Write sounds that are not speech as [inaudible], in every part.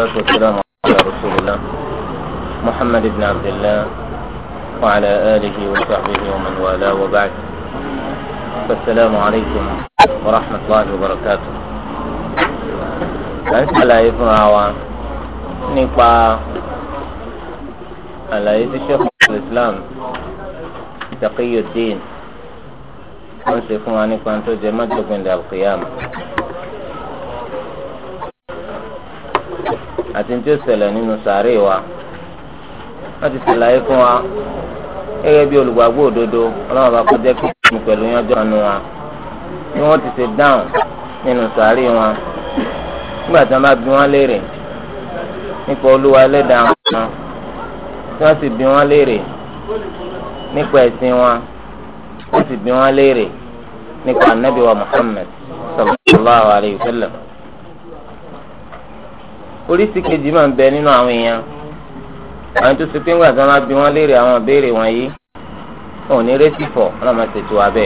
والصلاه والسلام على رسول الله محمد بن عبد الله وعلى آله وصحبه ومن والاه وبعد فالسلام عليكم ورحمة الله وبركاته أنت على إذن عوا نقا على إذن شيخ الإسلام تقي الدين أنت يكون عنك أن تجمد القيامة àti ní tí ó ṣẹlẹ̀ nínú sàárè wa wọ́n ti ṣàlàyé fún wa gẹ́gẹ́ bí olùgbàgbọ́ òdodo ọlọ́run bá kó jẹ́ kí mi pẹ̀lú yánjọ́ ọ̀nù wa bí wọ́n ti ṣe dáhùn nínú sàárè wọn nígbà tí wọ́n bá bí wọ́n léèrè nípa olúwa ẹlẹ́dàá wọn tí wọ́n sì bí wọ́n léèrè nípa ẹ̀sìn wọn wọ́n sì bí wọ́n léèrè nípa ànábì wa Muhammad sallallahu alayhi wa sallam oríṣi kejì máa ń bẹ nínú àwọn èèyàn àwọn tó ṣe pé ńgbà tí wọn bá bi wọn léèrè àwọn ìbéèrè wọ̀nyí wọn ò ní rẹsì fọ wọn máa ṣètò abẹ.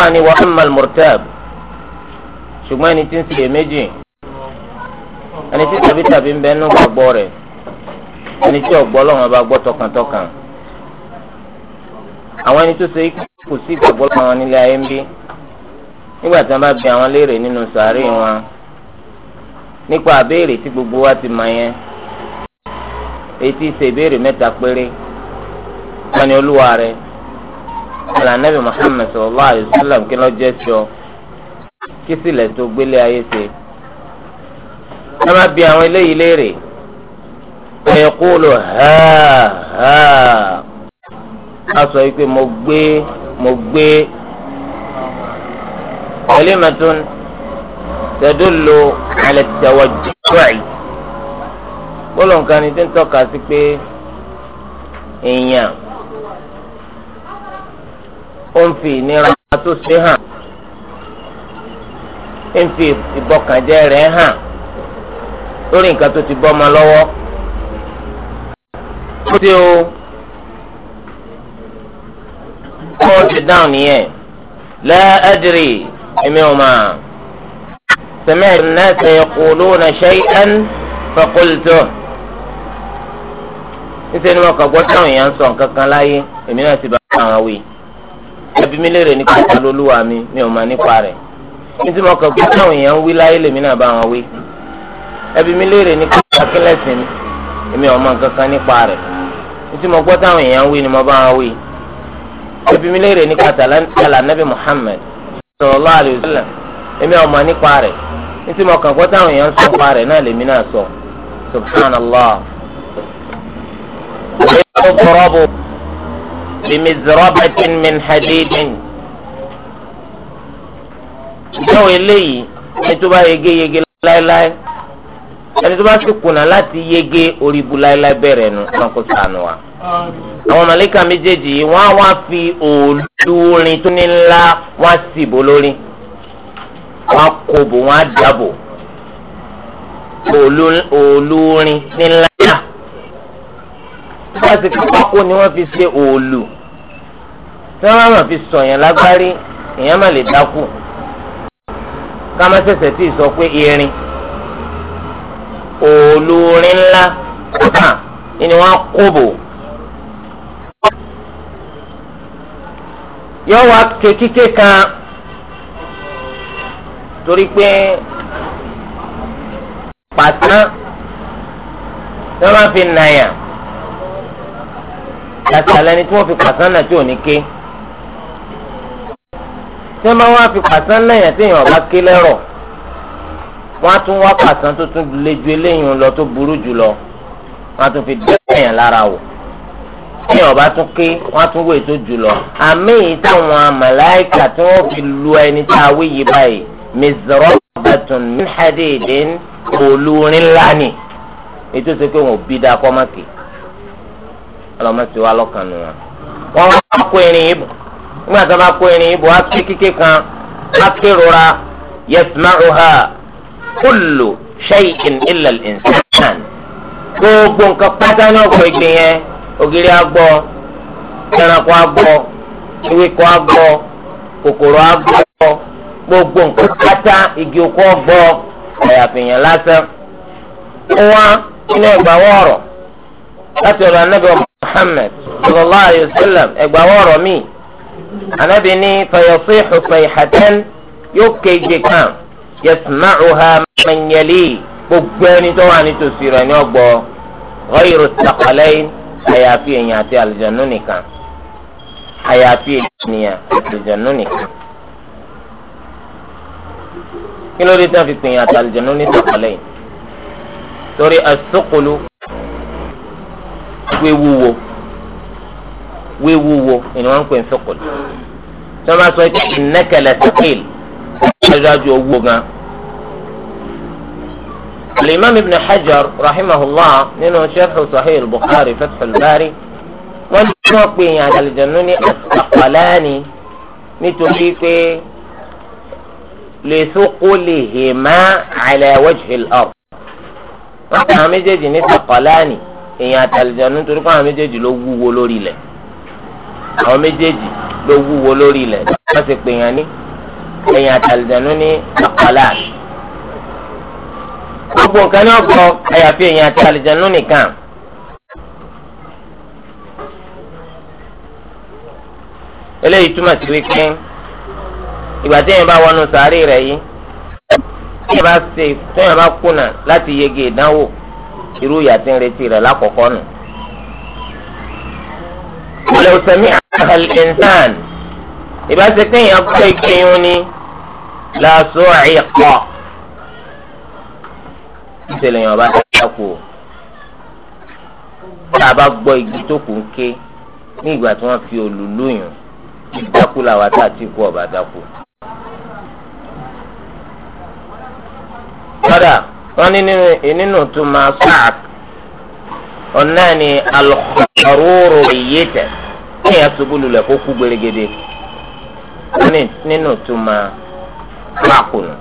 wọn ni wọn amal murtab ṣùgbọ́n ẹni tí ń ṣe méjì ẹni tí tàbí tàbí ń bẹ nínú gbàgbọ́ rẹ̀ ẹni tí ọ̀gbọ́ lọ́wọ́n bá gbọ́ tọkàntọkàn àwọn ẹni tó ṣe kò sí ìgbàgbọ́ lọ́wọ́ nílé ayé ń bí nígbà tí wọn bá bi àwọn léèrè nínú sàárè wọn nípa àbéèrè tí gbogbo wa ti mọ̀ yẹn etí ṣe ìbéèrè mẹ́ta péré wọ́n ní olúwa rẹ̀ ọlà nẹ́bí Muhammad sallallahu alaihi wasallam kí lọ jẹ́ sọ kí sílẹ̀ tó gbélé ayé ṣe. ẹ má bi àwọn eléyìí léèrè ẹ kó lò ha ha a sọ wípé mo gbé mo gbé kalimatun tẹdúlò alẹ tẹwọ jùlọì gbọ́dọ̀ nǹkan ni tí ń tọ́ka sí pé èèyàn ó ń fi ìnira tó ṣe hàn ń fi ìbọkànjẹ́ rẹ̀ hàn lórí nǹkan tó ti bọ́ ọmọ lọ́wọ́ ó ti o kọ́ ọ́ ti dáhùn nìyẹn lẹ́ẹ̀ẹ́dìrì èmi ò سمعت الناس يقولون شيئا فقلته níṣẹ́ ni wọn kàn gbọ́ táwọn èèyàn ń sọ nǹkan kan láyé èmi náà sì bá àwọn wí. ẹbí mi léèrè nípa ìtàlólúwa mi mi ò mọ̀ nípa rẹ̀ níṣẹ́ wọn kàn gbọ́ táwọn èèyàn wí láyé lèmi náà bá wọn wí. ẹbí mi léèrè nípa akínlẹ̀sìn mi èmi ò mọ̀ nǹkan kan nípa rẹ̀ níṣẹ́ wọn gbọ́ táwọn èèyàn wí ni mo bá wọn wí. ẹbí mi léèrè nípa tàlànàbì Muhammad sallallahu alaihi wasallam èmi ò mọ̀ nípa rẹ̀ nítorí mo kàn gbọ́ táwọn èèyàn ń sọ pa rẹ̀ náà lèmi náà sọ subhanallah. يضرب بمزربة من حديد ìjọwọ́ eléyìí ẹni tó bá yege yege láéláé ẹni tó bá sì kùnà láti yege oríbu láéláé bẹ̀rẹ̀ nu náà kó sànù wa. àwọn màlíkà méjèèjì yìí wọ́n á wá fi òòlù orin tó ní ńlá wọ́n á sì bò lórí wọn á kó bò wọn á dábò olórin nílá wọ́n ti fi ni wọ́n fi ṣe òòlù tí wọ́n máa fi sọ̀yàn lágbárí èèyàn má lè dákú ká má ṣẹ̀ṣẹ̀ tí ì sọ pé irin òòlù orin ńlá kọ́tà ni wọ́n kó bò. yọ wá kékeré kan torí pé pàtán tí wọ́n fi nàyà yàtọ̀ lẹni tí wọ́n fi pàtán náà tí ò ní ké tí wọ́n wá fi pàtán lẹ́yìn tí èèyàn bá ké lẹ́rọ̀ wọ́n á tún wá pàtán tó tún lé ju eléyìí lọ tó burú jù lọ wọ́n á tún fi dẹ́yìn lára wò ní ọba tún ké wọn tún wò ètò jùlọ àmì ìtàwọn màláìkà tí wọn fi lu ẹni tá a wí yìí báyìí mizrabatun min hadidin olórin ńlá ni ètò ìsè pé wọn ò bí dáa kọ́mọ́kì ọlọ́mọ́sí wa lọ́kàn nù wọn. wọ́n wá kó irin ibò nígbà tí wọ́n bá kó irin ibò wá ké kíké kan wá ké rora yasma'uha kullu shay'in illa al-insan gbogbo nǹkan pátá ní ọ̀pọ̀ ìgbìn yẹn ògiri agbọ́ ẹranko agbọ́ ewéko agbọ́ kòkòrò agbọ́ gbogbo nǹkan pátá igi oko ọgbọ àyàfihàn lásán wá nínú ẹgbà wọrọ láti ọ̀dọ̀ anabi muhammed sallallahu alayhi wa sallam ẹgbà wọrọ mi anabi ní fayasihu sayhatan yóò kéje kan yasma'uha man yali gbogbo ẹni tó wà nítòsí rẹ̀ ní ọgbọ ghayru thaqalayn àyàfi èèyàn àti àlùjànnú nìkan àyàfi èèyàn àti àlùjànnú nìkan kí ló dé tán fi pè yín àtàlùjẹ̀nu ní sọ̀kọ̀lẹ̀ yìí torí asokolo wéwúwo wéwúwo ni wọ́n ń pè ní sọ̀kọ̀lẹ̀ tí wọ́n bá sọ pé ìnẹ́kẹ̀lẹ̀ sọ̀kìl ṣáájú owó gan. الإمام ابن حجر رحمه الله نينو شرح صحيح البخاري فتح الباري وانتو بين على الجنون الثقلاني نتوفي لثقلهما على وجه الأرض wọ́n ti àwọn méjèèjì ní sọ̀kọ́láàní èèyàn àtàlùjọ nítorí pé àwọn méjèèjì ló wúwo lórí ilẹ̀ àwọn méjèèjì ló wúwo lórí ilẹ̀ wọ́n ti pè yàn ní èèyàn àtàlùjọ ní sọ̀kọ́láàní. gbogbo nǹkan ní ọkọ àyàfi èèyàn àtàlùjọ nìkan. eléyìí túmọ̀ sí wípé ìgbà tí èèyàn bá wọnú sàárè rẹ̀ yìí tí èèyàn bá ṣe tí èèyàn bá kùnà láti yege ìdánwò irú ìyà tí ń retí rẹ̀ lákọ̀ọ́kọ́ nù. law sami'a al-insan ìbá ṣe pé èèyàn gbọ́ ike yún ni la su'iqa ìṣẹ̀lẹ̀ yẹn ọba dákú o tá a bá gbọ́ igi tó kù ń ké ní ìgbà tí wọ́n fi òlù lóyún ìdákú làwọn àti àtìkú ọba dákú. kọ́dà wọ́n ní nínú tó máa sáàk ọ̀nà ni alùpùpù èyí tẹ̀ ní ẹ̀sùnkú lulẹ̀ kó kú gbèrègèdè wọ́n ní nínú tó máa mákùnù.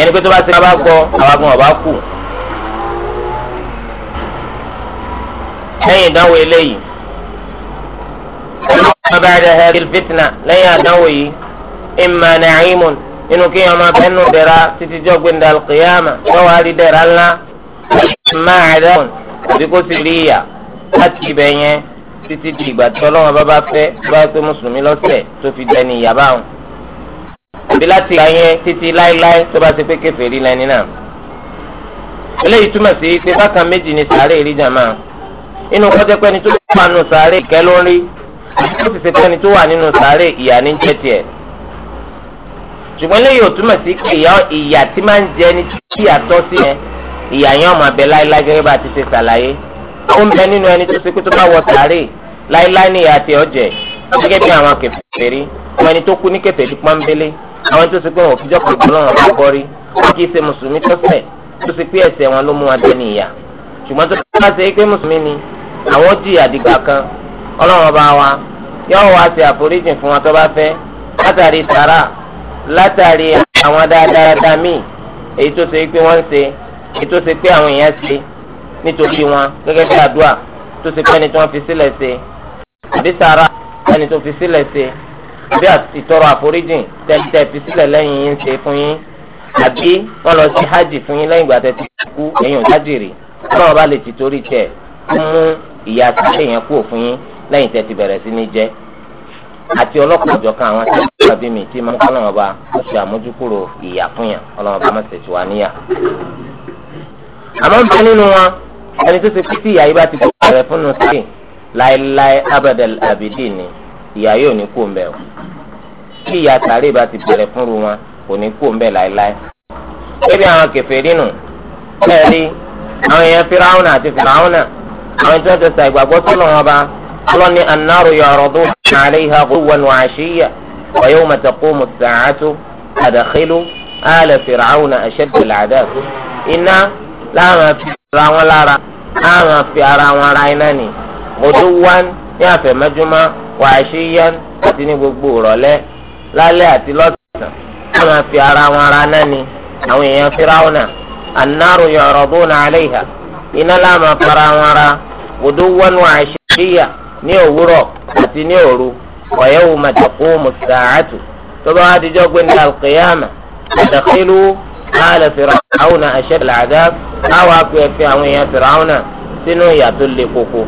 ẹni pé tó bá ti bá gbọ́ àwọn ọba kù. lẹ́yìn ìdánwò eléyìí bá dẹ̀ fitna lẹ́yìn àdánwò yìí ìmọ̀ inú kí ọmọ abẹ́nu dẹ̀ra títí jọ́gbìn dàlùkìyàmà lọ́wọ́ àrí dẹ̀ra ńlá máa dẹ́kun àbí kó sì rí ìyà láti ibẹ̀ yẹn títí di ìgbà tí ọlọ́wọ́n bá bá fẹ́ bá pé mùsùlùmí lọ́sẹ̀ tó fi dẹni ìyà báwọn. àbí láti ìgbà yẹn títí láéláé tó bá ti pé kèfèrí lẹni náà. eléyìí túmọ̀ sí pé bákan méjì ni sàárè rí jàmá inú kọ́jẹ́ pẹ́ni tó wà nínú sàárè ìkẹ́ ló ń rí àbí tó ṣùgbọ́n lẹ́yìn ò túmọ̀ sí pé ìyà tí máa ń jẹ ní tí àtọ́ sí yẹn ìyà yẹn ọmọ abẹ láéláé gẹ́gẹ́ bá a ti ṣe ṣàlàyé ó ń bẹ nínú ẹni tó ṣe pé tó bá wọ sàárè láéláé ní ìyà àti ọ̀jẹ̀ gẹ́gẹ́ bí àwọn kèfèrí àwọn ẹni tó kú ní kèfèrí pọ́nbélé àwọn tó ṣe pé wọn ò fijọ́ pé ọlọ́run bá gbọ́ rí wọn kì í ṣe mùsùlùmí tó ṣẹ̀ tó ṣe pé ẹ̀ṣẹ̀ wọn ló mú wọn dẹni ìyà ṣùgbọ́n tó bá ṣe pé mùsùlùmí ni àwọn jìyà dìgbà kan ọlọ́run bá wa yóò wá ṣe àforíjì fún wọn tó bá fẹ́ látàrí sàrà látàrí àwọn dáadáa míì èyí tó ṣe pé wọ́n ń ṣe èyí tó ṣe pé àwọn èèyàn ṣe nítorí wọn gẹ́gẹ́ bí àdúrà tó ṣe pé ẹni tí wọ́n fi sílẹ̀ ṣe àbí sàrà ẹni tó fi sílẹ̀ ṣe àbí ìtọrọ àforíjìn tẹ́tẹ́ fi sílẹ̀ lẹ́yìn yín ṣe fún yín àbí wọ́n lọ sí hajj fún yín lẹ́yìn ìgbà tẹ́ ti kú èèyàn jáde rè ọlọ́run bá lè ti torí tiẹ̀ mú ìyà àti ìṣèyàn kúrò fún yín lẹ́yìn tẹ́ ti bẹ̀rẹ̀ sí ní jẹ́ àti ọlọ́pàá ìjọkan àwọn sábàbí mi tí máa ń kọ́ lọ́wọ́ bá ó ṣe àmójúkúrò ìyà fún yàn ọlọ́wọ́ bá má ṣètò wá níyà. àmọ́ ń bẹ nínú wọn ẹni tó ṣe pété ìyá yìí bá ti gbọ́ rẹ̀ fún un sí láéláé abadal abidi ni ìyá yóò ní kó mbẹ́ o tí ìyá sàárè bá ti bẹ̀rẹ̀ fúnru wọn kò ní kó mbẹ́ láéláé. ebi àwọn kẹfẹ́ nínú bẹ́ẹ̀ ni àwọn èèyàn Fíráúnà àti Fíráúnà àwọn tí wọ́n ti sa ìgbàgbọ́ sọ́lọ́ wọn bá قال النار يعرضون عليها غوا وعشيا ويوم تقوم الساعة ادخلوا آل فرعون اشد العذاب ان لا ما في فرعون لا را ما في فرعون رايناني غدوا يا في مجمع وعشيا تني بقبور لا لا لا تلوت ما في فرعون رايناني او يا فرعون النار يعرضون عليها ان لا ما فرعون را غدوا وعشيا ní òwúrọ̀ àti ní òru wa yawma taqumu as-sa'atu tọ́ba wa dijọ́ ala fir'auna ha àwọn èèyàn fir'auna sínú ìyà tó koko.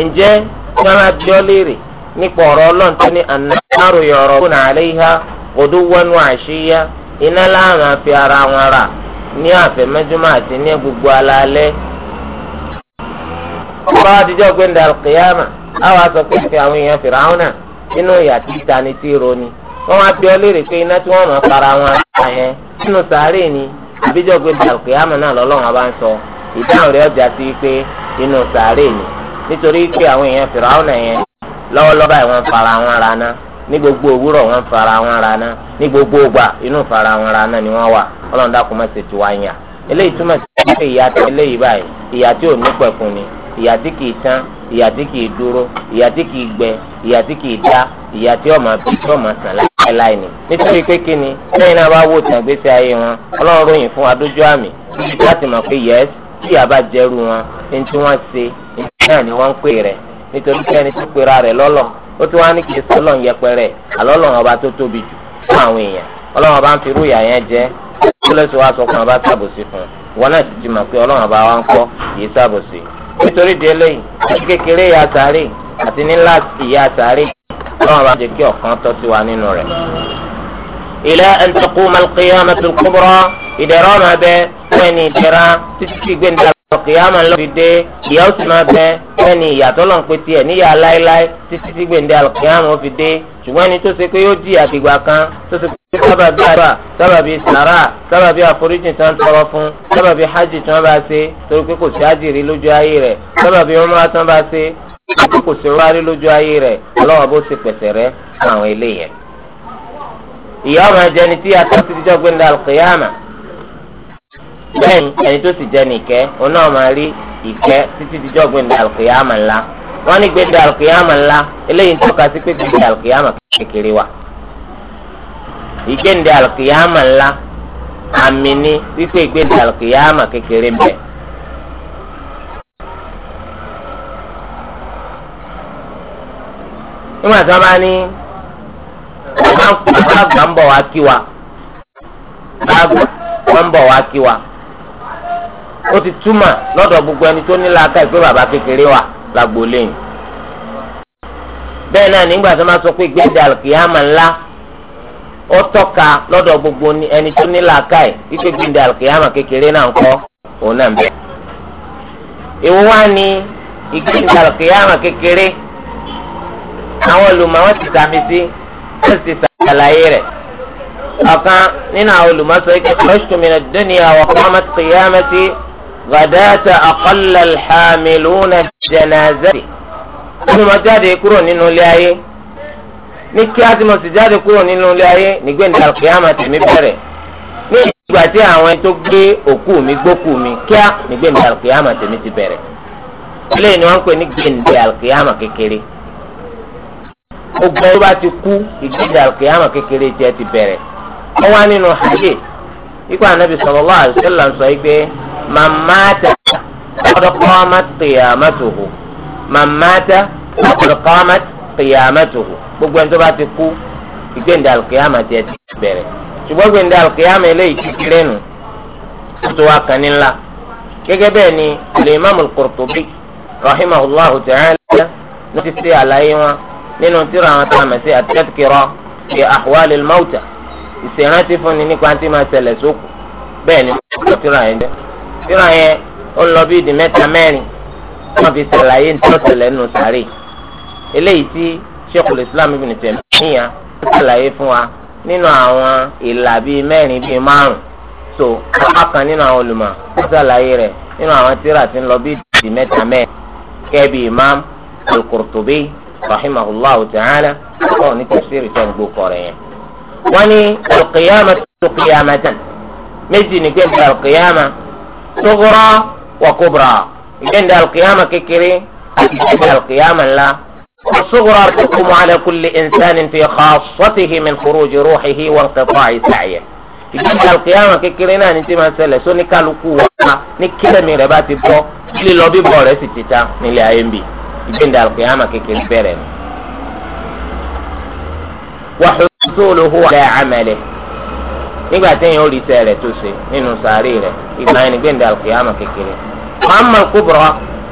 ǹjẹ́ sọ́nà bíọ́ léèrè nípa ọ̀rọ̀ ọlọ́run tó ala an iná láàrin àfi ara wọn rà ní àti ní gbogbo ọba àtijọ́ gbẹ̀ndà kìyàmà àwọn aṣọ pé fi àwọn èèyàn fìràwọn náà nínú ìyà tí ni tí ro ni wọn wá bí ọ léèrè pé iná tí wọn mọ para wọn àgbà yẹn nínú sàárè ni àbíjọ gbẹ̀ndà kìyàmà náà lọ́lọ́run bá ń sọ ìdáhùn rẹ̀ ọjà sí pé inú sàárè ni nítorí pé àwọn èèyàn náà yẹn wọn rana ní gbogbo òwúrọ̀ wọ́n fara wọn rana ní wọn rana ni wọ́n wà ọlọ́run wáyà eléyìí túmọ̀ sí ìyá báyìí ìyà tí kìí tán ìyà tí kìí dúró ìyà tí kìí gbẹ ìyà tí kìí dá ìyà tí ọmọ àbí tí ọmọ sàn láìláì ni. nítorí pé kí ni lẹ́yìn náà bá wò tàn gbèsè ayé wọn ọlọ́run ròyìn fún adójú àmì láti mọ̀ pé yẹ́s tí ìyà bá jẹ́rù wọn ní tí wọ́n ṣe náà ni wọ́n ń pè rẹ̀ nítorí pé ẹni tó pera rẹ̀ lọ́lọ́ ó tún wá ní kí sọlọ́n yẹpẹrẹ àlọ́lọ́run ọba tó tóbi jù fún àwọn nítorí díẹ̀ lẹ́yìn àti kékeré ìyá sàárè àti nílá ìyá sàárè lọ́wọ́n bá jẹ́ kí ọ̀kan tọ́ sí wa nínú rẹ̀. ila an taquma al-qiyamatu al-kubra ìdẹ̀rọ̀ máa bẹ fẹ́ni ìdẹ̀ra títí tí gbẹ̀ndà al-qiyama lọ́wọ́ fi dé ìyá ó sì máa bẹ fẹ́ni ìyàtọ̀ lọ́n pé tiẹ̀ níyà láéláé títí tí gbẹ̀ndà al-qiyama ó fi dé ṣùgbọ́n ẹni tó ṣe pé yóò jìyà fìgbà kan tó ṣe bí sábàbí ara sábàbí sàrà sábàbí àforíjì tí wọn tọrọ fún sábàbí hajj tí wọn bá ṣe torí pé kò sí àjèrè lójú ayé rẹ̀ sábàbí umrah tí wọn bá ṣe torí kò sí wárí lójú ayé rẹ̀ ọlọ́wọ́ bó pẹ̀sẹ̀ àwọn alqiyama bẹ́ẹ̀ ẹni tó sì òun náà máa rí ìkẹ́ títí dijọ́ alqiyama ńlá wọ́n ní alqiyama ńlá ìgbéǹde àlùkìyàmà ńlá àmì ni wípé ìgbéǹde àlùkìyàmà kékeré ń bẹ. nígbà tí wọ́n bá ní báàgbà ń bọ̀ wá kí wa báàgbà ń bọ̀ wá kí wa ó ti túmọ̀ lọ́dọ̀ gbogbo ẹni tó ní làákà ìpè bàbá kékeré wa lágbo lẹ́yìn bẹ́ẹ̀ náà nígbà tí wọ́n bá sọ pé ìgbéǹde àlùkìyàmà ńlá ó tọ́ka lọ́dọ̀ gbogbo ẹni tó ní làákàyè wípé gbìndé àlùkìyàmà kékeré náà ń kọ́ òun náà ń bẹ. èwo wá ní ìgbìndé àlùkìyàmà kékeré àwọn olùmọ̀ wọn ti sàmì sí wọn ti sàlàyé rẹ̀ ọ̀kan nínú àwọn olùmọ̀ sọ pé kọ́ṣtù mi nà dúnìá wà kọ́mọ́ tìyàmẹ́ sí gàdáàtà àkọ́lẹ̀ hàmìlú nà jẹ̀nàzẹ́ olùmọ̀ jáde kúrò nínú ilé ayé ní kí á ti mọ̀ sí jáde kúrò nínú ilé ayé nígbèǹdà kìámà tèmi bẹ̀rẹ̀ ní ìgbà tí àwọn tó gbé òkú mi gbókù mi kíá nígbèǹdà kìámà tèmi ti bẹ̀rẹ̀ ilé ni wọ́n ń pè ní gbèǹdà kìámà kékeré ogun tó ti kú ìgbèǹdà kìámà kékeré tiẹ̀ ti bẹ̀rẹ̀ wọ́n wá nínú hajj ikú anabi sallallahu alaihi wasallam sọ yìí pé mamata qiyamatuhu gbogbo ẹni tó bá ti kú ìgbéǹda alùkìyàmà tiẹ̀ ti bẹ̀rẹ̀ ṣùgbọ́n gbéǹda alùkìyàmà eléyìí ti kéré nù ó tó wá kan ní ńlá gẹ́gẹ́ bẹ́ẹ̀ ni alimami al-Qurtubi rahimahullahu ta'ala ló ti ṣe àlàyé wọn nínú tírà àwọn táwọn mẹsẹ at-tadhkira fi ahwal al-mawta ìṣèrántí fúnni nípa tí máa ṣẹlẹ̀ sókù bẹ́ẹ̀ ni wọ́n tírà yẹn jẹ́ tírà yẹn ó lọ bí ìdí mẹ́ta mẹ́rin wọ́n fi ṣàlàyé ní tọ́sẹ̀lẹ̀ nù sàárè eléyìí tí Sheikhul Islam Ibn Taymiyyah ṣàlàyé fún wa nínú àwọn ìlà bíi mẹ́rin bíi márùn so apá kan nínú àwọn olùmọ̀ ó ṣàlàyé rẹ̀ nínú àwọn tíra tí ń lọ bí ìdí mẹ́ta mẹ́ẹ̀ kẹ́bi Imam Al-Qurtubi rahimahullahu ta'ala ọ̀hún ní tafsiri tó ń gbó kọ̀rọ̀ yẹn. wọ́n ní al-qiyama tó qiyamatan méjì ní gbẹ̀ndé al-qiyama sughra wa kubra gbẹ̀ndé kékeré àti gbẹ̀ndé al ńlá. والصغرى تحكم على كل إنسان في خاصته من خروج روحه وانقطاع سعيه ìgbésẹ̀ alùkìyàmà kékeré náà ní tí máa ṣẹlẹ̀ sóní kálukú wa ní kílẹ̀mì rẹ̀ bá ti bọ́ lílọ bíbọ̀ rẹ̀ sì ti ta nílé ayé ń bì ìgbésẹ̀ alùkìyàmà kékeré bẹ̀rẹ̀ ni. وحصوله على عمله nígbà tí èèyàn ò rí iṣẹ́ rẹ̀ tó ṣe nínú sàárè rẹ̀ ìgbà yẹn ni gbẹ̀ndẹ̀ alùkìyàmà kékeré. muhammad kubra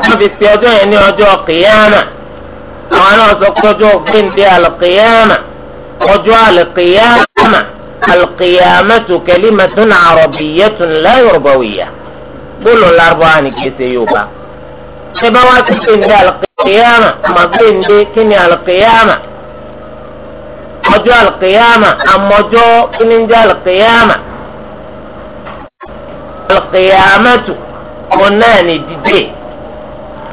wọ́n fi fi ọjọ́ yẹn ní ọjọ́ kìyàmà àwọn náà sọ pé ọjọ́ gbẹ̀ǹde alùkìyàmà ọjọ́ alùkìyàmà alùkìyàmà tó kalimatun arabiyyatun la yorùbáwìyà gbólóhùn lárúbáwá ni kìí ṣe yorùbá. ṣé bá wá ti gbẹ̀ǹde alùkìyàmà àmọ́ gbẹ̀ǹde kí ni alùkìyàmà ọjọ́ alùkìyàmà àmọ́jọ́ kí ni jẹ́ alùkìyàmà alùkìyàmà tó ọ̀nà ni dídé.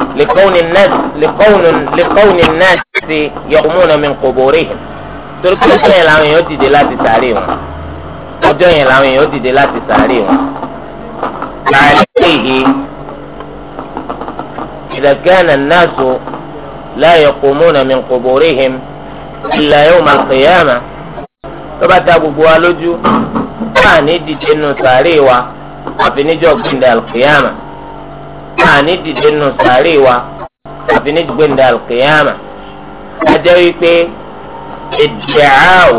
لكون الناس لكون لكون الناس يقومون من قبورهم torí pé ọjọ́ yẹn làwọn èèyàn dìde láti sàárè wọn ọjọ́ yẹn làwọn èèyàn dìde láti sàárè wọn. عليه إذا كان الناس لا يقومون من قبورهم إلا يوم القيامة tọ́ba ta gbogbo wa lójú wọ́n á ní dìde nù sàárè wa àfi níjọ́ gbìndé alùpùpù àní dìde nù sàárè wa àfi ní gbẹ̀ndà alkiyama ajẹ́ wípé ìdìáwò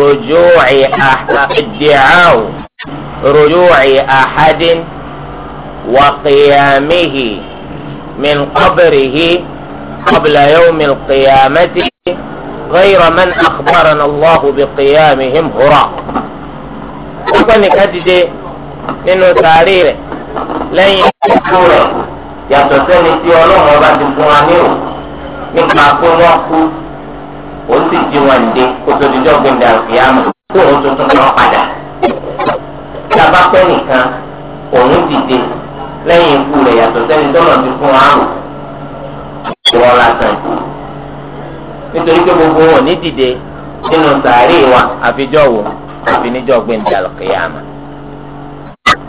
rojúwàì ìdìáwò rojúwàì àhádín wàkìyàmìhì min qabrihi qabla yawmi alqiyamati ghayra man akhbarana allahu biqiyamihim hura. wọ́n kọ́ nìkan dìde nínú sàárè rẹ̀. lẹ́yìn ikú rẹ̀ yàtọ̀ sẹ́ni tí ọlọ́run ọba ti fún wa nírò nípa pé wọ́n kú ó sì jí wọn dé kótó dídọ́ gbẹ̀dẹ̀ àfìyàmù kó òun tuntun náà padà. tábà pẹ́ nìkan òun dìde lẹ́yìn rẹ̀ yàtọ̀ sẹ́ni tọ́lọ̀ ti fún wa rò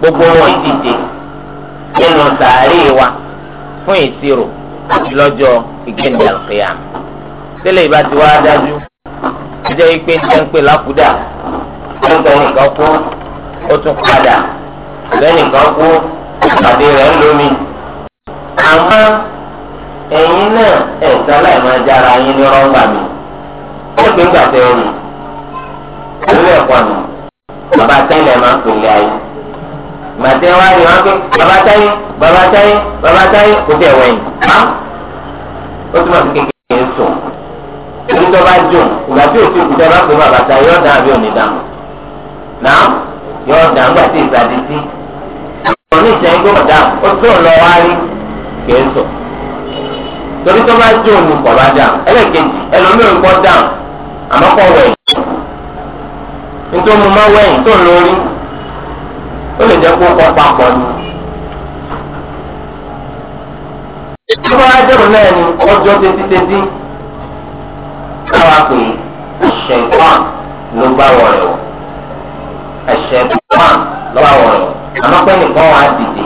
gbogbo wọn dìde nínú sàárè wa fún ìṣirò lọ́jọ́ ìgbéǹde àlùkìyàm. tẹ́lẹ̀ ìbá ti wá dájú ẹjẹ́ ìpè ń jẹ́ǹpè lákúdà ẹgbẹ̀rún kan kú ó tún padà lẹ́yìn kan kú ìpàdé rẹ̀ ń lómi. àmọ́ ẹ̀yin náà ẹ̀sán láì máa jára yín ní mi ó gbé ń gbà tẹ́ mi bàbá tẹ́lẹ̀ máa ń gbàtẹ́ wá rí wọn pé bàbá táyé bàbá táyé bàbá táyé kò tẹ̀ wẹ̀yìn ó túmọ̀ sí kékeré ń sùn torí tó bá jò ìgbà tí òsì òkúta bá pè bàbá táyé yóò dáhùn àbí òní dáhùn náà yóò dáhùn gbà tí ìsàdí sí òní ìṣẹ́yìn gbọ́dọ̀ dáhùn ó tún lọ wá rí kéé sùn torí tó bá lori. ó lè jẹ́ kó kọ́ papọ̀ ni. ìjọba ajẹ́rù náà ni ọjọ́ tẹ́títẹ́tí káwa pé ṣẹ̀ǹkọ́n ló bá wọ̀ rẹ̀ wọ̀ ẹ̀ṣẹ̀ǹkọ́n ló bá wọ̀ rẹ̀ wọ̀ àmọ́ pé nìkan wà á dìde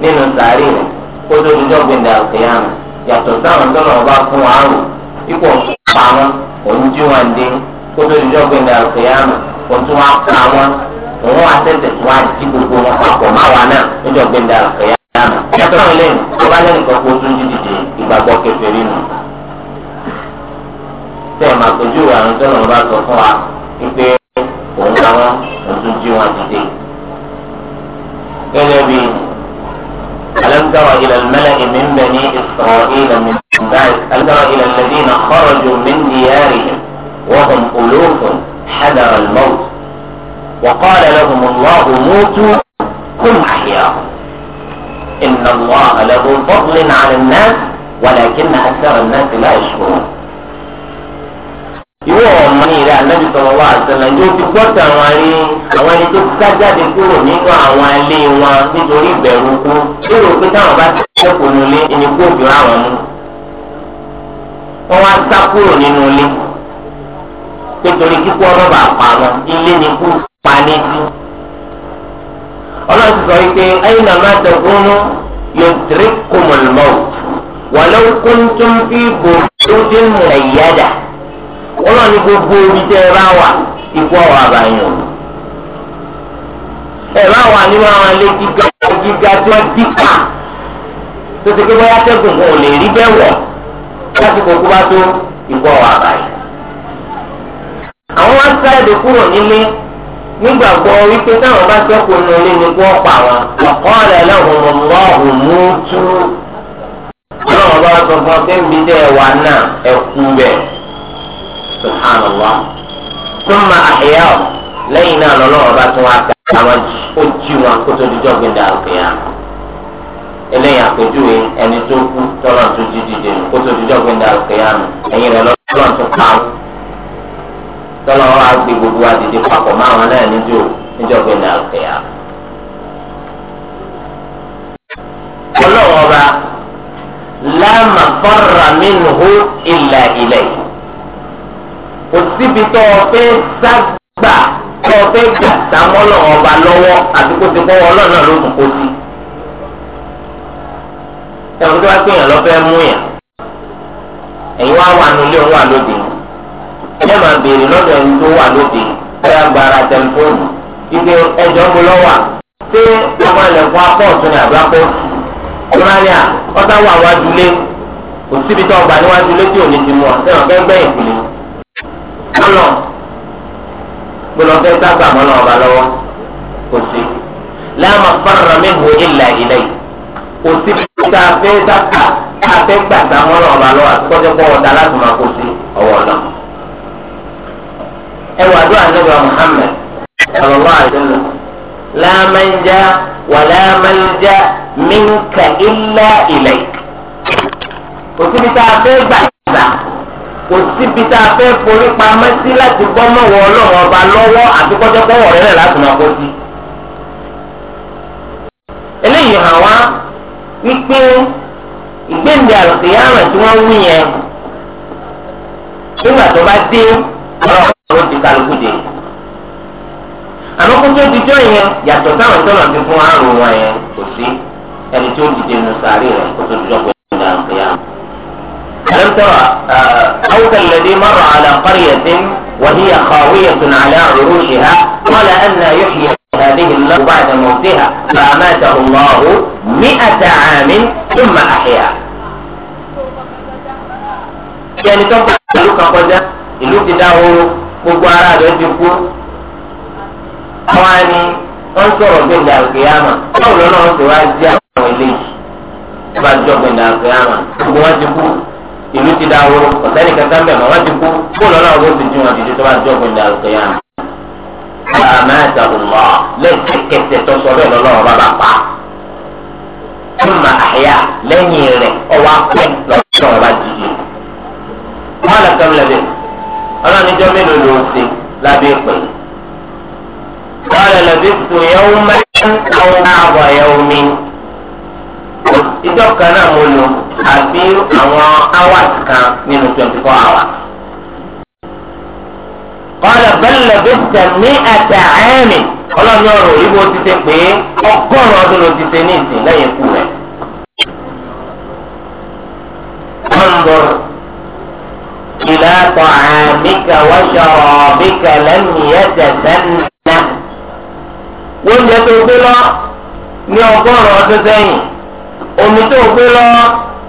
nínú sàárì rẹ̀ kó tó ní jọ́gbìn dà òkèèyàn yàtọ̀ sáwọn tó bá fún wa rò ipò pa wọn òun jí wọn dé kó tó ní pa wọn. òun wà sẹ́sẹ̀ wá jí gbogbo wọn papọ̀ má wa náà níjọ́ gbẹ̀ndà àkẹyà náà. yàtọ̀ àwọn lẹ́yìn tó bá lẹ́yìn kan kó tún dídìde ìgbàgbọ́ kèfèrí nù. tẹ́ ẹ̀ máa kojú àrùn tó lọ́n bá sọ fún wa wípé òun làwọn òtún jí wọn dìde. gẹ́gẹ́ bí ألم تر إلى الملأ من بني إسرائيل من بعد ألم تر إلى الذين خرجوا وقال لهم الله موتوا ثم أحياهم إن الله لذو فضل على الناس ولكن أكثر الناس لا يشكرون yóò ọmọ ní ìrẹ anabi sọlọ wa àtẹlẹ yóò ti gbọ́ tàwọn ẹni àwọn ẹni tó sá jáde kúrò nínú àwọn ilé wọn nítorí ìbẹ̀rù kú lérò pé táwọn bá ti ṣẹ́kù nílé ẹni kó fi ra wọn mú wọn wá sá kúrò nínú ilé. nítorí kíkú ọlọ́ba àpamọ́ ilé ni kú na ọlọ́run ti sọ wípé ẹ̀yin náà máa tẹ̀kúnú yóò tẹ̀rí kùmọ̀lmọ́ wàlẹ́ kún tó ń fi bò tó dé mú ẹ̀yáda. ọlọ́run ní gbogbo omi tẹ́ ẹ bá wà ikú ọ̀rọ̀ ẹ bá wà nínú àwọn wá sáyẹ̀dì kúrò nílé nígbàgbọ́ wípé táwọn bá sẹ́kù nílé ni kí wọ́n pa wọn. ọ̀kọ́ọ̀lẹ̀ lọ́hùn lọ́hùn mú tú. ọlọ́run bá sọ fún ọ pé nbí dẹ́ ẹ̀wà náà ẹ̀kú bẹ̀. subhanallah. thumma àhíyá ọ̀ lẹ́yìn náà lọ́lọ́run bá tún wá àwọn ó jí wọn kó tó eléyìí àpèjúwe ẹni tó tọ́lọ́ wọn á gbé gbogbo àdìdì papọ̀ mọ́ àwọn náà níjọ́ níjọ́ pé ní àlùkẹ́yà. ọlọ́run ọba láàmà fọ́nra mínú hó ilà ilẹ̀ yìí kò síbi tó o fẹ́ ságbà tó o fẹ́ gbà sámọ́lọ́ ọba lọ́wọ́ àti kó ti kọ́wọ́ ọlọ́run ló tún kó sí. ẹ̀rù tó wá pé èèyàn lọ́fẹ́ mú yàn ẹ̀yin wá wà nílé òun wà lóde yìí ẹ máa béèrè lọ́dọ̀ ẹni tó wà lóde ẹ yà gbára tẹlifóònù ibi ẹjọ́ ń bolọ́ wà ṣé ọmọ ẹlẹ́kùn apọ̀ ọ̀tún ni àbúrò apọ̀ ọ̀túnráyà ọ̀tá wà wájú lé kò síbi tó ọgbà níwájú lé tí ò ní ti mú ọ sẹ́wọ̀n fẹ́ gbẹ̀yìn kùlé lọ́lọ́ gbọ́dọ̀ fẹ́ sábà mọ́nà ọba lọ́wọ́ kò sí láàmà fárá mẹ́hu ìlà ilẹ̀ yìí kò síbi tá a fẹ́ sábà tá a fẹ́ gbàgbà mọ́nà ọba lọ́wọ́ àti kọ́jọ́ pọ̀ ọ̀dà láti máa kó sí ọwọ́ náà ẹ wà dúró àdúrà Muhammad sallallahu alaihi wasallam la manja wa la malja minka illa ilayk òsibí tá a fẹ́ gbà gbà òsibí tá a fẹ́ forí pamọ́ sí láti bọ́ mọ́wọ́ ọlọ́run ọba lọ́wọ́ àti kọ́jọ́kọ́wọ́ rẹ̀ láti máa kó sí. eléyìí hàn wá wípé ìgbéǹde àlùkìyàrá tí wọ́n wú yẹn nígbà tó bá dé ọ̀rọ̀ wọ́n ti kálukú dé àmọ́ kó tó di jọ́ yẹn yàtọ̀ táwọn tọ́lọ̀ ti fún àrùn wọn yẹn kò sí ẹni tó dìde nù sàárì rẹ̀ kó tó di jọ́ pé ẹni là ń pè á. ألم ترى أو كالذي مر على قرية وهي خاوية على عروشها قال أن يحيي هذه الله بعد موتها فأماته الله مئة عام ثم أحياها. يعني تقول لك قد إلوك داورو gbogbo ara rẹ̀ ti kú àwọn àni wọ́n sọ̀rọ̀ ndị àgbéyàmà báwo lọ́nà wọn ti wá jí àwọn eléyìí ẹ bá jọ gbẹ̀ngà àgbéyàmà gbogbo wọn ti kú ìlú ti da ọ̀sẹ́ni kankan bẹ̀ ti kú wọn ti wọn tó jọ àmà sọ bẹ́ẹ̀ bá bá pa àyà lẹ́yìn rẹ̀ ọwọ́ bá jì ọlọ́nijọ́ mélòó ló ń ṣe lábẹ́ pè é. wàhálà lọ́bí tu yẹ́wò mẹ́rin àwọn àbọ̀ yẹ́wò mi. ìjọ kan náà mo lò àbí àwọn hours kan nínú twenty four hours. ọ̀nà bẹ́ẹ̀ lọ́bí tẹ̀ ní ẹ̀tẹ̀ ẹ̀mí ọlọ́ni ọ̀rọ̀ orí bó ti ṣe pé ọgọ́rùn-ún ọdún ló ti ṣe ní ìsìn lẹ́yìn ikú rẹ̀. ọ̀nbọ̀rọ̀. إلى طعامك وشرابك لم يتسنى oúnjẹ tó gbé lọ ní ọgọ́rùn-ún ọdún sẹ́yìn omi tó gbé lọ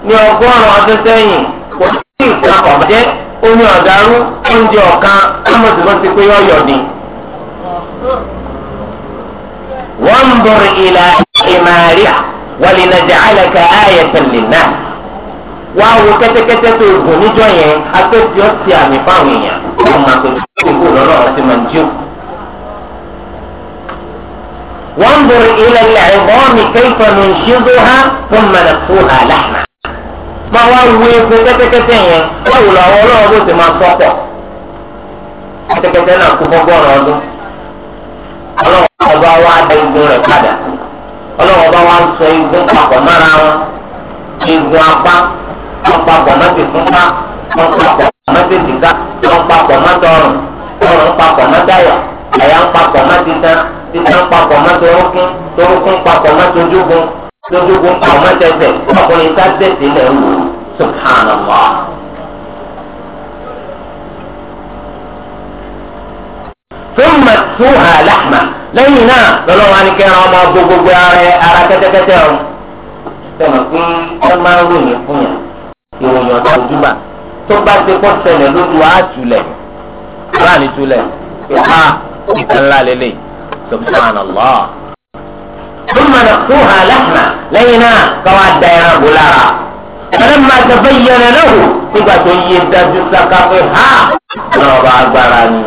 ní ọgọ́rùn-ún ọdún sẹ́yìn kò sí ìgbà ọ̀bàjẹ́ omi ọ̀dàrú oúnjẹ ọ̀kan ọmọdébọ́sí pé ọ̀yọ̀ ni. wọ́n ń bọ̀rọ̀ ìlà ìmàríà wọ́n lè nàjà àlàkà ayẹ̀tẹ̀ lè náà. wá wo kẹ́tẹ́kẹ́tẹ́ tó gùn níjọ́ yẹn apẹ́tì ó àmì fáwọn èèyàn ó máa tó tó kó na ọtí máa ń jí wọ́n ń bèrè ilẹ̀ ilẹ̀ ẹ̀gbọ́n mi kẹ́kọ̀ọ́ ní ṣíbó ha fún ha láhà. máa wá wo epo kẹ́tẹ́kẹ́tẹ́ yẹn ló ti máa sọ́pọ̀. kẹ́tẹ́kẹ́tẹ́ náà kú fọ́gbọ́n ọdún. ọlọ́run wọn pa pọ̀ mọ́tò fúnná wọn pa pọ̀ mọ́tò sìgá wọn pa pọ̀ mọ́tò ọrùn ọrùn ń pa pọ̀ mọ́tò àyà àyà ń pa pọ̀ mọ́tò títán títán pa pọ̀ mọ́tò orúkún torúkún pa pọ̀ mọ́tò ojúgun lójúgun ọkùnrin ká tẹ̀sí lẹ̀ wò subhanallah. ثم تسوها لحمة lẹ́yìn náà lọ́lọ́wọ́ á ní kí ọmọ gbogbogbò ara kẹ́tẹ́kẹ́tẹ́ ọ̀hún. sọ̀rọ̀ pé ọmọ máa fún yàn ìròyìn ọ̀dọ́ ojúmọ̀ tó bá ti pọ̀ sẹlẹ̀ lójú àtúlẹ̀ láàánú túlẹ̀ ìhà ìtànlá lélẹ̀ subhanallah. ثم نقطوها لحما لينا قواد ديران بولارا فلما تبين له nígbà tó yé dájú sáká pé ha náà bá agbára ni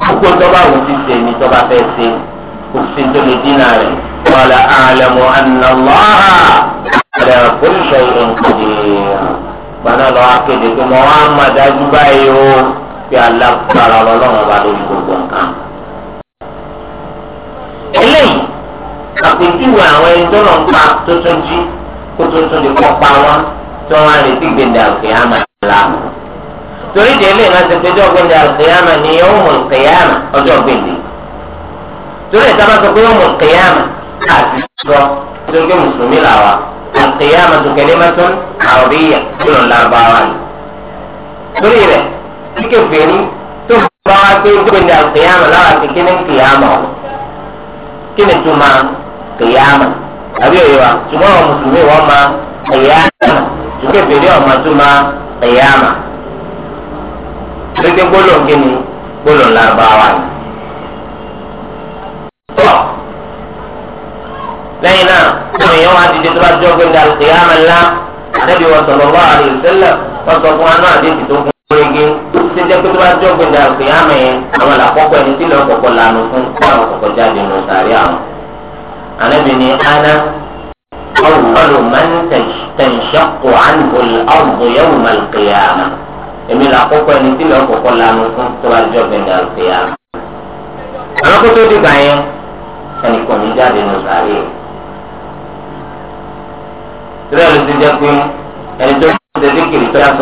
kókó tọ́ba wò ti ṣe ni tọ́ba fẹ́ ṣe kò sí tó lè dínà rẹ̀ wàlà àlẹ́ mu ànàlọ́hà àlẹ́ kò ṣe ìrìn kò dé gbaná lọ akéde pé mo wá má dájú báyìí o pé alágbára lọ́lọ́run bá lórí gbogbo nǹkan. eléyìí àpèjúwe àwọn ẹni tó lọ ń pa tuntun jí kó tuntun lè kọ́ pa wọn tí wọ́n á lè fi gbèdé àgbè àmà ńlá. torí délé náà ti péjọ gbèdé àgbè àmà ní yawmul qiyamah ọjọ́ gbèdé. torí ìta bá sọ pé yawmul qiyamah àti sọ nítorí pé mùsùlùmí làwà. القيامة كلمة عربية كل الأربعان سوريا كيف يعني تبقى كيف القيامة لا تكين القيامة كين تما قيامة àbí òye wa tùmọ̀ àwọn mùsùlùmí wọn ma ẹ̀yàmà tùkẹ́ fèrè ọ̀ma tó ma ẹ̀yàmà. Gbẹ́gbẹ́ gbólóhùn kí ni gbólóhùn lárúbáwá ni lẹ́yìn náà àwọn èèyàn wá dìde tó bá jọ pé ndàlù kìí àmà ńlá àdébí wọn sọ̀rọ̀ wá àlè ìṣẹ̀lẹ̀ wọn sọ fún aná àdébí tó kún gbẹ̀ngẹ̀ ṣe jẹ́ pé tó bá jọ pé ndàlù kìí àmà yẹn àwọn làkọ́kọ́ ẹni tí lọ́ọ́ kọ̀kọ́ lanu fún káwọn kọ̀kọ́ jáde nù sàrí àwọn. àdébí ni aná ọ̀rùbọ̀lù máa ń tẹ̀síọ́kù àǹgùl ọ̀rùbù yẹ̀wù màlùkìyàmà èmi làkọ́kọ́ ìrẹ́ ló ti jẹ́ pé ẹni tó ndị ṣe díkìrì tó wọ́n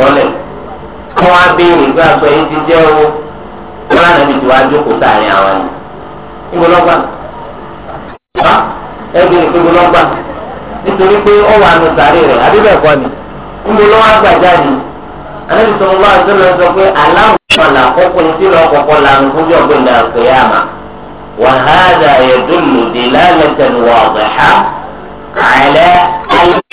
á béèrè pé aṣọ yìí ti jẹ́ owó wọ́n á nàbí sáàrin àwọn ìgbọ́lọ́gbà ìgbọ́lọ́gbà nítorí pé wà nù sàárè rẹ̀ àbíbẹ̀kọ ni ni bá lọ sọ pé aláwọ̀ fún bí ọ̀gbìn dàrú kò yá àmà wàhálà على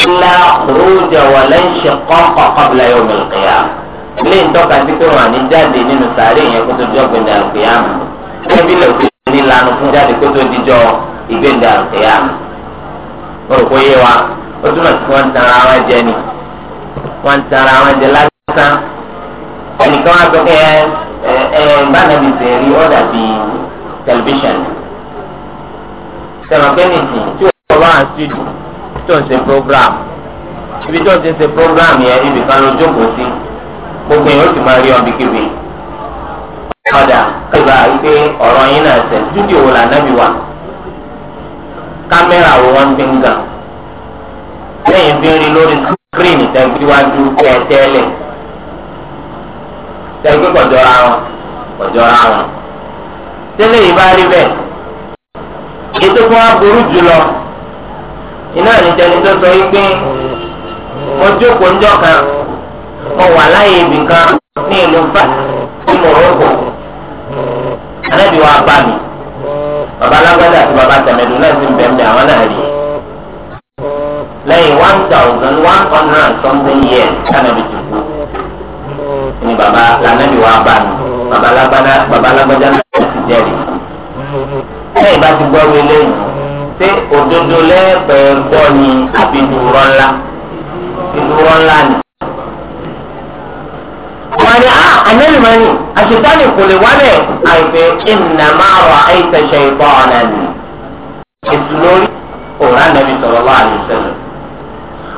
ألا خروج ولا انشقاق قبل يوم القيامة ilé ìtọ́ka sí pé wọn àní jáde nínú sàárè yẹn kó tó jọ gbẹ̀ndà àlùkìyàmù ẹbí lè fi ní lanu fún jáde kó tó dijọ́ ìgbẹ̀ndà àlùkìyàmù. wọn kò yé wa ó túmọ̀ sí wọn ń tan ara wọn jẹ ni wọn ń tan ara wọn jẹ lásán ẹnìkan wá sọ pé ẹ ẹ ìbánabì sèrí ọ̀dà bíi tẹlifíṣàn sẹ̀rọ̀ kẹ́nìtì tí ọba à ń studio tó ń ṣe program ibi tó ń ṣe ṣe program yẹn ibi kan ló jókòó sí gbogbo yẹn ó sì máa rí ọ bíkíbi ọ̀dà kẹgbà pé ọ̀rọ̀ yín náà ṣe studio wò lànàbí wa kámẹ́rà wo wọ́n fi ń gà lẹ́yìn fi ń rí lórí screen tẹ̀gbíwájú kẹtẹ́lẹ̀ tẹ̀gbí kọjọ́ra wọn kọjọ́ra wọn tẹ́lẹ̀ yìí bá rí bẹ́ẹ̀ ètò kan á burú jùlọ iná ìjẹni tó sọ wípé mo jókòó ńjọ́ kan mo wà láyé ibì kan ní ìlú fà ní Morocco anábì wa bá baba alágbádá àti baba tẹmẹdù náà ti ń bẹ̀ àwọn náà rí lẹ́yìn one thousand one hundred and something years kánàbì tó kú ni baba lànàbì wa bá mi baba alágbádá baba alágbádá náà ti jẹ́rìí lẹ́yìn bá ti gbọ́ wí lẹ́yìn ṣé òdodo lẹ́ẹ̀bẹ̀ẹ́ gbọ́ ni àbí ìdúró ńlá ìdúró ńlá ni. wọ́n ní ah, ànẹ́lì máa ní àṣetánì kò lè wálẹ̀ àìpé ìnàmá ọ̀rọ̀ àìsẹ̀ṣẹ̀ ìbọn ọ̀nà ni. ètò lórí òun ànàbì sọ̀rọ̀ wá àlùsẹ̀lẹ̀.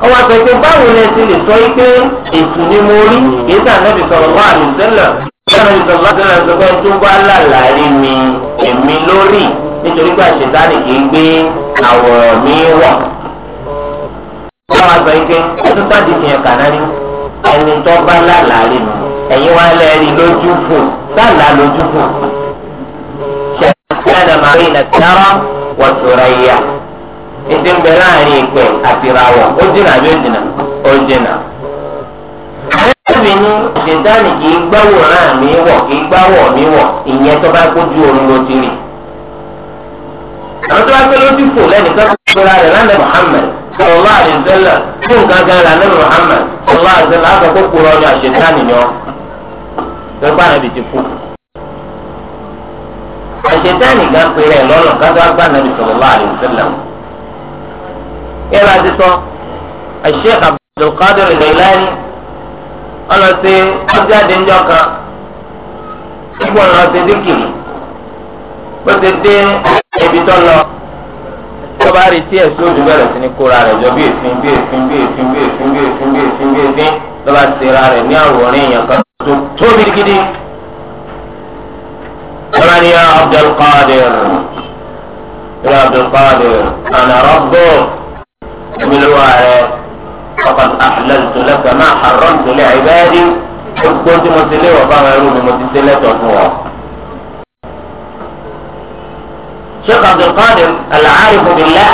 ọmọ àpẹẹrẹ báwo lẹ ti lè sọ pé ètò ni mo rí èyí tà ànàbì sọ̀rọ̀ wá àlùsẹ̀lẹ̀. ìyá ànàbì sọ̀rọ̀ nítorí pé àṣetánì kì í gbé àwòrán mi wọ̀. Báwa sọ pé ẹtú sáàdì fi hàn kàná rí ẹni tó bá lálàárí nù. Ẹ̀yin wá lẹ́ẹ̀rí lójú fò sálà lójú fò. Ṣẹ̀dá ẹ̀dá màá rí ilẹ̀ sára ìyá. ń bẹ láàrin ìpẹ́ àti ìràwọ̀ ó bí ó ó ni ṣètánì kì í gbáwòrán mi wọ̀ kì í gbáwọ̀ mi wọ̀ ìyẹn tó bá kójú àwọn tó bá gbé lójú kò lẹ́nu tó gbéra rẹ̀ lánàá Muhammad sọlọ́lá àdìsẹ́lẹ̀ tó nǹkan kan lànà Muhammad sọlọ́lá àdìsẹ́lẹ̀ àkọ́kọ́ kúrò ọ̀nà ni ọ́ lọ́gbà náà ti kú. àṣetánì gan péré lọ́nà kájọ́ àgbà náà ti sọlọ́lá àdìsẹ́lẹ̀ mu. yẹ́nà ti sọ àṣẹ ọlọ́sẹ̀ bó ṣe dé ibi tó lọ tọ́ba rí tí ẹ̀sùn òjò bẹ̀rẹ̀ sí ní kóra rẹ̀ jọ bí èéfín bí èéfín bí èéfín bí èéfín bí èéfín bí èéfín bí èéfín lọ́ba ti ra rẹ̀ ní àwòrán èèyàn kan tó tóbi gidi. wọ́n ní Abdulkadir ní Abdulkadir àná rọ́gbò ìmìlúwa rẹ̀ ọkàn àhàlẹ́tò lẹ́kẹ̀ẹ́ máa àrọ́ǹtò lẹ́ àìbẹ́ẹ́dì gbogbo tí mo ti léwọ̀ fáwọn ẹrú mi mo ti ṣe lẹ́tọ̀ọ́ fún wọn. sheikh abdulkadir alaarifu billah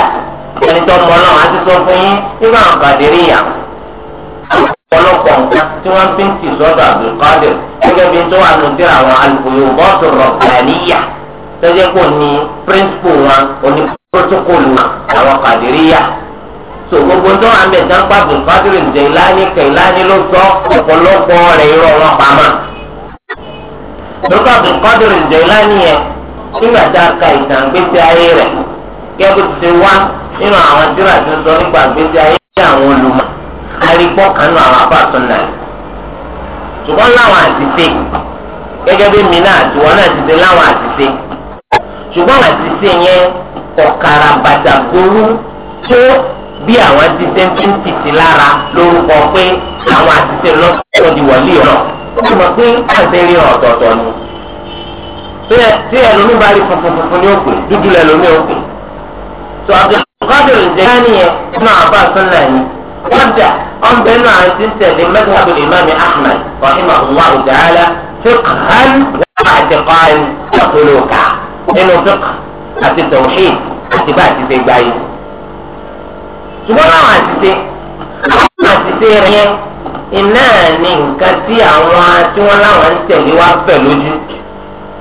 ẹni tó mọ náà àti sọ fún yín nígbà àwọn kàdírí yà ọ̀pọ̀lọpọ̀ nǹkan tí wọ́n fi ń tì sọ́dọ̀ abdulkadir gẹ́gẹ́ bí tó wà nù sí àwọn alùpùpù rọ̀bàníyà tẹ́jẹ́ kò ní píríncípù wọn òní pírótókòlù wọn àwọn kàdírí yà so gbogbo tó wà mẹ dáńpá abdulkadir ǹjẹ́ ìlànà kẹ̀láni ló sọ ọ̀pọ̀lọpọ̀ rẹ̀ irọ́ wọn pamọ́. dókítà abdulkadir ǹjẹ́ ìlànà yẹn nígbà tá a ka ìtàn gbèsè ayé rẹ̀ gẹ́gẹ́ bó ti ṣe wá nínú àwọn tíra tó sọ nípa gbèsè ayé ní àwọn olùmọ̀ arígbọ́ kanú àwọn abáàtún náà ṣùgbọ́n láwọn àtìsé gẹ́gẹ́ bí mi náà àtiwọ́ náà ti ṣe láwọn àtìsé ṣùgbọ́n àtìsé yẹn ọ̀kàrà bàtà burú tó bí àwọn àtìsé tó ń tìtì lára lórúkọ pé àwọn àtìsé lọ́sọ̀ọ́ di wọ̀lí ọ̀nà ó sì mọ̀ pé àṣẹ rí ọ̀tọ̀ọ̀tọ̀ ni. tí ẹlòmí bá rí funfun ní òkè dúdú lẹlòmí òkè tó abdulkadir jẹyani yẹn nínú àbá sunna yìí kọjá ọ̀nbẹ náà ti ń tẹ̀lé mẹ́tàbí ìmáàmì ahmed rahimahullah ta'ala fiqhan wà àtẹ̀kọ́rin àtolóka nínú fiqh àti tawhid àti bá àti ṣe ṣùgbọ́n àwọn àtìṣe àwọn àtìṣe rẹ̀ yẹn iná ní nǹkan tí àwọn tí wọ́n láwọn ń tẹ̀lé wá lójú.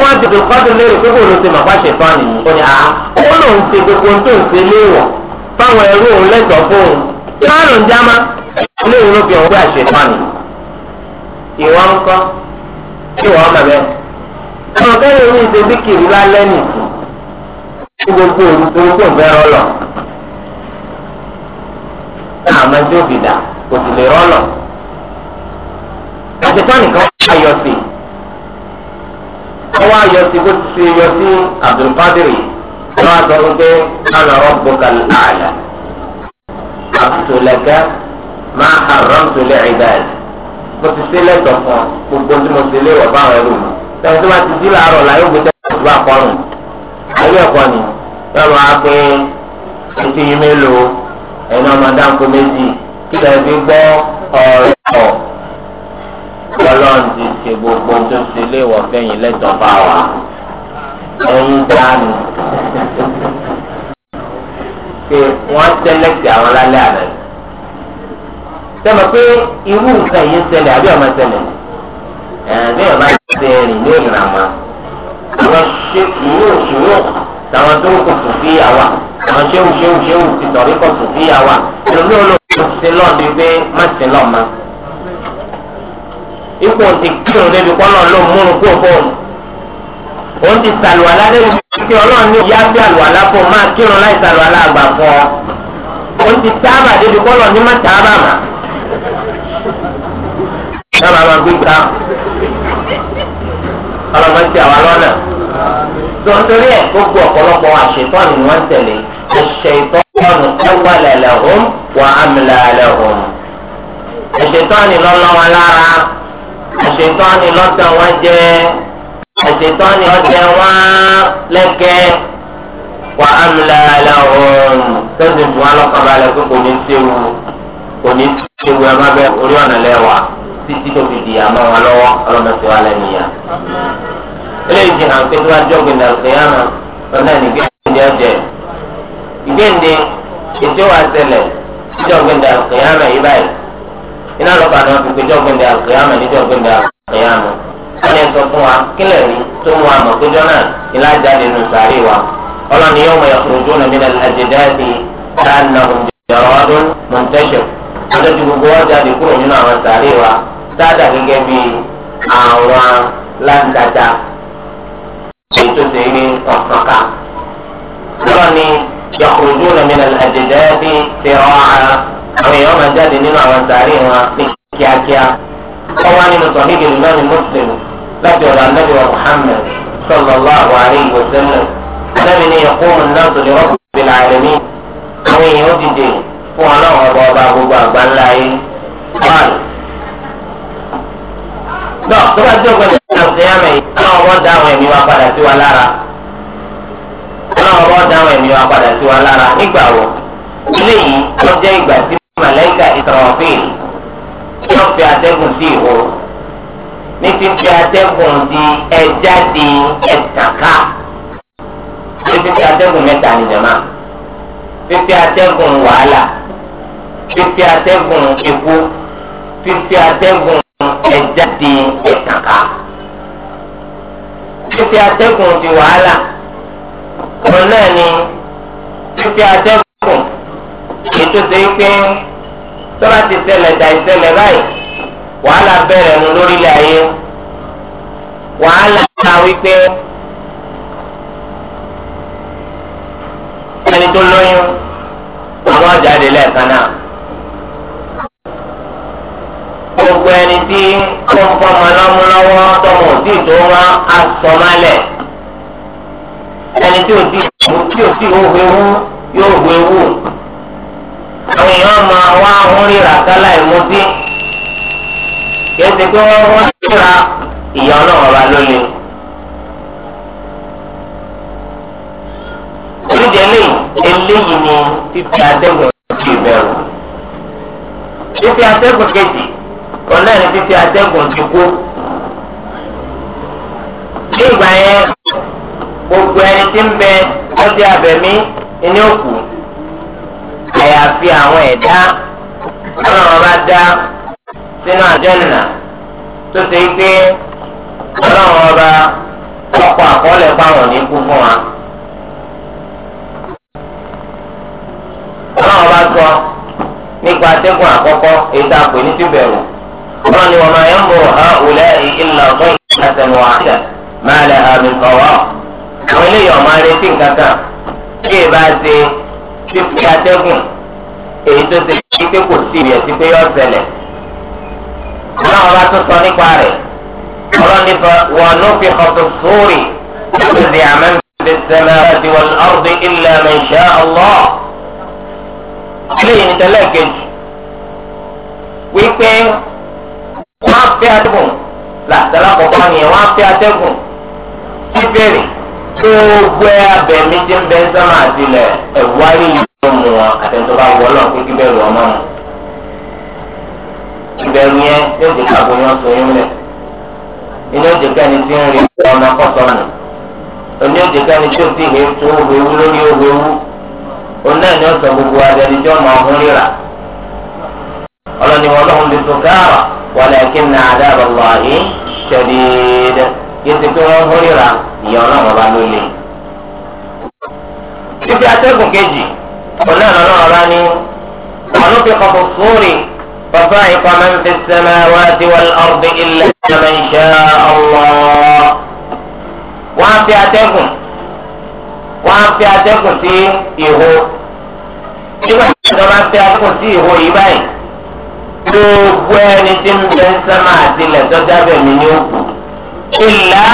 wọ́n á ti dùn kọ́dún lérò pé kò ló ti màá bá ṣe tán ni ó ní àá ah, ó lòun ti gbogbo tó ń ṣe léèwọ̀ fáwọn ẹrú òun lẹ́tọ̀ọ́ fóun láàrú ń jámá léèrè ló fi ọ̀hún gbé àṣẹ tán ni. ìwọ ń kọ́ ìwọ ọmọ bẹ́ẹ̀. ẹnu kẹ́lẹ́ mi ṣe bí kiri lálẹ́ nìkú kí gbogbo òru tó ń kún bẹ́ẹ̀ rọ́lọ̀. àmọ́ tí ó kò sì lè rọ́lọ̀. àṣetán nìkan ayọ̀ wọ́n wá yọ sí bó ti ṣe yọ sí Abdulkadir wọ́n á sọ fún pé ana rabbuka al-a'la. àbùtò lẹ́kẹ́ máa haramtu li'ibadi mo ti ṣe lẹ́tọ̀ fún gbogbo tí mo ṣe léwọ̀ báwọn ẹrù mi. lẹ́yìn tí wọ́n ti dí làárọ̀ láyé ògbé tẹ́lẹ̀ tó bá kọ́rùn. ayé ẹ̀kọ́ ni yóò máa pé etí yín mélòó ẹ̀yin ọmọdé àǹkó méjì kí lẹ́yìn gbọ́ ọ̀rọ̀ lọ́lọ́run ti ṣe gbogbo tó ṣe lé ìwọ̀fẹ́yìn lẹ́tọ̀ọ́ bá wa ẹ̀yin dánù pé wọ́n sẹ́lẹ̀kì àwọn lálẹ́ àná yìí sẹ́mi pé irú nǹkan yìí ń ṣẹlẹ̀ àbí ọmọ ṣẹlẹ̀ ẹ̀ẹ́dẹ́ ọ̀bá ṣe rìn ní ìrànwọ́ àwọn ṣe ìwé òṣèré tàwọn tó kò tún sí àwa àwọn ṣéwù ṣéwù ṣéwù ti tọ̀rí kò tún sí àwa ìrònú olóòtú ti lọ́ọ̀ ni pé má ti lọ́ọ̀ máa ipò ti kírun débi kọ́nà ló múnu kó fóònù ó ti sàlùwàlá débi kí ọlọ́run ní ìyá bí àlùwàlá fún máa kírun láì sàlùwàlá àgbà fún ọ ó ti tábà débi kọ́nà ní má tábà mà sábà máa gbé ọlọ́mọ ti àwa lọ́nà tontori ẹ gbogbo ọ̀pọ̀lọpọ̀ àṣetọ́ni ni wọ́n tẹ̀lé àṣetọ́ni awwala lahum wa amla lahum àṣetọ́ni lọ́lọ́wọ́ lára àṣetọ́ni lọ́tàn wọn jẹ́ àṣetọ́ni ọ̀tẹ̀ wọn lẹ́kẹ́ wà á mi lára lẹ́hùn tẹ́sí fún wa lọ́kàn balẹ̀ pé kò ní séwu kò ní séwu ẹ má bẹ orí ọ̀nà lẹ́wà títí tó fi dìyà mọ́ wọn lọ́wọ́ ọlọ́mọdé wa lẹ́nu yá. eléyìí ti hàn pé tí wọ́n á jọ́ gbìndà òkèèyàn ọ̀nà ìgbéǹde ọ̀jẹ̀ ìgbéǹde ètò àṣẹlẹ̀ ìjọ́ gbìndà òkèèyàn yìí báyìí iná lọ́ba náà kò péjọ́ gbẹ̀ndẹ̀ àkèyàmọ̀ níjọ́ gbẹ̀ndẹ̀ àkèyàmọ̀ wọ́n lè sọ fún wa kílẹ̀ rí tó mú àmọ̀ péjọ́ náà ilá jáde nù sàárè wa ọlọ́ni yóò mọ̀ ẹ̀kúrújú nàmi nà àjẹdáàdì dáná òǹdẹ̀rọ̀ọ́dún mọ̀ntẹ́sọ̀ ọjọ́ tí gbogbo wọn jáde kúrò nínú àwọn sàárè wa sáàdà gẹ́gẹ́ bí àwọn láńdàdà èyí tó ṣe ní ọ̀kànkà ọlọ́ni ẹ̀kúrújú nà àjẹdáàdì fẹ́ràn àwọn èèyàn máa jáde nínú àwọn sàárè wọn ní kíákíá wọ́n wá nínú sọ̀rọ̀ ìgbìmọ̀ ìmọ̀ni mùsùlùmí láti ọ̀dọ̀ anábì wa muhammed wa sallam anábì ni yaqumu an-nasu li rabbil alamin àwọn èèyàn dìde fún ọlọ́run ọba ọba gbogbo àgbà ńlá yìí wọ́n. lọ tó bá dé ọgbọ́n ìgbà tó yá mẹ́yìn àwọn ọmọ dá àwọn ẹ̀mí wa padà sí wa màlẹ́kà ìtọ̀rọ̀fìn tí wọ́n fi atẹ́gùn sí ìhó ní ti fi atẹ́gùn di ẹja di ẹ̀kàká ní ti fi atẹ́gùn mẹ́ta nìjọba fífi atẹ́gùn wàhálà fífi atẹ́gùn ikú fífi atẹ́gùn ẹja di ẹ̀kàká fífi atẹ́gùn di wàhálà òun náà ni fífi atẹ́gùn ètò ṣe é pé tọ́lá ti ṣẹlẹ̀ dà ìṣẹlẹ̀ báyìí wàhálà bẹ̀rẹ̀ nu lórílẹ̀ ayé wàhálà ta wípé ẹni tó lóyún àwọn ọ̀jáde lẹ́ẹ̀kan náà gbogbo ẹni tí ó ń fọmọ lọ́mú lọ́wọ́ tọmọ tí tó wọn asọmọlẹ̀ ẹni tí ò tí ò tí ò tí ò hu ewu yóò hu ewu àwọn èèyàn máa wá wọn ríra kálá ìmúdí kìí ṣe pé wọn wọn ríra ìyá ọlọ́run ọba ló lé o. olùdílé eléyìí ni fífi atẹ́gùn ti bẹ̀rù fífi atẹ́gùn kejì ọ̀nà ní fífi atẹ́gùn ti kú. ní ìgbà yẹn gbogbo ẹni tí ń bẹ ọdẹ abẹ̀mí ẹni òkú. àyàfi àwọn ẹ̀dá ọlọ́run ọba dá sínú na tó ṣe pé ọlọ́run ọba ọkọ̀ àkọọ́lẹ̀ fáwọn ní kú fún wa. ọba sọ nípa atẹ́kùn àkọ́kọ́ ètò àpò ní tìbẹ̀rù ọlọ́run ni máa ń ha òlẹ́ ìlà ọ̀gbọ́n ìlàsẹ̀nu wàhálà máa lẹ̀ ọ kọ̀wá. àwọn eléyìí retí nǹkan kan ẹ bá ṣe. fífi atẹ́gùn èyí tó ṣe kí pé kò sí ìrìn ẹ̀sìn pé yọ ṣẹlẹ̀. ọlọ́run bá tún sọ nípa rẹ̀ ọlọ́run nípa wọn ló fi kọ̀tọ̀ sóòrì ìpèsè àmọ́ ìpèsè sẹ́mẹ́ àti wọn ọ̀rùn ilẹ̀ rẹ̀ ṣẹ́ ọlọ́. eléyìí ní tẹ́lẹ̀ kejì wípé wọ́n á fẹ́ atẹ́gùn làtàlá kọ̀ọ̀kan yẹn wọ́n á fẹ́ atẹ́gùn sí gbogbo abẹ̀mí tí ń bẹ sọ́mà àtìlẹ̀ ẹ̀wárí yóò mú wọn àtẹ̀tọ́ba wọ́ lọ pé ọmọ yẹn yóò jẹ́ káàbọ̀ sọ yín inú tí ń rí ọmọ kọ́sọ́ nù. inú òjò kẹ́ni tí ó ti hẹ́ tó òwéwú lórí òwéwú. ni ó sọ gbogbo tí ọmọ ọlọ́ni wọlé kí ìyá ọlọ́run ọba ló lè. títí atẹ́gùn kejì ọ̀nà ọlọ́run ọba ní ọ̀nà fi kọ̀kọ̀ sóòrè bàbá ikọ̀ máa ń fi sẹ́mẹ́ wá sí wàlú ọ̀rùbí ilẹ̀ ẹ̀mẹ́ ìṣẹ́ ọ̀wọ́. wọ́n á fi atẹ́gùn wọ́n á fi atẹ́gùn sí ìhó. nígbà tí wọ́n máa fi atẹ́gùn sí ìhó yìí báyìí gbogbo ẹni tí ń bẹ ń sẹ́mà àti ilẹ̀ tó dábẹ̀ mí ní òkú. ìlà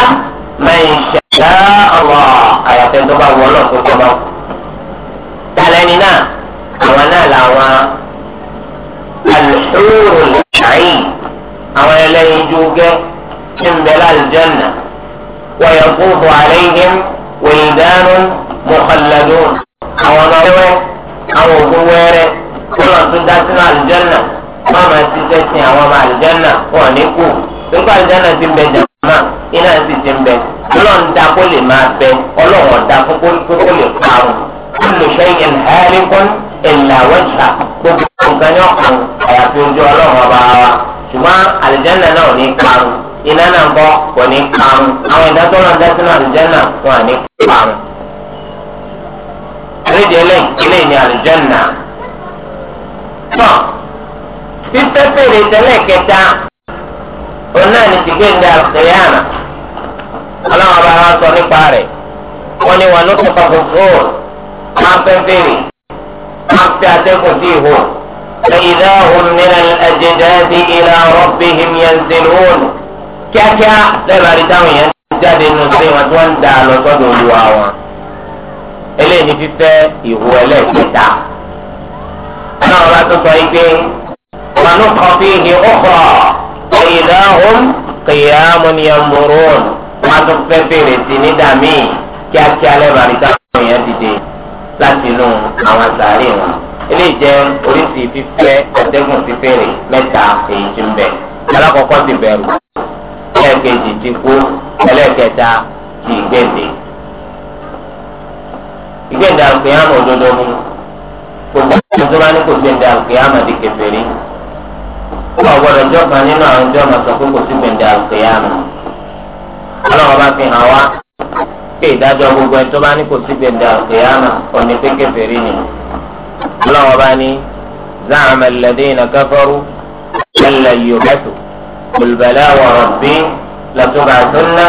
mẹ́yìn ṣẹ̀dá ọ̀rọ̀ àyàfẹ́ tó bá wọ ọlọ́ọ̀kọ́ kọ́lọ́. Tàlẹ́ni náà àwọn náà làwọn alùpùpù ṣàyìn àwọn ẹlẹ́yin jógẹ́ tí ń bẹ lálùjẹ́nà wọ̀yẹ̀ kúrò àlẹ́yìn wòyìndánù mọ̀kànlélọ́dún àwọn ọmọ wẹ́wẹ́ àwọn ògùn wẹ́rẹ́ kọ́lọ̀ tó dá sínú àlùjẹ́nà wọ́n máa ti sẹ́sìn àwọn ọmọ àlùjẹ́nà wọ̀ ní kù nípa ma iná sì ti ń bẹ ọlọ́run dá kó lè máa bẹ ọlọ́run ọ̀dá fún kó lè parun kó lè fẹ́ yẹn hẹ́ẹ́rì fún ìlàwọ́ ìta gbogbo nǹkan yóò kàn àyàfi ojú ọlọ́run ọba wa ṣùgbọ́n àlìjẹ́nà náà ò ní parun iná náà bọ́ kò ní parun àwọn ìdá tó lọ́n dẹ́sínú àlìjẹ́nà wọn à ní parun. àrídìí eléyìí ni àlìjẹ́nà. tọ́ fífẹ́ fèrè tẹ́lẹ̀ kẹta òun náà ní tìgbé ní àlùkìyàmà ọlọ́run ọba wa sọ nípa rẹ̀ wọ́n ní wọn ló kọ́ pàṣẹ fóònù máa fẹ́ bèrè máa fi àtẹ́kùn sí ìhò ìdá òun nílẹ̀ ẹ̀jẹ̀dẹ̀ sí ìlà rọ́bì hìmìyànzẹ̀lóòn kíákíá lẹ́bàárí táwọn èèyàn ti jáde nù sí wọn tí wọ́n ń da lọ sọ́dọ̀ olúwa wọn eléyìí ní fífẹ́ ìhò ẹlẹ́ẹ̀kẹta ọlọ́run ọba tó sọ yìí pé wọn ló kọ́ fi ìhì ó kọ́ ìdá òun kìyà múniyàn mùrún wọn tún fẹ́ bèrè sí ní dàmí kíákíá lẹ́bàá níta àwọn èèyàn dìde láti inú àwọn sàárè wọn. eléyìí jẹ́ oríṣi fífẹ́ ọ̀tẹ́gùn fífèrè mẹ́ta èyí tí ń bẹ. alákọ̀ọ́kọ́ ti bẹ̀rù ẹlẹ́ẹ̀kejì ti kú ẹlẹ́ẹ̀kẹta ti ìgbẹ́ǹde. ìgbẹ́ǹde àlùkìyàmọ̀ òdodo mu gbogbo àwọn tó ọba gbọ́dọ̀ jọ kan nínú àwọn jọ màtọ pé kò sí gbẹndẹ àlùkìyàmù Ọlọ́run bá fi hàn wá pé ìdájọ́ gbogbo ẹni tó bá ní kò sí gbẹndẹ àlùkìyàmù òní pé kèfèrí ni Ọlọ́run bá ní za'ama alladhina kafaru allan yub'athu qul bala wa rabbi latub'athunna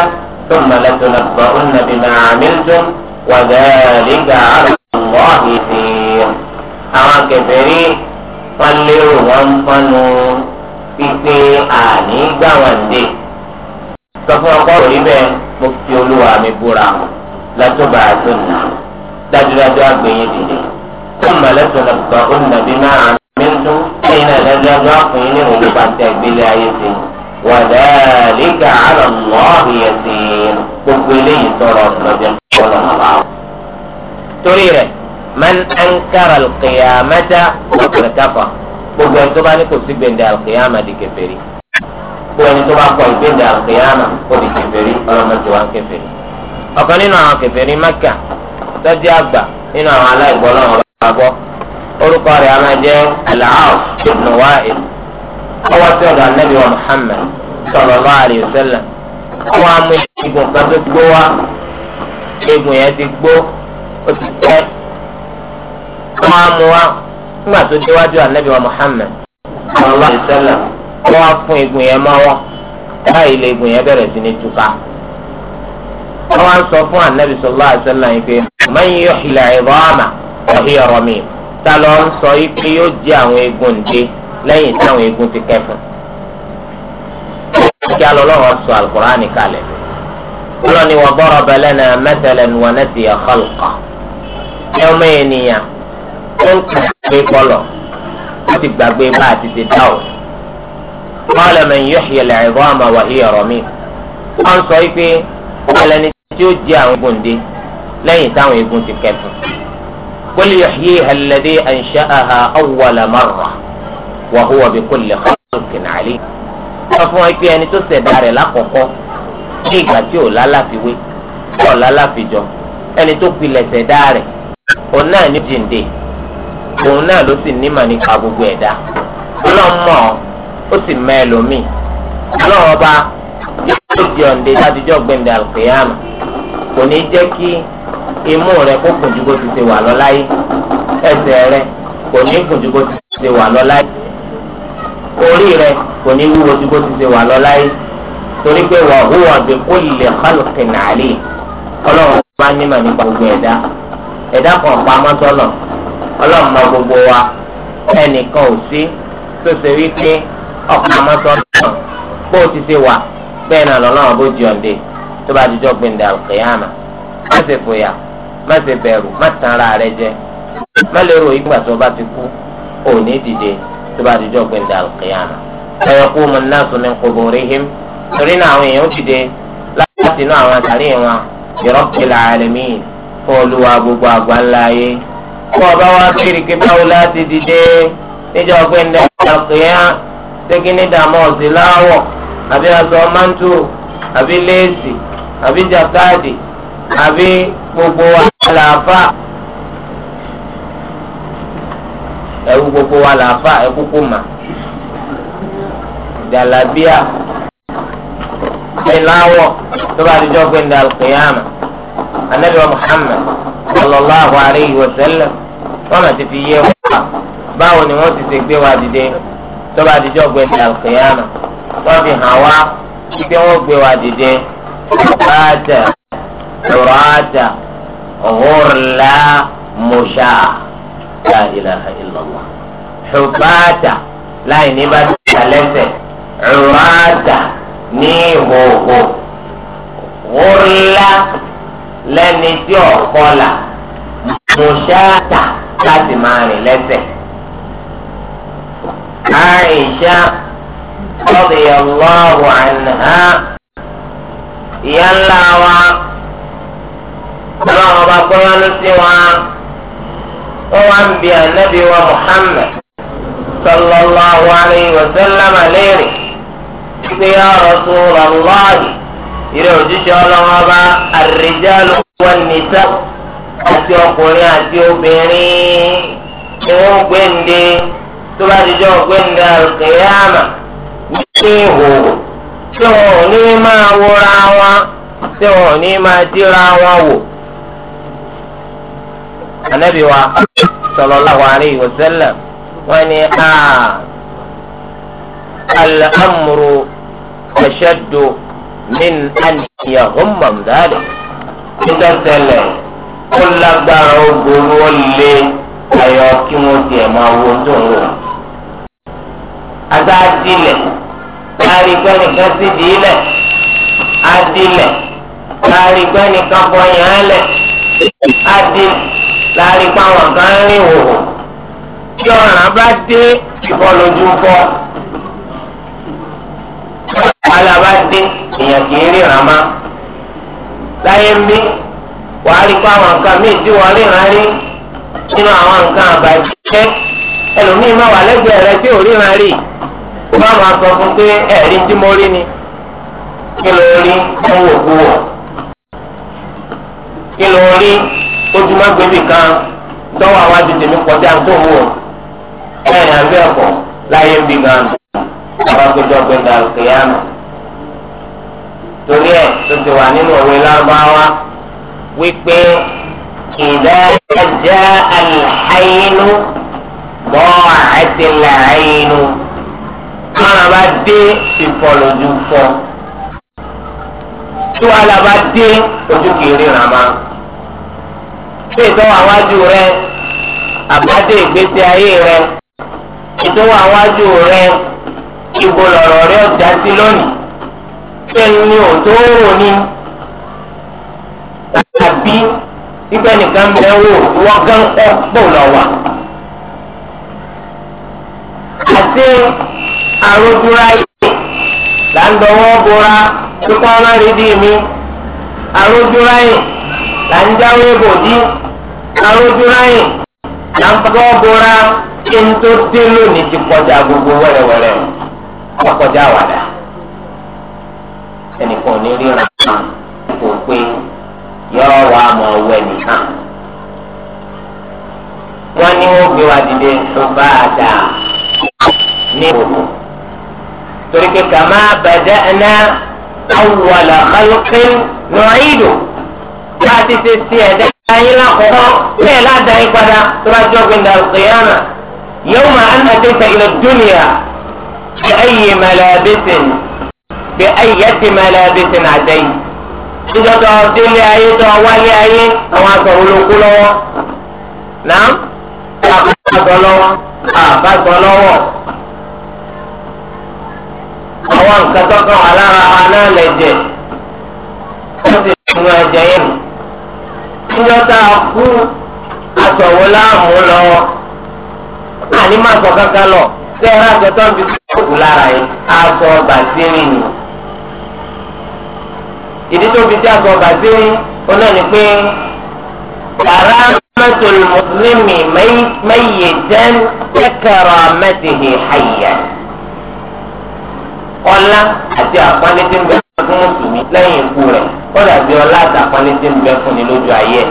thumma latunabba'unna bima 'amiltum wa dhalika 'ala Allahi yasir àwọn kèfèrí wọn wọn ń wípé àní gbà wọn dé sọ fún ọkọ òrí bẹ́ẹ̀ mo fi olúwa mi búra látọba àtúnà dájúdájú àgbẹ̀yìn dìde tó mọ̀lẹ́tò lọ́kọ̀ ó nàbí náà mi ń tún ẹ̀yin náà dájúdájú àkùnrin nínú nípa tẹ̀ gbélé ayé sí wàdàlíkà àlọ́mọ́ ìyẹ̀sìn gbogbo eléyìí tọrọ ọ̀sọ̀jẹ̀ kọ́nà bàbá. torí rẹ̀ man ankara gbogbo ẹni tó bá ní kò sí gbẹ̀ndẹ̀ àlùkìyàmà di kèfèrí gbogbo ẹni tó bá kọ ìgbẹ̀ndẹ̀ àlùkìyàmà ó di kèfèrí ọlọ́mọdé wa ń kèfèrí. ọ̀kan nínú àwọn kèfèrí Mẹ́kà tọ́jú àgbà nínú àwọn aláìgbọ́ náà wọ́n bá gbọ́ orúkọ rẹ̀ a máa jẹ́ al ibn Wa'il ọwọ́ tí ọ̀dọ̀ anábì wa Muhammad sallallahu alayhi wa sallam àwọn amú igun kan tó gbó wá igun yẹn ti gbó ó ti tẹ́ wọ́n á wa nígbà tó déwájú anabi wa muhammed sallallahu alayhi wa sallam wọ́n wá fún egun yẹn mọ́wọ́ báyìí lè egun yẹn bẹ̀rẹ̀ sí ní túká. wọ́n wá ń sọ fún anabi sallallahu alayhi wa sallam yìí pé man yuhyi al-'idhama wa hiya ramim ta ló ń sọ yìí pé yóò jẹ àwọn egun ǹdẹ lẹ́yìn tí àwọn egun ti kẹfùn. kí a lọ́wọ́ sọ alukur'ani kalẹ̀ lọ́ni wa daraba lana ó ń kà pé kọlọ̀ ó ti gbàgbé bá a ti ṣe dá o. qala man yuhyi al-'idhama wa hiya ramim. wọ́n sọ pé ọ̀lẹ́ ni tí ó jẹ́ àwọn egun dé lẹ́yìn táwọn egun ti kẹfù. qul yuhyiha alladhi ansha'aha awwala marra wa huwa bi kulli khalqin 'alim. wọ́n fún wọn pé ẹni tó ṣẹ̀dá rẹ̀ lákọ̀ọ́kọ́ ní ìgbà tí ò lálàfiwé tí ò lálàfijọ́ ẹni tó pilẹ̀ ṣẹ̀dá rẹ̀ òun náà ní jíǹde òun náà ló sì nímọ̀ nípa gbogbo ẹ̀dá ọlọ́run mọ̀ ó sì mọ ẹlòmíì ọlọ́run ọba yóò di ọ̀ǹdẹ dájújọ́ gbẹ̀ǹdẹ̀ àlùkìyàmù kò ní jẹ́ kí imú rẹ kó gùn ju bó ti ṣe wà lọ láyé ẹsẹ̀ rẹ kò ní gùn ju bó ti ṣe wà lọ láyé orí rẹ kò ní wúwo ju bó ti ṣe wà lọ láyé torí pé wà húwà bí kò lè kálùkì nàálì ọlọ́run bá nímọ̀ nípa gbogbo ẹ̀dá ẹ̀dá kan pamọ́ sọ́nà. ọlọ́run gbogbo wa ẹnìkan ò sí tó ṣe wípé ọkàn amọ́sọ́nà bó ti ṣe wà bẹ́ẹ̀ náà lọ́lọ́run bó jọ̀ǹde tó bá dijọ́ gbẹ̀ndẹ̀ àlùkìyàmà má ṣe fòyà má ṣe bẹ̀rù má tan ara rẹ jẹ má lérò ìgbà tó bá ti kú òní dìde tó bá dijọ́ gbẹ̀ndẹ̀ kú mu náà ní torí náà àwọn èèyàn dìde láti inú àwọn àtàrí wọn kó ọba wa béèrè pé báwo láti dìde níjọ́ ọ̀gbẹ́ni àkèyà ṣégi ní dààmú ọ̀sẹ̀ láwọ̀ àbí aṣọ máńtò àbí léèsì àbí jàkáàdì àbí gbogbo wa làáfà ẹ̀wù gbogbo wa làáfà ẹ̀kúkú mà jàlábíà ẹ̀láwọ̀ tó bá dijọ́ ọ̀gbẹ́ni àkèyà mà anabi wa Muhammad sallallahu alayhi wa sallam tọ́nà ti fi yé wa báwo ni wọ́n ti ṣe gbé wa dìde tọ́ba àdìjọ́ gbẹ̀dẹ̀ àlùkìyàmà wọ́n fi hàn wá gbígbé wọn gbé wa dìde bàtà rọ́ọ̀tà ọ̀húrìlá mọ̀ṣá la ilaha illallah ṣùgbàtà láì ní bá ti kàlẹ́sẹ̀ rọ́ọ̀tà ní ìhòòhò ọ̀húrìlá lẹ́ni tí ọ̀kọ́ là mo ṣáàtà láti máa rìn lẹ́sẹ̀. Aisha radiyallahu anha ìyá ńlá wa ọlọ́run ọba gbọ́dọ̀ ló sí wa ó wá ń bi ànábì wa Muhammad sallallahu alayhi wa sallam léèrè. Ya Rasulullah ìrẹ òjíṣẹ́ ọlọ́run ọba àrèjálù wọn nìta àti ọkùnrin àti obìnrin ni wọ́n gbẹ̀ǹde tó bá dijọ́ gbẹ̀ǹde àlùkìyàmà ní ìhòòhò tí wọn ò ní máa wọra wọn tí wọn ò ní máa díra wọn wò. Ànábì wa sallallahu alaihi wa sallam wọ́n a al-amru ashaddu min aniya humam dada títọ́ tẹ́lẹ̀ ó lágbára ó ború ó lé ayọ̀ kí wọ́n tiẹ̀ máa wo tó ń wò. adájílẹ̀ kárí gbẹ́nìkan sí dìílẹ̀ adílẹ̀ kárí gbẹ́nìkan bọyàn lẹ̀ adílẹ̀ láàrin pàwọn kan ń wò. tí bá dé ìfọ̀lójú fọ́. alába dé èèyàn kì í ríran má láyé ń bí wàá rí pa àwọn nǹkan míì tí wọ́n ríran rí nínú àwọn nǹkan àbàjẹ́ ẹlòmíì má wà lẹ́gbẹ̀ẹ́ rẹ tí ò ríran rí kó má máa sọ fún pé ẹ̀rí tí mo rí ni kí ló rí kí ló rí ojúmọ́ gbèbí kan tọ́wọ́ àwọn mi ọba péjọ gbẹdà òkèèyàmù torí ẹ tó ti wà nínú òwe lárúbáwá wípé ìdá ẹjẹ àlàyénu mọ àti làyénu máa bá dé ìfọlójú fọ tí wàhálà bá dé ojú kìí ríran máa ṣé ìtọ́wọ́ àwájú rẹ àbádé ìgbésí ayé rẹ ìtọ́wọ́ àwájú rẹ ibo lọ̀rọ̀ rẹ ọ̀dà sí lónìí bẹ́ẹ̀ ni ò tó rò ní tàbí ibẹ̀ nìkan bẹ́ẹ̀ wò wọ́n gán ọ́ pò lọ́wọ́ àti àròdúrà yìí là ń dọwọ́ bora kíkọ́ ọlọ́rin dì mí àròdúrà yìí là ń jáwé bòdì àròdúrà yìí là ń fọwọ́ bora kí n tó dé lónìí ti kọjá gbogbo wẹ́rẹ́wẹ́rẹ́ ọkọjá àwàdà ẹnìkan ò ní ríran kan kò pé yọ wà mọ ọwẹ nìkan wọn ní wọn gbé wa dìde tó bá a dà ní òkú torí pé kàmá bàdá ẹná awọlà kálukú nùáyìdù bá a ti ṣe sí ẹ̀dá ayé lákòókò bẹ́ẹ̀ ládàá yín padà tó bá jọ gbẹ̀ndà al-qiyāmah yawma an atayta ila ad-dunyā. بأي ملابس بأية ملابس عدي ìjọ tó ọtí ilé ayé tó wálé ayé àwọn aṣọ olóko lọ́wọ́ náà àbáṣọ lọ́wọ́ àbáṣọ lọ́wọ́ àwọn nǹkan tó kàn wá lára wa náà lẹ́jẹ̀ wọ́n sì fún ẹ̀jẹ̀ yẹn nù ìjọ tá a kú aṣọ wo láàmú lọ́wọ́ àní má sọ kankan lọ tẹ ẹ aṣọ tó ń fi sọ́ọ̀kù lára yìí aṣọ bàtírí ni. ìdí tó fi sí aṣọ bàtírí oná ni pé karamatul muslimi mayyitan karamatihi hayyan. ọlá àti àpọ́nlé tí ń bẹ fún mùsùlùmí lẹ́yìn ikú rẹ̀ ó dàbí ọlá àti àpọ́nlé ń bẹ fún ni lójú ayé.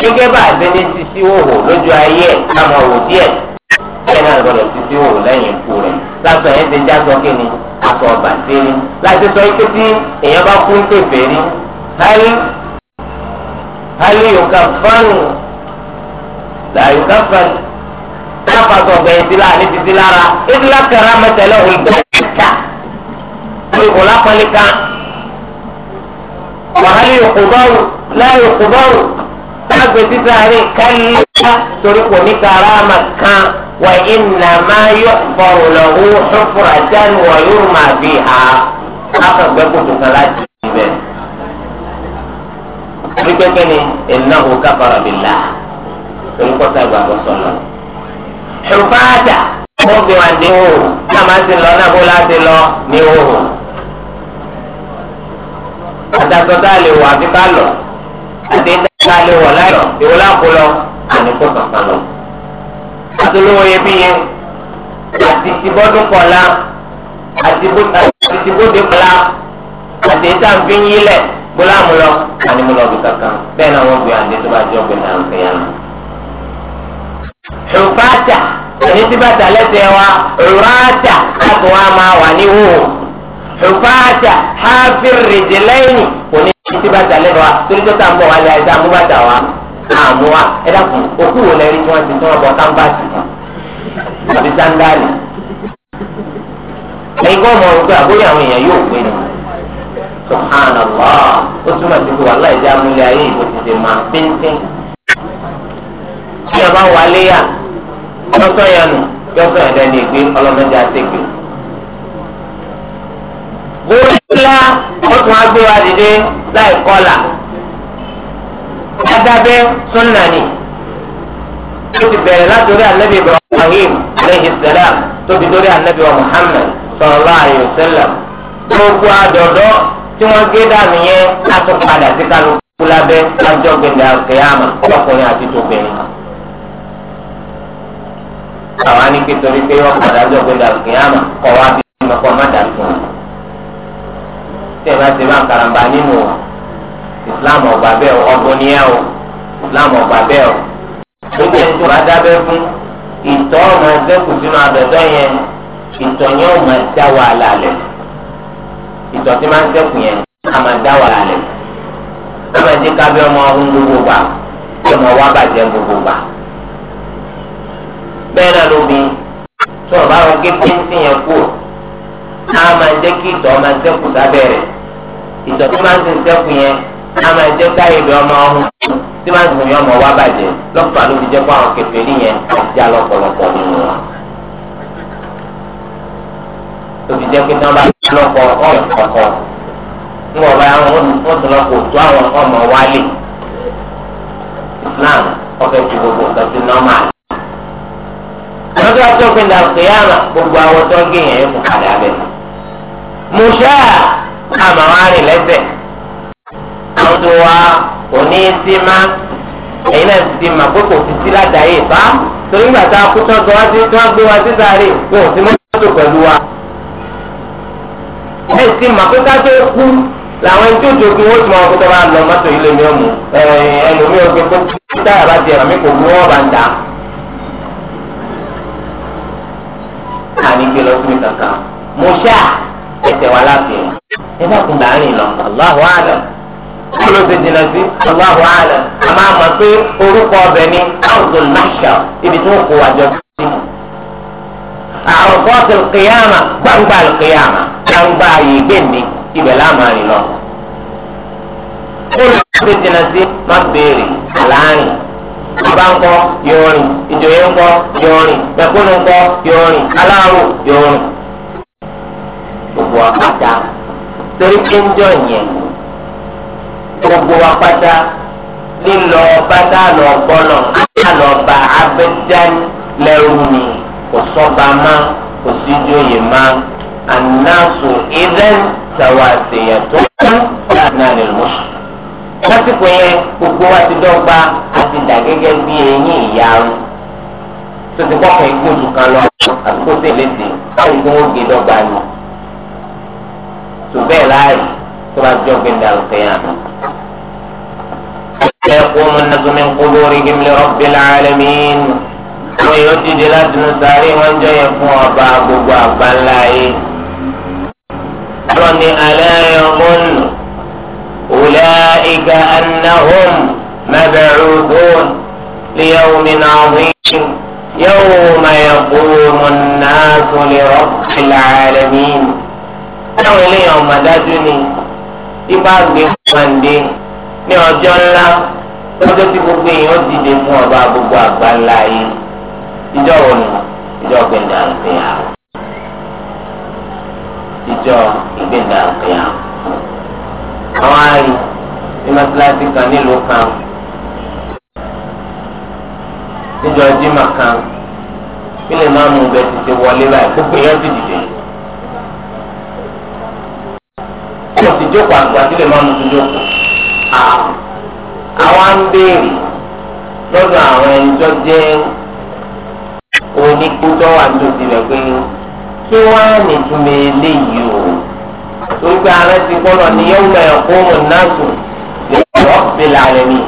gẹ́gẹ́ bá a ṣe ní sísí òhò lójú ayé àmọ̀ òwò díẹ̀ bẹ́ẹ̀ náà gbọ́dọ̀ ti ti wò lẹ́yìn ikú rẹ̀ lásọ yẹn ti ń jásọ kí ni aṣọ ọba ṣe ni láti sọ ike tí èèyàn bá kú ń pèpè ni hali hali yòókà fánù là yòókà fánù láfa sọ ọgbẹ yẹn ti la àní ti ti lára ebi lákàrà mẹtẹlẹ òun bẹ́ẹ̀ ká olùkọ lápẹlẹ kan wàhálì yòókù báwò láyòókù báwò táàgbé títà rí kálíkà torí kò ní karama kan wà iná máa yọ fọrọ lọ́wọ́ ṣọ́fúra dání wà yóò máa bí ha akọ̀gbẹ́ kòtò kan láti ibẹ̀. wípé kí ni innahu kafara billah torí kọ́tà ìgbàgbọ́ sọ̀rọ̀. ṣùfáàdà mo bí wà ní òhù náà máa ti lọ náà bó láti lọ ní òhù. àtàtọ̀ tá a lè wà fi bá lọ àti ìdájọ́ alẹ́ wọ̀ láyọ̀ ìwọ láàbò lọ àní kó kàkà lọ. àtúlówó yẹ bí yẹn àti tìbọ́dún kọ̀ọ̀la àti tìbọ́dé kọ̀ọ̀la àti ìtàǹfin yílẹ̀ gbọ́láàmù lọ àní mo lọ bí kankan bẹ́ẹ̀ náà wọ́n gbé àdé tó bá jọ gbé náà ń fẹ́yà lọ. ṣùpáàtà ẹni tí bàtà lẹ́sẹ̀ wa rúráàtà láti wá máa wà níwò rufata hafir rìdìlẹ́yìn kò ní ti bá dalẹ̀ wa torí tó tàn bọ̀ wá lẹ́yìn tá a mú bá dà wá àmú wa ẹ dàkún òkú wò lẹ́rí tí wọ́n ti tí wọ́n bọ̀ tábàtì àbí sándálì. ẹ̀yin kọ́ ọmọ ọ̀rùn pé àbórí àwọn èèyàn yóò pé ni subhanallah ó túmọ̀ sí pé wàhálà ìjà múlẹ̀ ayé ìbò ti dè máa pínpín. tí a wà léyà lọ́sọ̀ọ́yà nù lọ́sọ̀ọ́yà dẹ́ni ìgbé ọlọ́mọdé àtẹ́gbẹ̀ẹ́ orí ńlá wọ́n tún á gbé wa dìde láì kọ́là. Adábẹ́ súnà ni. Ó ti bẹ̀rẹ̀ látòrí ànábì Ibrahim aleyhi salam tóbi lórí ànábì wa Muhammad sallallahu alayhi wa sallam. Gbogbo àdọ̀dọ́ tí wọ́n gé dànù yẹn àtúnpadà sí kálukú lábẹ́ lájọ́ gbẹ̀dẹ̀ àkèyàmà ọkùnrin àti tóbìnrin. Àwọn á ní kí torí pé wọ́n padà jọ gbẹ̀dẹ̀ àkèyàmà kọ̀ wá bí ọkọ̀ má dàrú fún un tẹ̀ máa ṣe máa karamba nínú o islam ọgbà bẹ́ẹ̀ ọgbọ́n ni ẹ o islam ọgbà bẹ́ẹ̀ o níbi ẹni tó bá dábẹ́ fún ìtọ̀ ọmọ ẹgbẹ́ kù sínú abẹ́tọ́ yẹn ìtọ̀ yẹn ò máa dá wàhálà lẹ̀ ìtọ̀ tí máa ń sẹ́kù yẹn á máa dá wàhálà lẹ̀ á máa dín kábẹ́ ọmọ ọhún gbogbo gbà kí ọmọ wa bàjẹ́ gbogbo gbà bẹ́ẹ̀ náà lóbi tó o bá wọn gé péńtì yẹn kúrò á máa jẹ́ kí ìtọ̀ máa sẹ́kù sábẹ́ rẹ̀ ìtọ̀ tó máa ń sin sẹ́kù yẹn á máa jẹ́ káyọ̀dọ̀ ọmọ ọ̀hún tí máa ń sìn yẹn ọmọ wa bàjẹ́ lọ́pàá ló fi jẹ́ kó àwọn kẹfẹ́ nìyẹn já lọ́pọ̀lọpọ̀ nínú wa. tó fi jẹ́ pé tí wọ́n bá lọ́kọ̀ ọ̀yọ̀ kọ̀ọ̀kọ̀ ń wọ̀ bá wọn ó tún lọ́kọ̀ tó àwọn ọmọ wálé Islam ọ̀fẹ́ ju gbogbo nǹkan sí nọ́màlì lọ́dọ̀ àtọ́kùn ìdàgbéyàrá gbogbo àwọn tó ń gé yẹn kò padà mùṣá àmà wa rìn lẹ́sẹ̀ àwọn tó wa kò ní í sí má ẹ̀yin náà ti di mà pé kò sí sí ládàáyé bá torí gbà tá a kú tán gan wá sí tí wọ́n gbé wa sí sáré wọn ò sí mọ́tò pẹ̀lú wa. ẹ sì mà pé ká tó kú làwọn ẹni tó jogun ó ti mọ ọkọ tó bá lọ mọ́tò ilé mi ọ̀mù ẹlòmí ọgbẹ́ kó táyà bá ti mi kò mú wọn bá ń dà. àní gbé ẹsẹ̀ wa láàfin ẹ bá kun láàrin lọ Allahu alam kí ló ti jìnnà sí Allahu alam a máa mọ̀ pé orúkọ ọbẹ̀ ni Ardul Mahshar ibi tí wọ́n kó wa jọ sí. àròkọ́ ti kìyàmà gbangba kìyàmà gbangba yìí gbé mi ibẹ̀ láàmàrin lọ. kí ló ti jìnnà sí má béèrè àlàárín bàbá ńkọ yọrin ìjòyè ńkọ yọrin mẹ̀kúnnù ńkọ yọrin aláàrò yọrin gbogbo wa pátá torí pé ń jọ yẹn gbogbo wa pátá lílọ bàtà lọ gbọ́nà àlọ́ bá abẹ́dán lẹ́rù mi kò sọ́ba má kò sí jóyè má ànáṣù ìdán tàwa àtẹ̀yẹ tó kọ́ náà lè mú. lásìkò yẹn gbogbo wa ti dọ́gba àti dà gẹ́gẹ́ bí eyín ìyá rú tó ti kọ́kọ́ ẹgbẹ́ oṣù kan lọ àti kó tẹ̀lé sí báyìí tó ń gé dọ́gba ni tó bẹ́ẹ̀ láàyè tó bá jọ gbẹ̀ndà lùkẹ́yà mi. يقوم الناس من قبورهم لرب العالمين ويؤتي dìde láti inú sàárè wọn jọ yẹ fún ọba gbogbo àgbáńlá yìí. رني ألا يظن أولئك أنهم مبعوثون ليوم عظيم يوم يقوم الناس لرب العالمين táwọn eléyàn ọmọ dájú ni ibà gbé pàǹdé ní ọjọ́ ńlá lọ́jọ́ tí gbogbo èèyàn dìde fún ọba gbogbo àgbáńlá yìí ìjọ wo ni ìjọ gbẹ̀ndà ń pè á ìjọ ìgbẹ̀ndà ń pè á àwọn àárín ní mọ́tíláṣí kan nílùú kan níjọ jimá kan kí lè má mú bẹ́ẹ̀ ti ṣe wọlé báyìí gbogbo èèyàn ti dìde. kò sì jókòó àgbà sílẹ̀ máa mú jókòó. Ah. àwọn ń béèrè lọ́dọ̀ àwọn ẹni tó jẹ́ onígbótọ́ wà tó tilẹ̀ pé kí wọ́n á nìtúmọ̀ eléyìí o. torí pé ara ti kọ́nà ní yẹ́wùmá ẹ̀kọ́ òun náà sùn lè wọ́n fi làlẹ́ mi.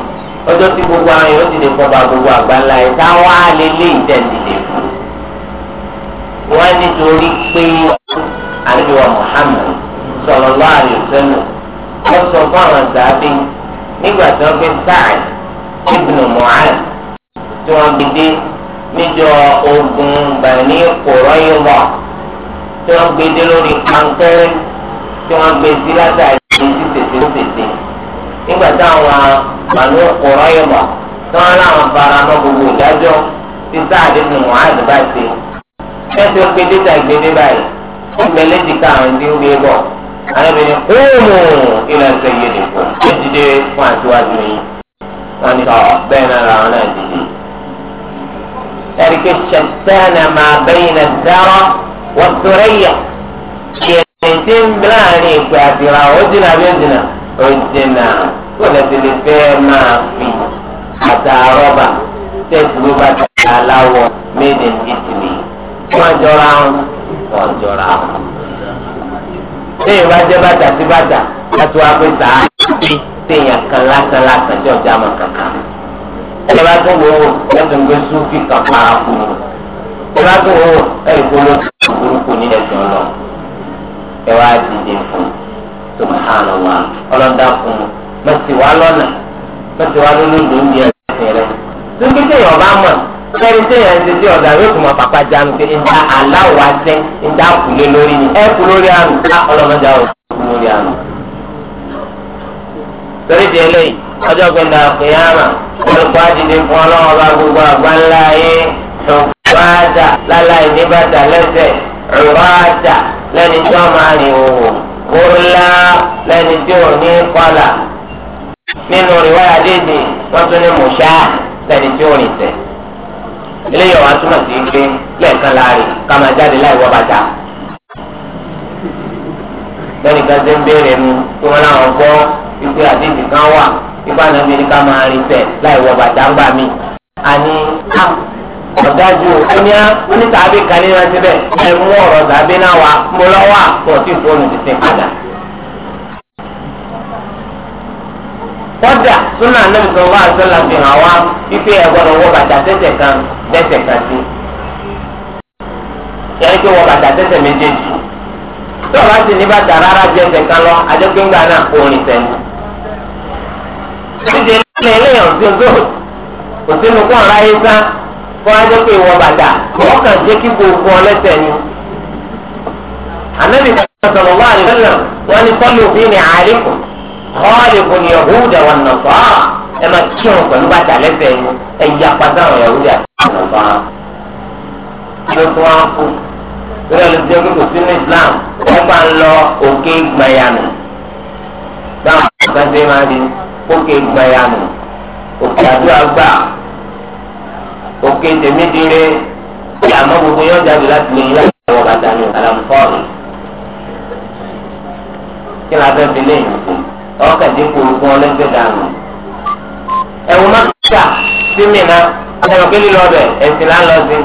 ọjọ́ tí gbogbo àwọn èèyàn ti lè kọba gbogbo àgbáńlá ẹ̀ tá wàá lé lé ìtẹ̀lẹ̀ fún. wọ́n nítorí pé àlejò wa Muhammad sallallahu alaihi wasallam wọ́n sọ fún àwọn sàábì nígbà tí wọ́n gbé Sa'd ibn Mu'adh tí wọ́n gbé dé níjọ ogun Bani Qurayza tí wọ́n gbé dé lórí pankẹ́rẹ́ tí wọ́n gbé sí látàrí ní tètè ó tètè nígbà táwọn Bani Qurayza tí wọ́n láwọn fara mọ́ gbogbo ìdájọ́ tí Sa'd ibn Mu'adh bá ṣe. ẹ̀sìn gbèdé ta gbèdé báyìí ó gbẹlẹ́dìkà àwọn tí ń gbé bọ̀ arábìnrin kúmù ilẹ̀ ṣe yé nìkú ẹ dìde fún àtiwájú yìí wọn ni ọ bẹ́ẹ̀ náà làwọn náà dìde. ẹ̀ríkẹ́ ṣẹ̀tẹ́nà máa bẹ́yìn náà dára wọ́n tẹ̀rẹ̀ yẹ. ìyẹn tí ń bẹ láàrin ìpè àtìrà ó dínà bí ó dínà kó lè lè fẹ́ máa fi àtàrọ́bà tẹ̀sí ló bá ti aláwọ̀ made in wọ́n jọra wọn jọra wọn. téèyàn bá jẹ́ bàtà sí bàtà láti wá pé sàá bí téèyàn kan lásán lásán tí ọjà mọ̀ kankan. ẹ bá tún wò ó lẹ́tọ̀ọ́ gbé súnfì kan para kúrò ẹ bá tún wò ó ẹ̀rí kó ló burúkú ní ẹ̀sìn ọlọ ẹ wá dìde fún subhanallah ọlọ́dà fún mẹ́sì wá lọ́nà mẹ́sì wá lọ́nà lóúnjẹ ẹ̀sìn tó téèyàn bá mọ̀ sẹ́ni tí yẹn ń ṣe sí ọ̀dà yóò tún mọ pàpà jánu pé ìta aláwọ̀ àtẹ ìta kùlé lórí ni ẹ kú lórí àrùn ká ọlọ́mọdé àwọn kú lórí àrùn. torí di eléyìí ọjọ́ gbẹ̀dà àpèyàmà olùkọ́ àdìdì fún ọlọ́wọ́ bá gbogbo àgbáńlá yín ṣùgbọ́n láláì ní bàtà lẹ́sẹ̀ rúbáàtà lẹ́ni tí wọ́n máa rìn òwò kúrúlá lẹ́ni tí ò ní kọ́là nínú ìwádìí wọ́n tún ní mùṣáà lẹ́ni tí ò rìn tẹ̀ eléyìí wàá túmọ̀ sí pé lẹ́ẹ̀kan láàrin ká máa jáde láì wọ bàtà. lẹ́nìkan ṣe ń béèrè mu tí wọ́n láwọn gbọ́ wípé àdéhùn kan wà wípé ànábi ni ká máa rin tẹ̀ láì wọ bàtà ń gbà mí. àní ọ̀dájú oníyá onítàbí kan nínú ẹsẹ̀ bẹ́ẹ̀ ẹ̀ mú ọ̀rọ̀ tàbí náà wá mo lọ́wọ́ àpọ̀ tí fóònù ti ti padà. kọ́dà súnà nàbì kan wá àṣọlá fi hàn wá wípé ẹ gbọ́dọ̀ wọ bàtà tẹ́tẹ̀ kan tẹ́tẹ̀ kan sí. yẹ́nì pé wọ bàtà tẹ́tẹ̀ méjèèjì. tó o bá sì ní bàtà rárá ju ẹsẹ̀ kan lọ àjẹgbẹ́ngbà náà kò rìn sẹ́nu. ṣíṣe ilé ẹlẹ́yàn sí ojú kò sínú kó ọ̀rá yé sá kó ajẹ́ pé wọ bàtà wọ́n kàn jẹ́ kí gbogbo ọ lẹ́sẹ̀ ni. ànábì sọ̀rọ̀ wá àlẹ́ khaliqu yahuda wa nasara ẹ máa kí wọn pẹ̀lú bàtà lẹ́sẹ̀ yín ẹ yí apáta àwọn yahuda àti nasara. kí ló wá ń kú lórí ẹlòmíjẹ kí kò sí ní islam wọn bá ń lọ òkè gbẹyànù dáhùn àgbàdo máa di òkè gbẹyànù òkè àdúrà gbà òkè tèmídìrè kí àmọ́ gbogbo yóò jáde láti lè yá ìwọ bàtà ní àlàmùfọ́ọ̀nù kí ló abẹ́ fi lè yàn fún àwọn kàdé kó ogun ọlẹ́gbẹ́ dànù. ẹ̀wù mọ́tà sí mìíràn ẹ̀rọ kí lílọ bẹ̀ ẹ̀sìn náà lọ sí.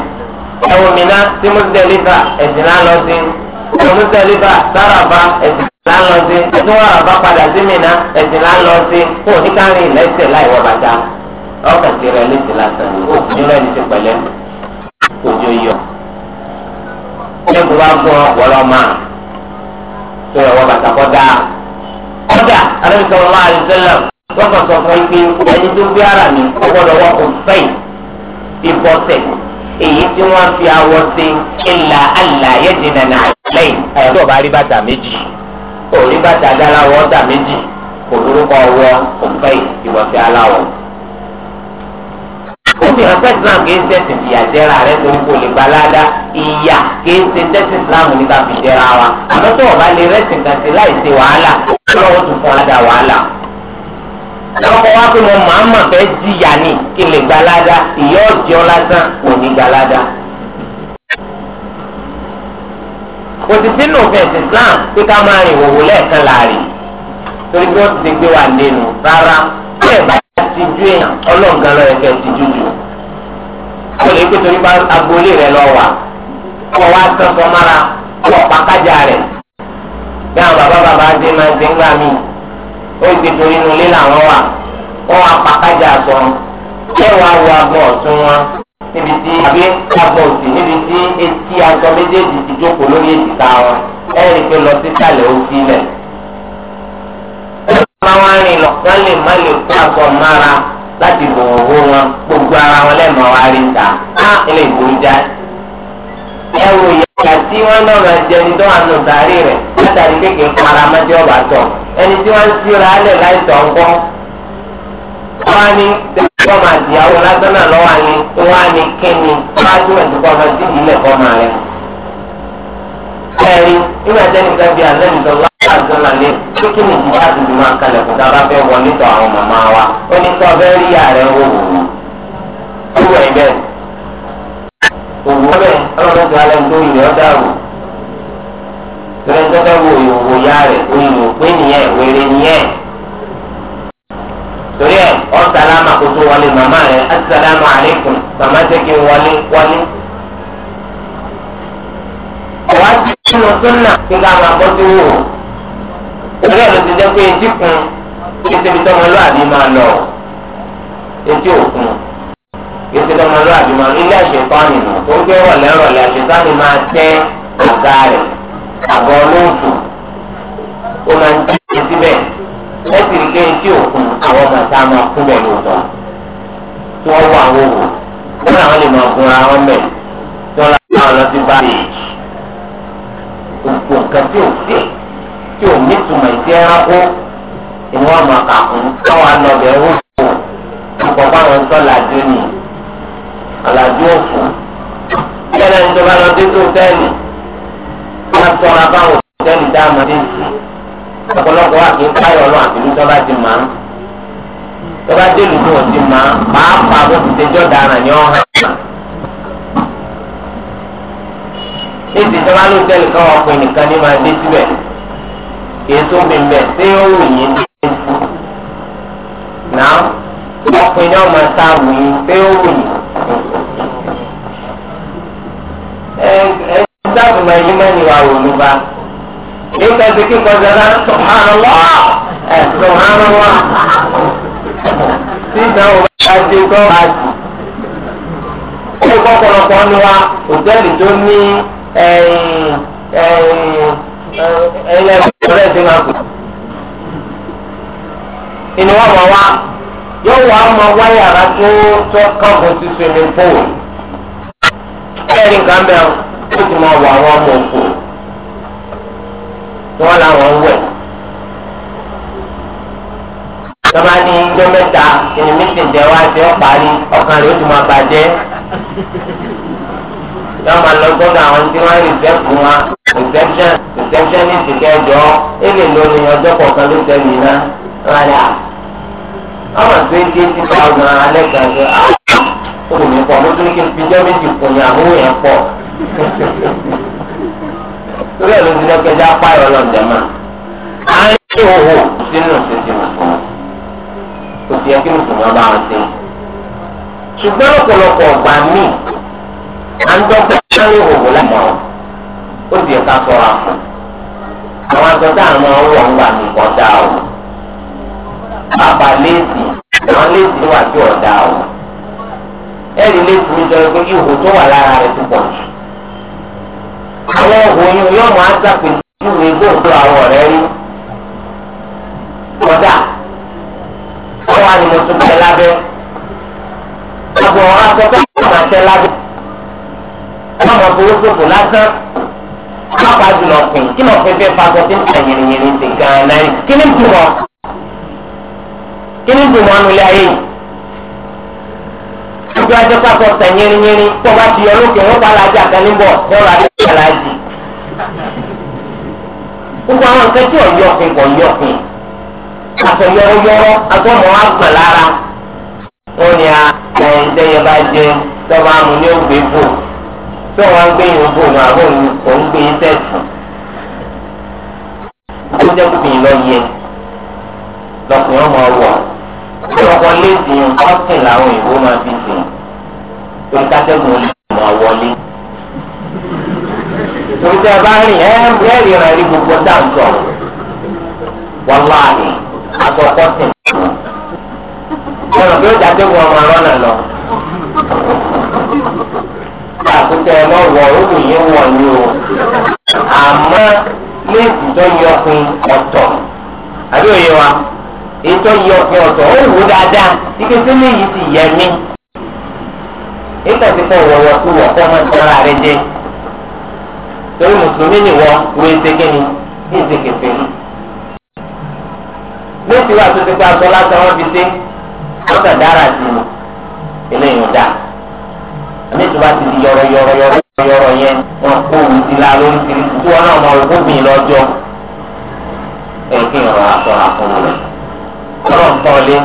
ẹ̀wù mìíràn sí mùsùlùmí ẹ̀sìn náà lọ sí. ẹ̀wù mùsùlùmí sáràbà ẹ̀sìn náà lọ sí. ẹ̀sìn wọn àbá padà sí mìíràn ẹ̀sìn náà lọ sí. kó o ní kárí ìlẹ́sẹ̀ láì wọ bàtà. àwọn kàdé rẹ̀ lẹ́sìn lásán òkùnrin rẹ̀ ní ti pẹ̀lẹ́ kò jó yọ ẹ̀kú wa gbọ́ ọ̀pọ̀lọ́ máa tó ẹ̀wọ́ bàtà kọ́ dáa kọ́dà alábìsọ̀ ọlọ́wà àdìsẹ́lẹ̀ wọ́n kàn sọ fún ipe ẹni tó gbé ara mi ọgbọ́dọ̀ wọ́n kò fẹ́ ìbọ̀sẹ̀ èyí tí wọ́n fi awọ ṣe ìlà àlà yẹ́dìnà náà lẹ́yìn. àyàtọ̀ bá rí bàtà méjì òrí bàtà aláwọ̀ ọ̀dà méjì kò dúró kọ́ ọwọ́ òfẹ́ ìbọ̀sẹ̀ aláwọ̀ ó fi hàn pé islam kì í sẹ́sìn ìyà jẹ́ra rẹ torí kò lè gbalada ìyà kì ṣe sẹ́sìn islam ní ká fi jẹ́ra wa àmọ́ tó o bá lè rẹ́sìn kan sí láì ṣe wàhálà lọ́wọ́ tó fún ọ̀làdà wàhálà. lọ́kọ̀ wá pé mo máa ń fẹ́ jìyà ni kí lè gbalada ìyà ọ̀jẹ́ ọ lásán kò ní gbalada. kò sì sínú òfin ẹ̀sìn islam pé ká máa rìn òwò lẹ́ẹ̀kan láàrin torí pé ó ti gbé wa lẹ́nu rárá ti ju èèyàn ọlọ́ọ̀gá lọ́yẹ kẹ́ ti ju jù kó lè pété orí agboolé rẹ lọ wà tán rẹ̀ bí àwọn bàbá bàbá dé máa dé ńgbà mí ó ti torí inú ilé làwọn wà ó wá pa méjèèjì ti lórí èjìká wọn pé lọ sí bá wọn rìn lọ wọn lè má lè kó aṣọ mára láti lò owó wọn gbogbo ara wọn lẹ́nu ọ̀rá rí ta á lè burú já. ẹ wò ìyá tí wọn náà máa jẹ ní dọ́wọ́n nù dárí rẹ̀ látàrí kékeré para mẹ́jọ bá tọ̀ ẹni tí wọ́n ń síra lẹ̀ láìsọ̀ ńkọ́. wọ́n á ní dẹ́kun ọmọ àdìyàwó lásán náà lọ́wọ́ àní wọ́n á ní kíni wọ́n á tún ẹ̀dùnkọ́ ọmọ sí ẹ̀rí nígbà tí ẹnì kan bí alẹ́nudọ́ láàrín àgbọ̀nà lé pé kí ni ìdílé àdúgbò máa kalẹ̀ kó dára fẹ́ wọ nítọ̀ àwọn màmá wa ó ní sọ fẹ́ rí ààrẹ wò wò ó bẹ́ẹ̀ òwò tó wo ya rẹ̀ oyinbo pé nìyẹn wèrè nìyẹn torí ẹ̀ ọ́ sálámà kó tó wọlé màmá rẹ̀ àlékún màmá kí ọ̀wá ti sínú sọ́nà kí ká máa bọ́ sí wò. Ìrẹ́ ló ti jẹ́ pé etí kun ìṣèbí tọmọlúwàbí máa lọ etí òkun. Ìṣèbí tọmọlúwàbí máa lọ ilé àṣetánì nù. Ó gbé rọ̀lẹ́ rọ̀lẹ́ àṣetánì máa tẹ́ ọ̀gá rẹ̀ àgọ́ olóòtú. Ó máa ń jí ẹ síbẹ̀. Ẹ sì rí pé etí òkun àwọn ọmọ ìta máa kú bẹ̀ lóòótọ́. Tí wọ́n wọ àwọn òwò. Wọ́n làwọn lè máa gun ara wọn bẹ̀. Tí wọ́n lọ sí báyìí gbogbo nǹkan tí ò sí tí ò ní túmọ̀ ìdí ẹranko ni wọ́n máa kà fún káwọn anọ̀bẹ̀ ń fò nípa báwọn sọ làdú ni àlàdú òfò yẹ́nà ìjọba lọ dé tó tẹ́lì wọ́n tọ́ra báwọn tẹ́lì dáàmú dé sí ọ̀pọ̀lọpọ̀ wà kí n káyọ̀ ọlọ́ àbínú tọ́ba ti máa ń tọ́ba dé lùdú òsì máa pàápàá bó ti ṣe dára ni ọ̀ ní ti sábà ló tẹ́lẹ̀ káwọn ọkùnrin nìkan ní máa dé síbẹ̀ èso bìnbẹ̀ tí ó wù yín dé sí. náà ọkùnrin náà máa ta wù yín tí ó wù yín. ẹ ẹ dábòbò máa yí mẹ́rin wà wò ló bá. yóò fẹ́ fi kíkọ jọra subhanallah ẹ̀ subhanallah. tí ìdáhùn bá ti gbọ́ àti. ó lè kọ́ ọ̀pọ̀lọpọ̀ ọ́nù wa òtẹ́ẹ̀lì tó ní. ẹ̀yìn ẹ̀yìn ẹ̀yìn ẹ̀kọ́ rẹ̀ ti máa kù. inú wọn mọ̀ wá yóò wá mọ wáyàrá tó tó ti máa wà wọ́n mọ̀ kù. wọ́n làwọn ń wẹ̀. tọ́ba ní ijó na máa lọ gbọ́dọ̀ àwọn tí wọ́n rí fún wa reception reception lórí ló rárá. ọmọ kan ṣe olùmí ah, pọ̀ mo tún ní kí n fi méjì yẹn a ń ṣe òhò sínú ìṣèṣì mùsùlùmí kò sí ẹ kí mùsùlùmí ọba ṣùgbọ́n ọ̀pọ̀lọpọ̀ à ń tọ́ka sáré òwò lẹ́mọ̀ ó sì ẹ̀ka àwọn àwọn ń ní ọ̀dà o bàbá àwọn wà sí ọ̀dà o ẹ̀rí ń sọ pé tó wà lára rẹ̀ tó pọ̀ jù àwọn yóò àwọn ọ̀rẹ́ rí ọ̀dà mo tún lábẹ́ wọn má máa fowó ṣòfò lásán pápá jùlọ kùn kí lọ fẹ́ fẹ́ fagbọ́ tí ń ta yìnyínyìn ti gan-an náà kí ni tù wọ́n kí ni tù wọ́n nulẹ̀ ayé yìí ojú ajé pápá ọ̀sẹ̀ yìnyínyìn tó bá ti yọ lókè wọ́n bá lajà kan níbọ̀ wọ́n rà lókè aláàjì gbogbo àwọn nǹkan tí ọ̀yọ́ ọ̀fin kò yọ ọ̀fin àtọ̀yọ́rọ́yọ́rọ́ agbọ́mọ̀ àgbọ̀n lára wọ́n ní a ẹ̀ẹ́dẹ́yẹ bá jẹ tọ́ba tó wọn ń gbé yín bò ní àbò òun gbé yín tẹ̀sán àwọn jẹ́ kóbìnrin lọ yẹ lọkùnrin ọmọ wọ̀ tí ọkọ léèdì ọ̀sìn làwọn òyìnbó máa fi sìn torí kátẹ́gùn olùmọ̀ wọlé torí tẹ́ ẹ bá rìn ẹ́ ẹ́ ríran rí gbogbo dáńtọ̀ wàláhì àtọkọ́sìn ọ̀nà bí ó dàtẹ́gùn ọmọ arọ́nà lọ kà kúkẹ́ ẹ mọ̀ wọ̀ wọ̀ ni o àmọ́ léèkù tó yọ fún ọ̀tọ̀ àbí òye wa ètò yọ fún ọ̀tọ̀ ó wò dáadáa ike tí léyìí ti yẹ mí ìtàn ti fọ kú wọ̀ kọ́ máa tẹ́ra rẹ jẹ torí mùsùlùmí ni wọ́n wọ ezeke ni bí ezeke fẹ́ mi léèkù wà tó ti pé aṣọ lásán wọn fi dé wọn kàn dára sí i eléyìí ò dáa àmì tó bá ti di yọrọ yọrọ yọrọ yọrọ yẹn wọn kó òun ti la lórí ti tí wọn náà mọ òkú mi lọ́jọ́ ẹ kí ìrọ̀ àtọ̀rọ̀ àkọ́wé rẹ̀ ọlọ́run tọ́lé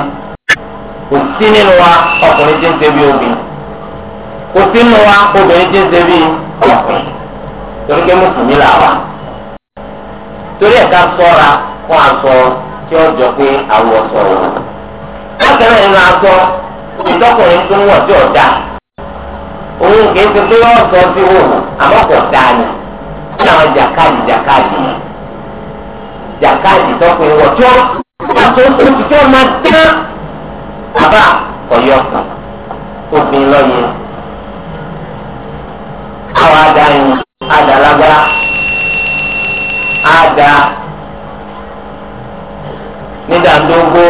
kò sí nínú wa ọkùnrin tí ń ṣe bí obìnrin kò sí nínú wa obìnrin tí ń ṣe bí ọkùnrin torí pé mùsùlùmí là wà torí ẹ̀ka sọ́ra fún aṣọ tí ó jọ pé àwọ̀ sọ̀rọ̀ bákan náà nínú aṣọ ìtọ́kùnrin tó ń wọ̀ tí ọ̀dà òun kìí ṣe pé wọ́n sọ sí wò àmọ́ kò dáa ni ní àwọn jàkáàdì jàkáàdì jàkáàdì tọkùnrin wọ̀ wọ́n tó tó ti tó máa dán bàbá ọ̀yọ́ kan obìnrin lọ́yẹ àwọn adáyìn adálágbára àdá nídàndógó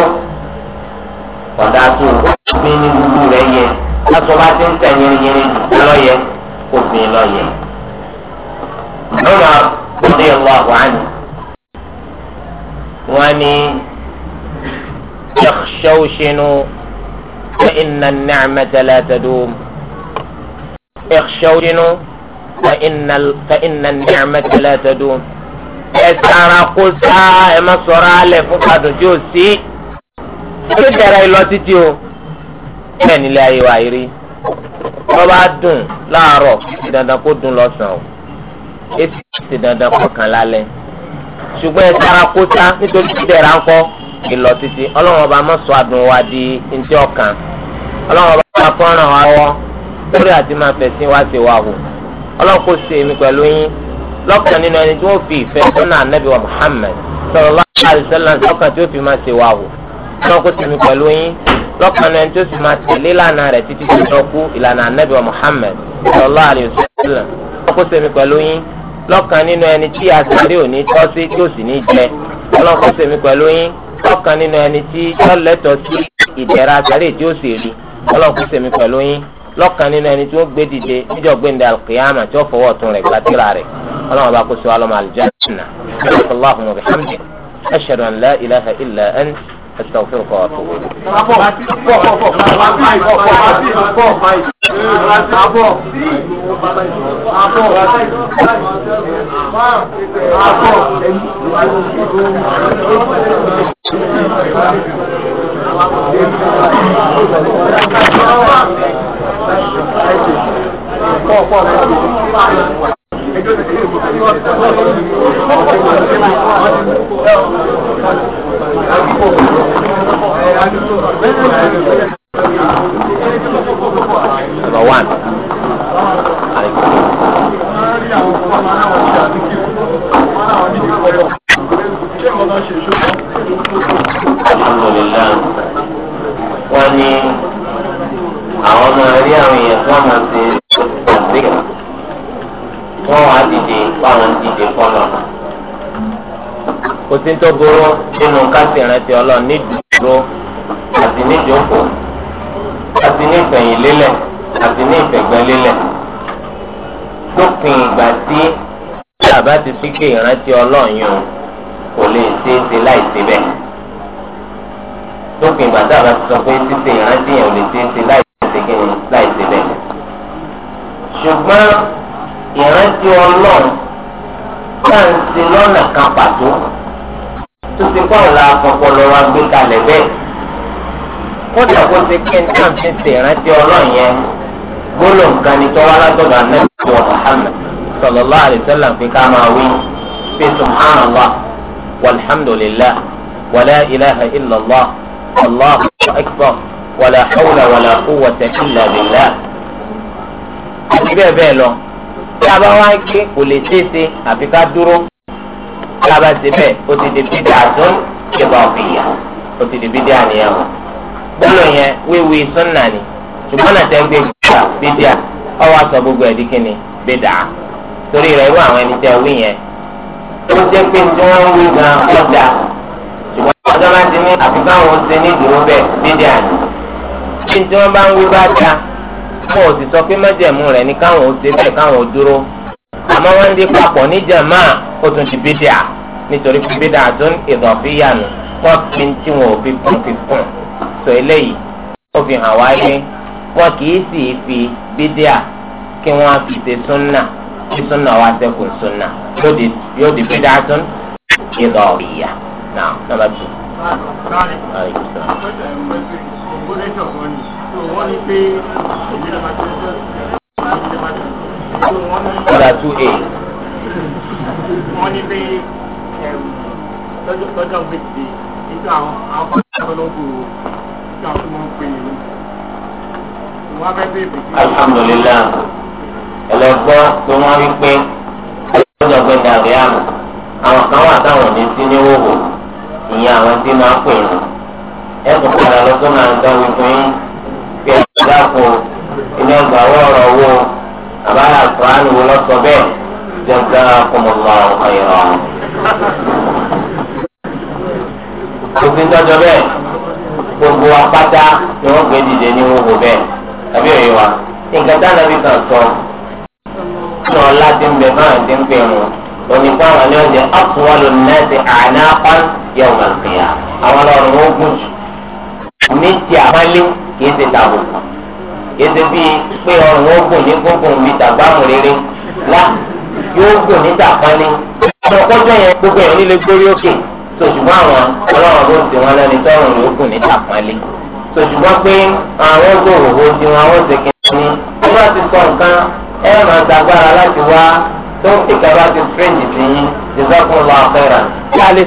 ọ̀dà tó obìnrin gbogbo rẹ̀ yẹ lásán bá ti ń tẹ̀ yìnyín lọ́yẹ obìnrin lọ́yẹ. lọ́nà ọdẹ ìlú àwòrán wọn ni ìṣẹ́wóṣinú ṣe iná nàmẹ́tẹ̀lẹ́ tẹ̀dúm ìṣẹ́wóṣinú ṣe iná nàmẹ́tẹ̀lẹ́ tẹ̀dúm ẹ sara kó sá ẹ má sọ̀rọ̀ alẹ́ fún kadùn tí ó sí. ó ti dẹ̀ra ìlọ títí o bẹ́ẹ̀ nílé ayé wa rí wọ́n bá dùn láàárọ̀ ti dandan kó dùn lọ́sàn-án o èsì ti dandan kó kàn lálẹ́ ṣùgbọ́n ẹ̀sẹ̀ ara kó tá nítorí dídẹ̀ ránkọ́ ìlọ títí ọlọ́run ọba mọ̀ sọ àdùn wa di ntí ọ̀kan ọlọ́run ọba máa fọ́nrán wa wọ́ lórí àti máa fẹ̀sìn wá sí wa hù ọlọ́run kò ṣe èmi pẹ̀lú yín lọ́kàn nínú ẹni tí wọ́n fi ìfẹ́ sọ́nà ànábì wa Muhammad sallallahu alaihi wasallam lọ́kàn tí ó fi máa ṣe wa hù ọlọ́run kò ṣe èmi pẹ̀lú yín lọ́kàn náà tó sì máa tẹ̀lé ìlànà rẹ̀ títí tó lọ kú ìlànà anábìwá Muhammad sallallahu alayhi wa sallam ọkọ sẹ́mi pẹ̀lú yín lọ́kàn nínú ẹni tí àṣírí tọ́ sí tí sì ní jẹ pẹ̀lú yín lọ́kàn nínú ẹni tí sí ìdẹ̀ra àṣírí tí ó sì rí pẹ̀lú yín lọ́kàn nínú ẹni tí ó gbé استغفرك واتوب اليك Number one. Alhamdulillah. Wọ́n ní àwọn ọmọ rí àwọn èèyàn tó máa ṣe ṣàgbéga wọ́n wá dìde báwọn dìde kọ́nà náà. kò sí tó burú nínú kásì ìrántí ọlọ́run ní dúró àti ní jókòó àti ní ìfẹ̀yìn lélẹ̀ àti ní ìfẹ̀gbẹ́ lélẹ̀. lópin ìgbà tí bàbá ti fi pé ìrántí ọlọ́run yìí kò lè ṣeé ṣe láì ṣe bẹ́ẹ̀. lópin ìgbà tí bàbá ti sọ pé ṣíṣe ìrántí yẹn ò lè ṣeé ṣe láì ṣe bẹ́ẹ̀. ṣùgbọ́n ìrántí ọlọ́run náà ń ṣe lọ́nà kan pàtó tó ti kọ́ ọ̀la ọpọlọ wa gbé kalẹ̀ bẹ́ẹ̀. kódà kó ti kí n náà fi ṣe ìrántí ọlọ́run yẹn gbólóhùn nǹkan ni tọ́wọ́ látọ̀dọ̀ anábì wa Muhammad sallallahu alaihi wasallam fi ká máa wí fi subhanallah walhamdulillah wala ilaha illallah allahu akbar wala hawla wala quwwata illa billah. àti bẹ́ẹ̀ bẹ́ẹ̀ lọ. tí a bá wá ń ké kò lè ṣe dúró tí bá ti di bídà tó ṣe bá ti di bídà nìyẹn o. gbọ́dọ̀ yẹn wíwí sunna ni ṣùgbọ́n náà tẹ́ gbé gbà ọ wá sọ gbogbo kí ni torí rẹ̀ irú àwọn ẹni tẹ́ wí yẹn ó jẹ́ pé bá ti ní ní ìdúró bẹ́ẹ̀ wọn ò sì sọ pé májẹ̀mú rẹ̀ ni káwọn ò ṣe bẹ́ẹ̀ káwọn ò dúró àmọ́ wọ́n ń dé papọ̀ níjàmá ó tún ti bídà nítorí pé bídà tó ń ìdọ̀fíyà nù wọ́n fi tí wọn ò fi kún fi kún sọ eléyìí ó fi hàn wá pé wọn kì í sì fi bídà kí wọ́n fi ṣe súnà kí súnà wá sẹ́kùn súnà yóò di bídà tó ìdọ̀fíyà náà nọ́mbà tù pòsẹ́sọ̀ tó wọ́n ní pé èmi lọ́ba a. pé wọ́n ń pé ọjọ́ gbẹdàgbé àmì àwọn kan wà táwọn ò ní sí ní wòwò ìyẹn àwọn tí máa ń pè é ẹ kò padà lọ sọ́nà àǹtá gbogbo yín kí ẹ kò dáko ilé ọgbà wọ́ọ̀rọ̀ wo àbára àkùránì wo lọ́sọ bẹ́ẹ̀ jẹ́ǹkà kọmọlá ọ̀yọ̀. òfin tọ́jọ́ bẹ́ẹ̀ gbogbo apáta ni wọ́n gbé dìde ní wọ́wọ́ bẹ́ẹ̀ tàbí òye wa nǹkan tá nàbí kan sọ ọ̀nà ọ̀la ti ń bẹ báyìí ti ń pè wọn lórí táwọn ẹni ọ̀jẹ̀ ọ̀pọ̀ wọn lò ní ẹ̀sìn àná pán yẹ̀wò màlùkìyà àwọn ọlọ́run ó gùn jù ní ti àmọ́lé kì ṣe tààbò kì ṣe bíi pé ọrùn ó ní gbógun mi tàgbáàmù rere lá yóò gùn ní tàpọ́nlé ọmọ ọkọ́jọ́ yẹn gbogbo ẹ̀ nílé gbórí òkè sòṣùgbọ́n àwọn ọlọ́run ló ń ti wọn lẹ́ni tọ́rùn ló gùn ní tàpọ́nlé sòṣùgbọ́n pé àwọn gbòòrò ti wọn ó ṣe kìnnìkan ní wọ́n ti sọ nǹkan ẹ máa dàgbára láti wá tó ń tìkà bá ti tírèjì sí yín ìzọ́kùnrin lọ́wọ́ fẹ́ràn kí a lè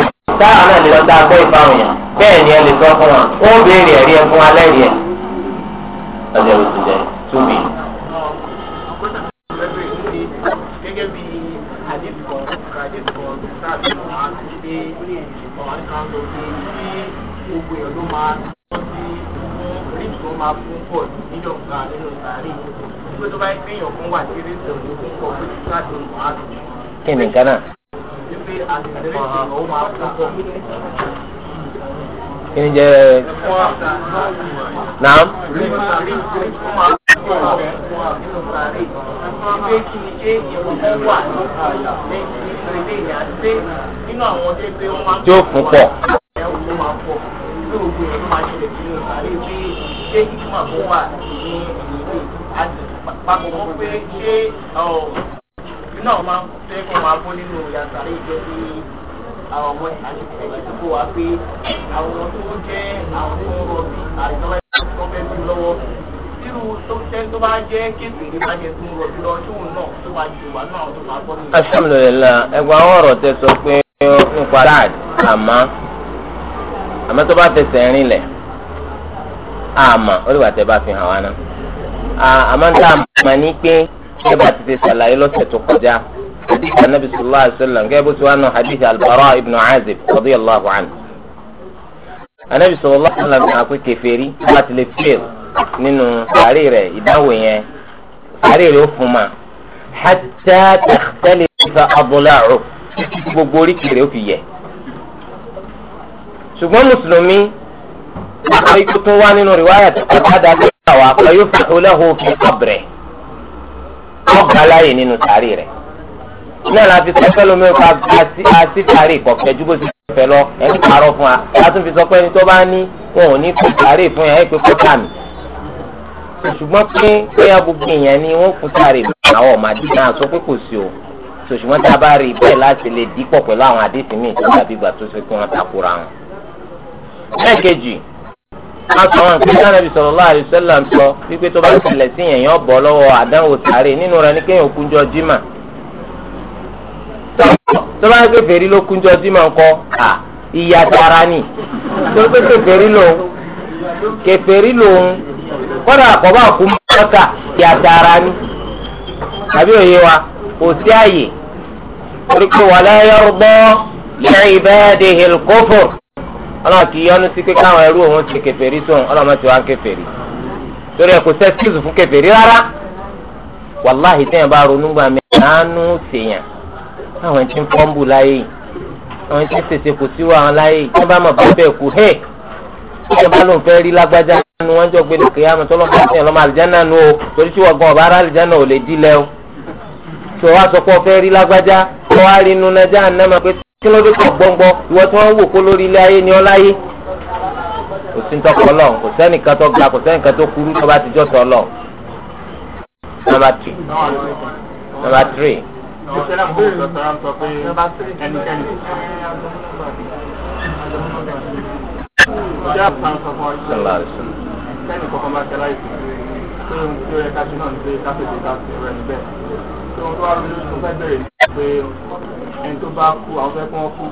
ṣe táwọn náà lè lọ dá agbọ́ ìfáwọn yẹn bẹ́ẹ̀ ni ẹ lè sọ fún wọn wọ́n béèrè ẹ̀rí ẹ fún alẹ́ rí ẹ. ọjọ́ ló ti jẹ túmí. gẹ́gẹ́ bí àdébùkọ̀ àdébùkọ̀ sáà tí wọ́n á ti dé ní ìṣẹ̀kọ̀ kí ni nǹkan kí ni jẹ́ naam. tí ó fún pọ̀. Thank you iná ọ̀ma ṣe é kó máa bó nínú yàtàrí ìjọ ní àwọn ọmọ àti ìgbésẹ̀ kó wá pé àwọn tó jẹ́ àwọn tó ń rọbì àìsàn tó fẹ́ bí lọ́wọ́ irú tó jẹ́ tó bá jẹ́ kéèké ní bá jẹ́ tó ń rọbì lọ tóun náà tó máa jù wá náà tó máa bọ́ nínú. alhamdulilayi ẹgbẹ́ àwọn ọ̀rọ̀ tẹ sọ pé nípa dáàd àmọ́ àmọ́ tó bá fẹsẹ̀ rìn lẹ̀ àmọ́ ó bá fi hàn wá náà àmọ́ a mọ̀ ní pé kẹ́bà ti fi sàlàyé lọ́sẹ̀ tó kọjá hadith anabi sallallahu alayhi wa sallam gẹ́gẹ́ bó ti wá nù hadith albara ibn azib radiyallahu anhu. anabi sallallahu alayhi wa sallam àpé kẹfẹ́rí wọ́n ti lè fíl nínú sàárè rẹ̀ ìdáwò yẹn sàárè rẹ̀ ó fún ma hatta takhtalifa adla'u gbogbo oríkèé rẹ̀ ó fi yẹ. ṣùgbọ́n mùsùlùmí àwọn ikú tó wá nínú rìwáyà tó kọjá dáadáa wà pẹ̀lú fàtúlẹ̀ hó fi kọ̀bẹ̀rẹ̀ wọ́n gbà láàyè nínú sàárì rẹ̀ náà la fi sọ pé lómi ọkọ àti sàárì kọ̀kẹ́ ju bó ti fẹ́ lọ ẹ̀ ń parọ́ fún wa a tún fi sọ pé ẹni tó bá ní wọn ò ní kó sàárì fún yà ẹ̀ pé kó tà mí ṣùgbọ́n pé bóyá gbogbo èèyàn ni wọ́n kó sàárì àwọn ọ̀màdí náà sọ pé kò sí o ṣùgbọ́n tá a bá rí bẹ́ẹ̀ láti lè dípọ̀ pẹ̀lú àwọn àdéhùn míì tó dàbí ìgbà tó ṣe kí wọ́n takora wọn. lẹ́ẹ̀kejì látọ̀rọ̀ ní sáré bí sọ̀rọ̀ láàrin sẹ́là ń sọ wípé tó bá ṣẹlẹ̀ sí èèyàn bọ̀ lọ́wọ́ àdánwò sáré nínú rẹ̀ ní kéèyàn kúnjọ jimá. tó bá gbé fèrí ló kúnjọ jimá ńkọ à ìyá tara ni tó gbé kèfèrí lòun kèfèrí lòun kọ́dà àkọ́bá kú mọ́tà ìyá tara ni. àbí òye wa kò sí àyè torí pé wàlẹ́ yọ̀rọ̀ gbọ́ lẹ́yìn bẹ́ẹ̀ dèhìl kófò ọlọ́run kì í yọ́nú sí pé káwọn ẹrú òun ti kèfèrí sóun ọlọ́run ti wá ń kèfèrí torí ẹ kò sẹ́ skills fún kèfèrí rárá wàláhì tẹ́yìn bá ronú gbà mí àánú sèyàn àwọn tí ń pọ́ńbù láyé yìí àwọn tí ń sèse kò síwọ́ àwọn láyé yìí wọ́n bá mọ̀ bá bẹ́ẹ̀ kú hẹ́ẹ̀ tí bá lóun fẹ́ rí lágbájá nu wọ́n jọ gbélé kéèyàn àmọ́ tọ́lọ́mọ sẹ́yìn lọ́mọ kí ló dé kọ̀ gbọ́ngbọ́ ìwọ tí wọ́n wò kó lórí ilé ayé ni ọláyé kò sí tọkọ Ọlọ́run kò sẹ́nìkan tó ga kò sẹ́nìkan tó kúrú tó bá ti jọ́ sọ lọ. number three number three. Sẹ́ni kọ̀ọ̀kan bá ṣe láìsí pé ohun tí tó wọn tó wá lóyún tó fẹ́ bẹ̀rẹ̀ pé ẹni tó bá kú àwọn fẹ́ kí wọ́n kú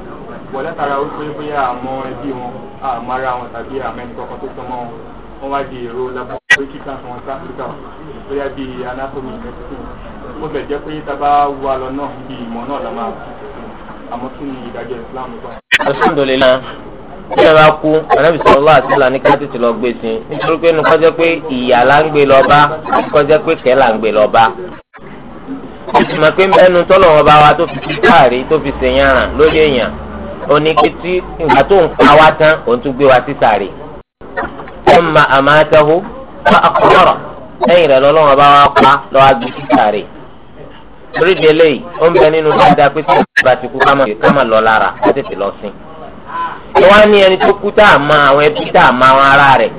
wọ́n látara wípé bóyá àmọ́ ẹbí wọn àmọ́ ara wọn tàbí àmọ́ ẹni kankan tó sọmọ́ wọn wọ́n wá di èrò laboratory kíkà fún wọn sáfíríkà bóyá bí anatomy medicine ó bẹ̀ jẹ́ pé tábà wà lọ náà bí ìmọ̀ náà la máa kú àmọ́ kí ni ìdájọ́ Islam gbà. alhamdulilayi bí ẹ bá kú anabi sọ̀rọ̀ wá àti lànà ká tètè lọ gbé sí i nítorí pé nǹkan jẹ́ pé ìyà là ń gbé lọ nǹkan jẹ́ pé kẹ́ là ń gbé lọ ìtumọ̀ pé ẹnu tọ́lọ̀ wọn bá wa tó fi káàrí tó fi ṣèyànrà lórí èèyàn oníkìtì ìgbà tó ń pa wá tán òun tún gbé wa sí sàárè. wọ́n ma àmàtẹ́hu wọ́n akọ̀rọ̀ lẹ́yìn rẹ̀ lọ́lọ́wọ́n bá wa pa lọ́wọ́ gbé sí sàárè. lórí ìdílé yìí ó ń bẹ nínú dáadáa pé tí wọ́n bá ti kú ká má lọ lára ká tètè lọ sí. ẹ wá ní ẹni tó kú tá a mọ àwọn ẹbí tá a mọ àwọn rẹ̀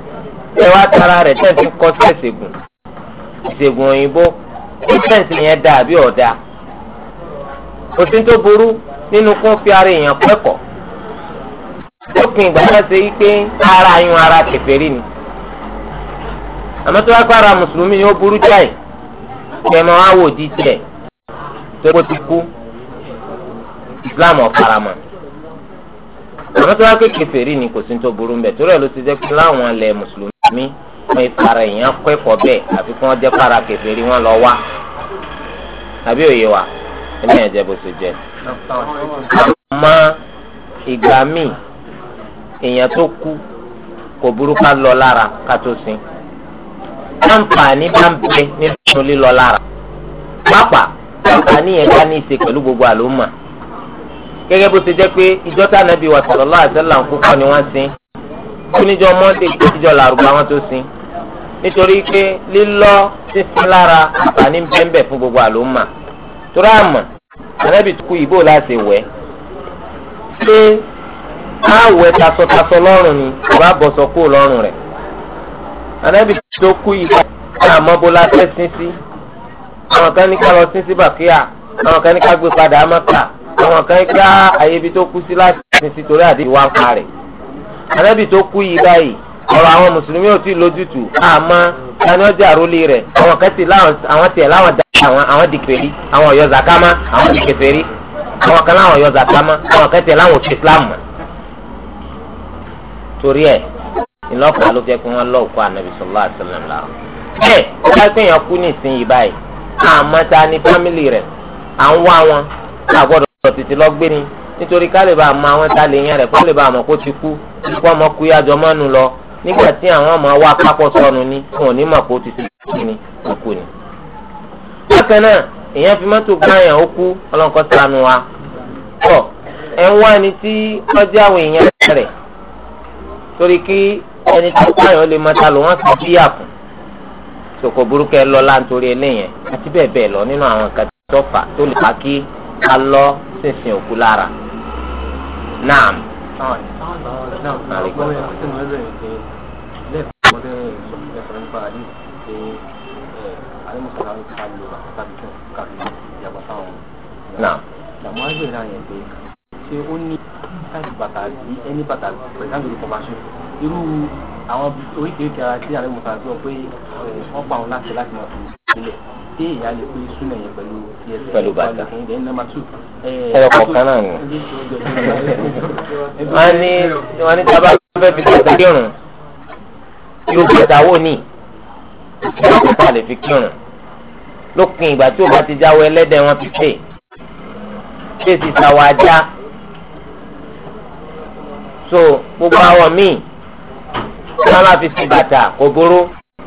ẹ wá tara rẹ̀ tẹ̀ fi ìṣègùn òyìnbó distance yẹn dà bí ọ̀dà òsín tó burú nínú kún fi ara èèyàn pẹ́kọ̀ lópin ìgbà náà ṣe yí pé ara yun ara kèfèrí ni àmọ́ tó bá pa ara mùsùlùmí ni ó burú jáì kẹmọ awò díjẹ tó kó ti kú Islam ọ̀faramọ́ àmọ́ tó bá pé ni kò sí tó burú ń bẹ̀ torí ló ti jẹ́ pé láwọn ilẹ̀ mùsùlùmí. wọn ìpara èèyàn kọ́ ẹ̀kọ́ bẹ́ẹ̀ àfi kí wọ́n jẹ́ para kèfèrí wọn lọ wá àbí òye wa ẹni yẹn jẹ bó ṣe jẹ. àmọ́ ìgbà míì èèyàn tó kú kò burú ká lọ lára ká tó sin láǹfààní bá ń bẹ nínú lílọ lára pápá láǹfààní yẹn ká ní í ṣe pẹ̀lú gbogbo àlómà gẹ́gẹ́ bó ṣe jẹ́ pé ìjọ tá nàbí wa sallallahu alaihi ń kú kọ́ ni wọ́n sin kú níjọ mọ́ndé ìjọ làrúbá wọn tó sin nítorí pé lílọ sísun lára àǹfààní bẹ́ẹ̀nbẹ́ẹ̀ fún gbogbo àlòmà tóra àmọ̀ ànábì tó kú ìbò láti wẹ̀ ṣé àwẹ̀ tasọtasọ lọ́rùn ni bàbá bọ̀sọ̀ kú lọ́rùn rẹ̀ ànábì tó kú ìbò àmọ́ bó la fẹ́ sin sí àwọn kan ní ká lọ sin sí bàkíyà àwọn kan ní ká gbé padà àmọ́kà àwọn kan ká àyè tó kú sí láti sin sí torí àdéhùn wá ń parẹ̀ ànábì tó kú yìí ọ̀rọ̀ àwọn mùsùlùmí ò tí lójútù àmọ́ tani ọjà àrólé rẹ̀ àwọn kan ti láwọn àwọn tiẹ̀ láwọn dá àwọn àwọn dìkẹ̀rí àwọn ọ̀yọ́ zakama àwọn dìkẹ̀fẹ̀rí àwọn kan láwọn ọ̀yọ́ zakama àwọn kan tiẹ̀ láwọn òṣè islamu. torí ẹ ìlọ́kùnrin ló jẹ́ pé wọ́n lọ́ọ̀ kó anabi sallallahu alaihi wasallam la. ẹ ó bá pé èèyàn kú ní ìsinyìí báyìí àmọ́ ta ni fámìlì rẹ̀ à ń wá wọn àgbọ̀dọ̀ tètè lọ gbé ni nítorí ká lè bá a mọ àwọn ta lè yẹn rẹ̀ kó lè bá a kó ti kú kó ọmọ kú yájọ mọ́nu lọ nígbà tí àwọn ọmọ wa kápọ̀ sọnù ni wọn ò ní màpò ti ti kú ni òkú ni. bákan náà èèyàn fi mọ́tò gbáyàn ó kú ọlọ́nkọ́ sànù wa. tọ́ ẹ ń wá ẹni tí ọjà àwọn èèyàn rẹ̀ torí kí ẹni tó gbáyàn lè máa ta lò wọ́n sì bíyà fún. sòkò burúkú ẹ lọ láǹtorí eléyẹn àti bẹ́ẹ̀ bẹ́ẹ̀ lọ nínú àwọn nǹkan tó tó lè fà kí a lọ sísìn òkú lára. Naam wọ́n fẹ́ sọ ẹ̀fọ́ nípa àdé ṣe àdé mọ̀sálà ń ká lò àtàbí tó kàbí ìyàgbọ́ táwọn. náà làwọn á gbèrè àyẹ̀ pé ṣé ó ní láti bàtà bí ẹni bàtà pẹ̀lú àgbèrè kọ̀máṣẹ́ irú àwọn oríkèéríkèé ara tí àdé mọ̀sálà sọ pé wọ́n pa òun láti láti mọ̀ fún ilẹ̀ tí ìyá lè pé súnà yẹn pẹ̀lú pẹ̀lú bàtà ẹ̀rọ̀kọ̀ kan náà ni wọ́n ní wọ́n ní tábà fẹ́ fi tẹ̀síkì rùn yóò gbẹdáwó ní ìdáwó tá a lè fi kírun lópin ìgbà tí o bá ti jáwọ́ ẹlẹ́dẹ̀ wọn fi pè ṣé ti sàwọ ajá so gbogbo àwọn míì tí wọn bá fi sí bàtà kò burú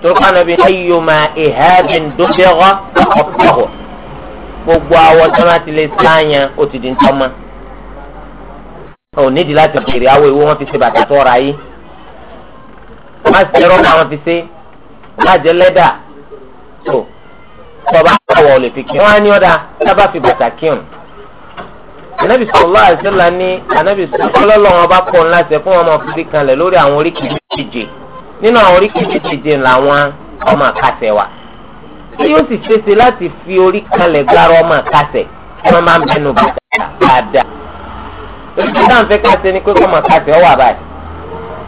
turkey anabi ayo ma ihabin dundegọ ọkọọkọ gbogbo awọ tí wọn ti lè sáyàn ó ti di ntọ́mọ ò nídìí láti béèrè awọ ìwé wọn fi sí bàtà tó ra yìí má ṣe rọ́bà wọn fi ṣe má jẹ lẹ́dà tó tọba àwọ̀ lè fi kí wọ́n á ní ọ̀dà sábà fi bàtà kírun. anabi sallallahu alaihi wasallam ní anabi sọlọ́lọ́wọ́n bá pọ̀ ńlá ṣe fún ọmọ fìdí kanlẹ̀ lórí àwọn oríkì méjèèjì nínú àwọn oríkì méjèèjì làwọn ọmọ àkàtẹ̀ wà. tí yóò sì ṣeéṣe láti fi orí kanlẹ̀ gbára ọmọ àkàtẹ̀ kí wọ́n máa ń bẹnu bàtà dáadáa. èyí tí táwọn fẹ́ kàtẹ́ ni pé kọ́mọ àkàtẹ̀ ọ wà báyìí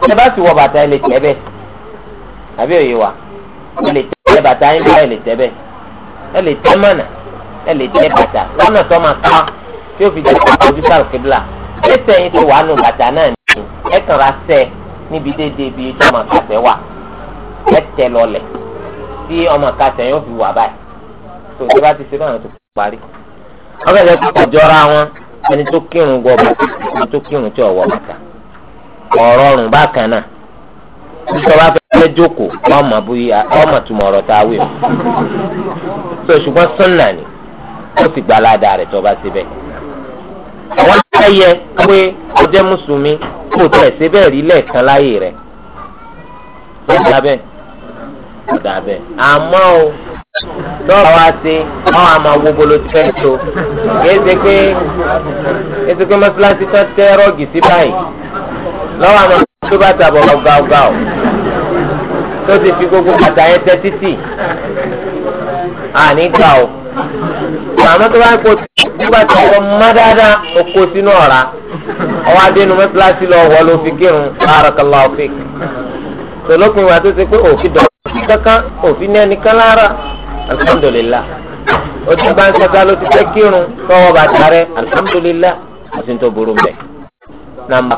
ẹ bá sì wọ bàtà ẹ lè tẹ́ bẹ́ẹ̀ àbí òye wa ẹ lè tẹ́ bàtà yín báyìí ẹ lè tẹ́ bẹ́ẹ̀ ẹ lè tẹ́ mọ̀nà ẹ lè tẹ́ bàtà lọ́nà tó máa ká tí ó fi jẹ́ ojú sáré kébìlà ẹ tẹ̀yìn tó wà nù bàtà náà ní ẹ kàn ra sẹ́ níbi déédéé bíi tó máa kàtẹ́ wà ẹ tẹ lọlẹ̀ tí ọmọ kàtẹ́ yóò fi wà báyìí tó tó bá ti ṣe báyìí tó parí ọbẹ̀ yẹn kò jọra wọn ẹni tó kírun gbọ́ bàtà ẹni tó kírun tí ò bàtà ọ̀rọ̀rùn bákan náà ìjọba fẹ́ jókòó ọmọ bóyá ọmọ túmọ̀ ọ̀rọ̀ tá a wí o so ṣùgbọ́n sunna ni ó sì gba aládàá rẹ̀ tọ́ba síbẹ̀ àwọn ayẹyẹ pé ó jẹ́ mùsùlùmí kò tẹ̀ síbẹ̀ rí lẹ́ẹ̀kan láyè rẹ̀ ó dábẹ́ ó dábẹ́ àmọ́ o lọ́wọ́ wa ṣe wọ́n á máa wo bolo tí fẹ́ tó kì í ṣe pé kì í ṣe pé mọ́ṣáláṣí tán tẹ́ rọ́ọ̀gì sí báyìí lọ́wọ́ àwọn tó bá tàbọ̀ lọ gáúgáú tó ti fi gbogbo bàtà yẹn tẹ títì àní gbà ó àmọ́ tó bá ń kó tó bá tẹ ọ má dáadáa o kó sínú ọ̀ra ọwọ́ adénu mẹ́tíláṣí lọ wọ́ ló fi kírun barakallahu fik tòlópin wa tó ṣe pé òfin dọ̀tí kankan òfin ní ẹnìkan lára alhamdulillah ó ti bá ń sọ́gá ló ti fẹ́ kírun tọwọ́ bàtà rẹ alhamdulillah ó sì ń tó burú mbẹ́ nàmbà.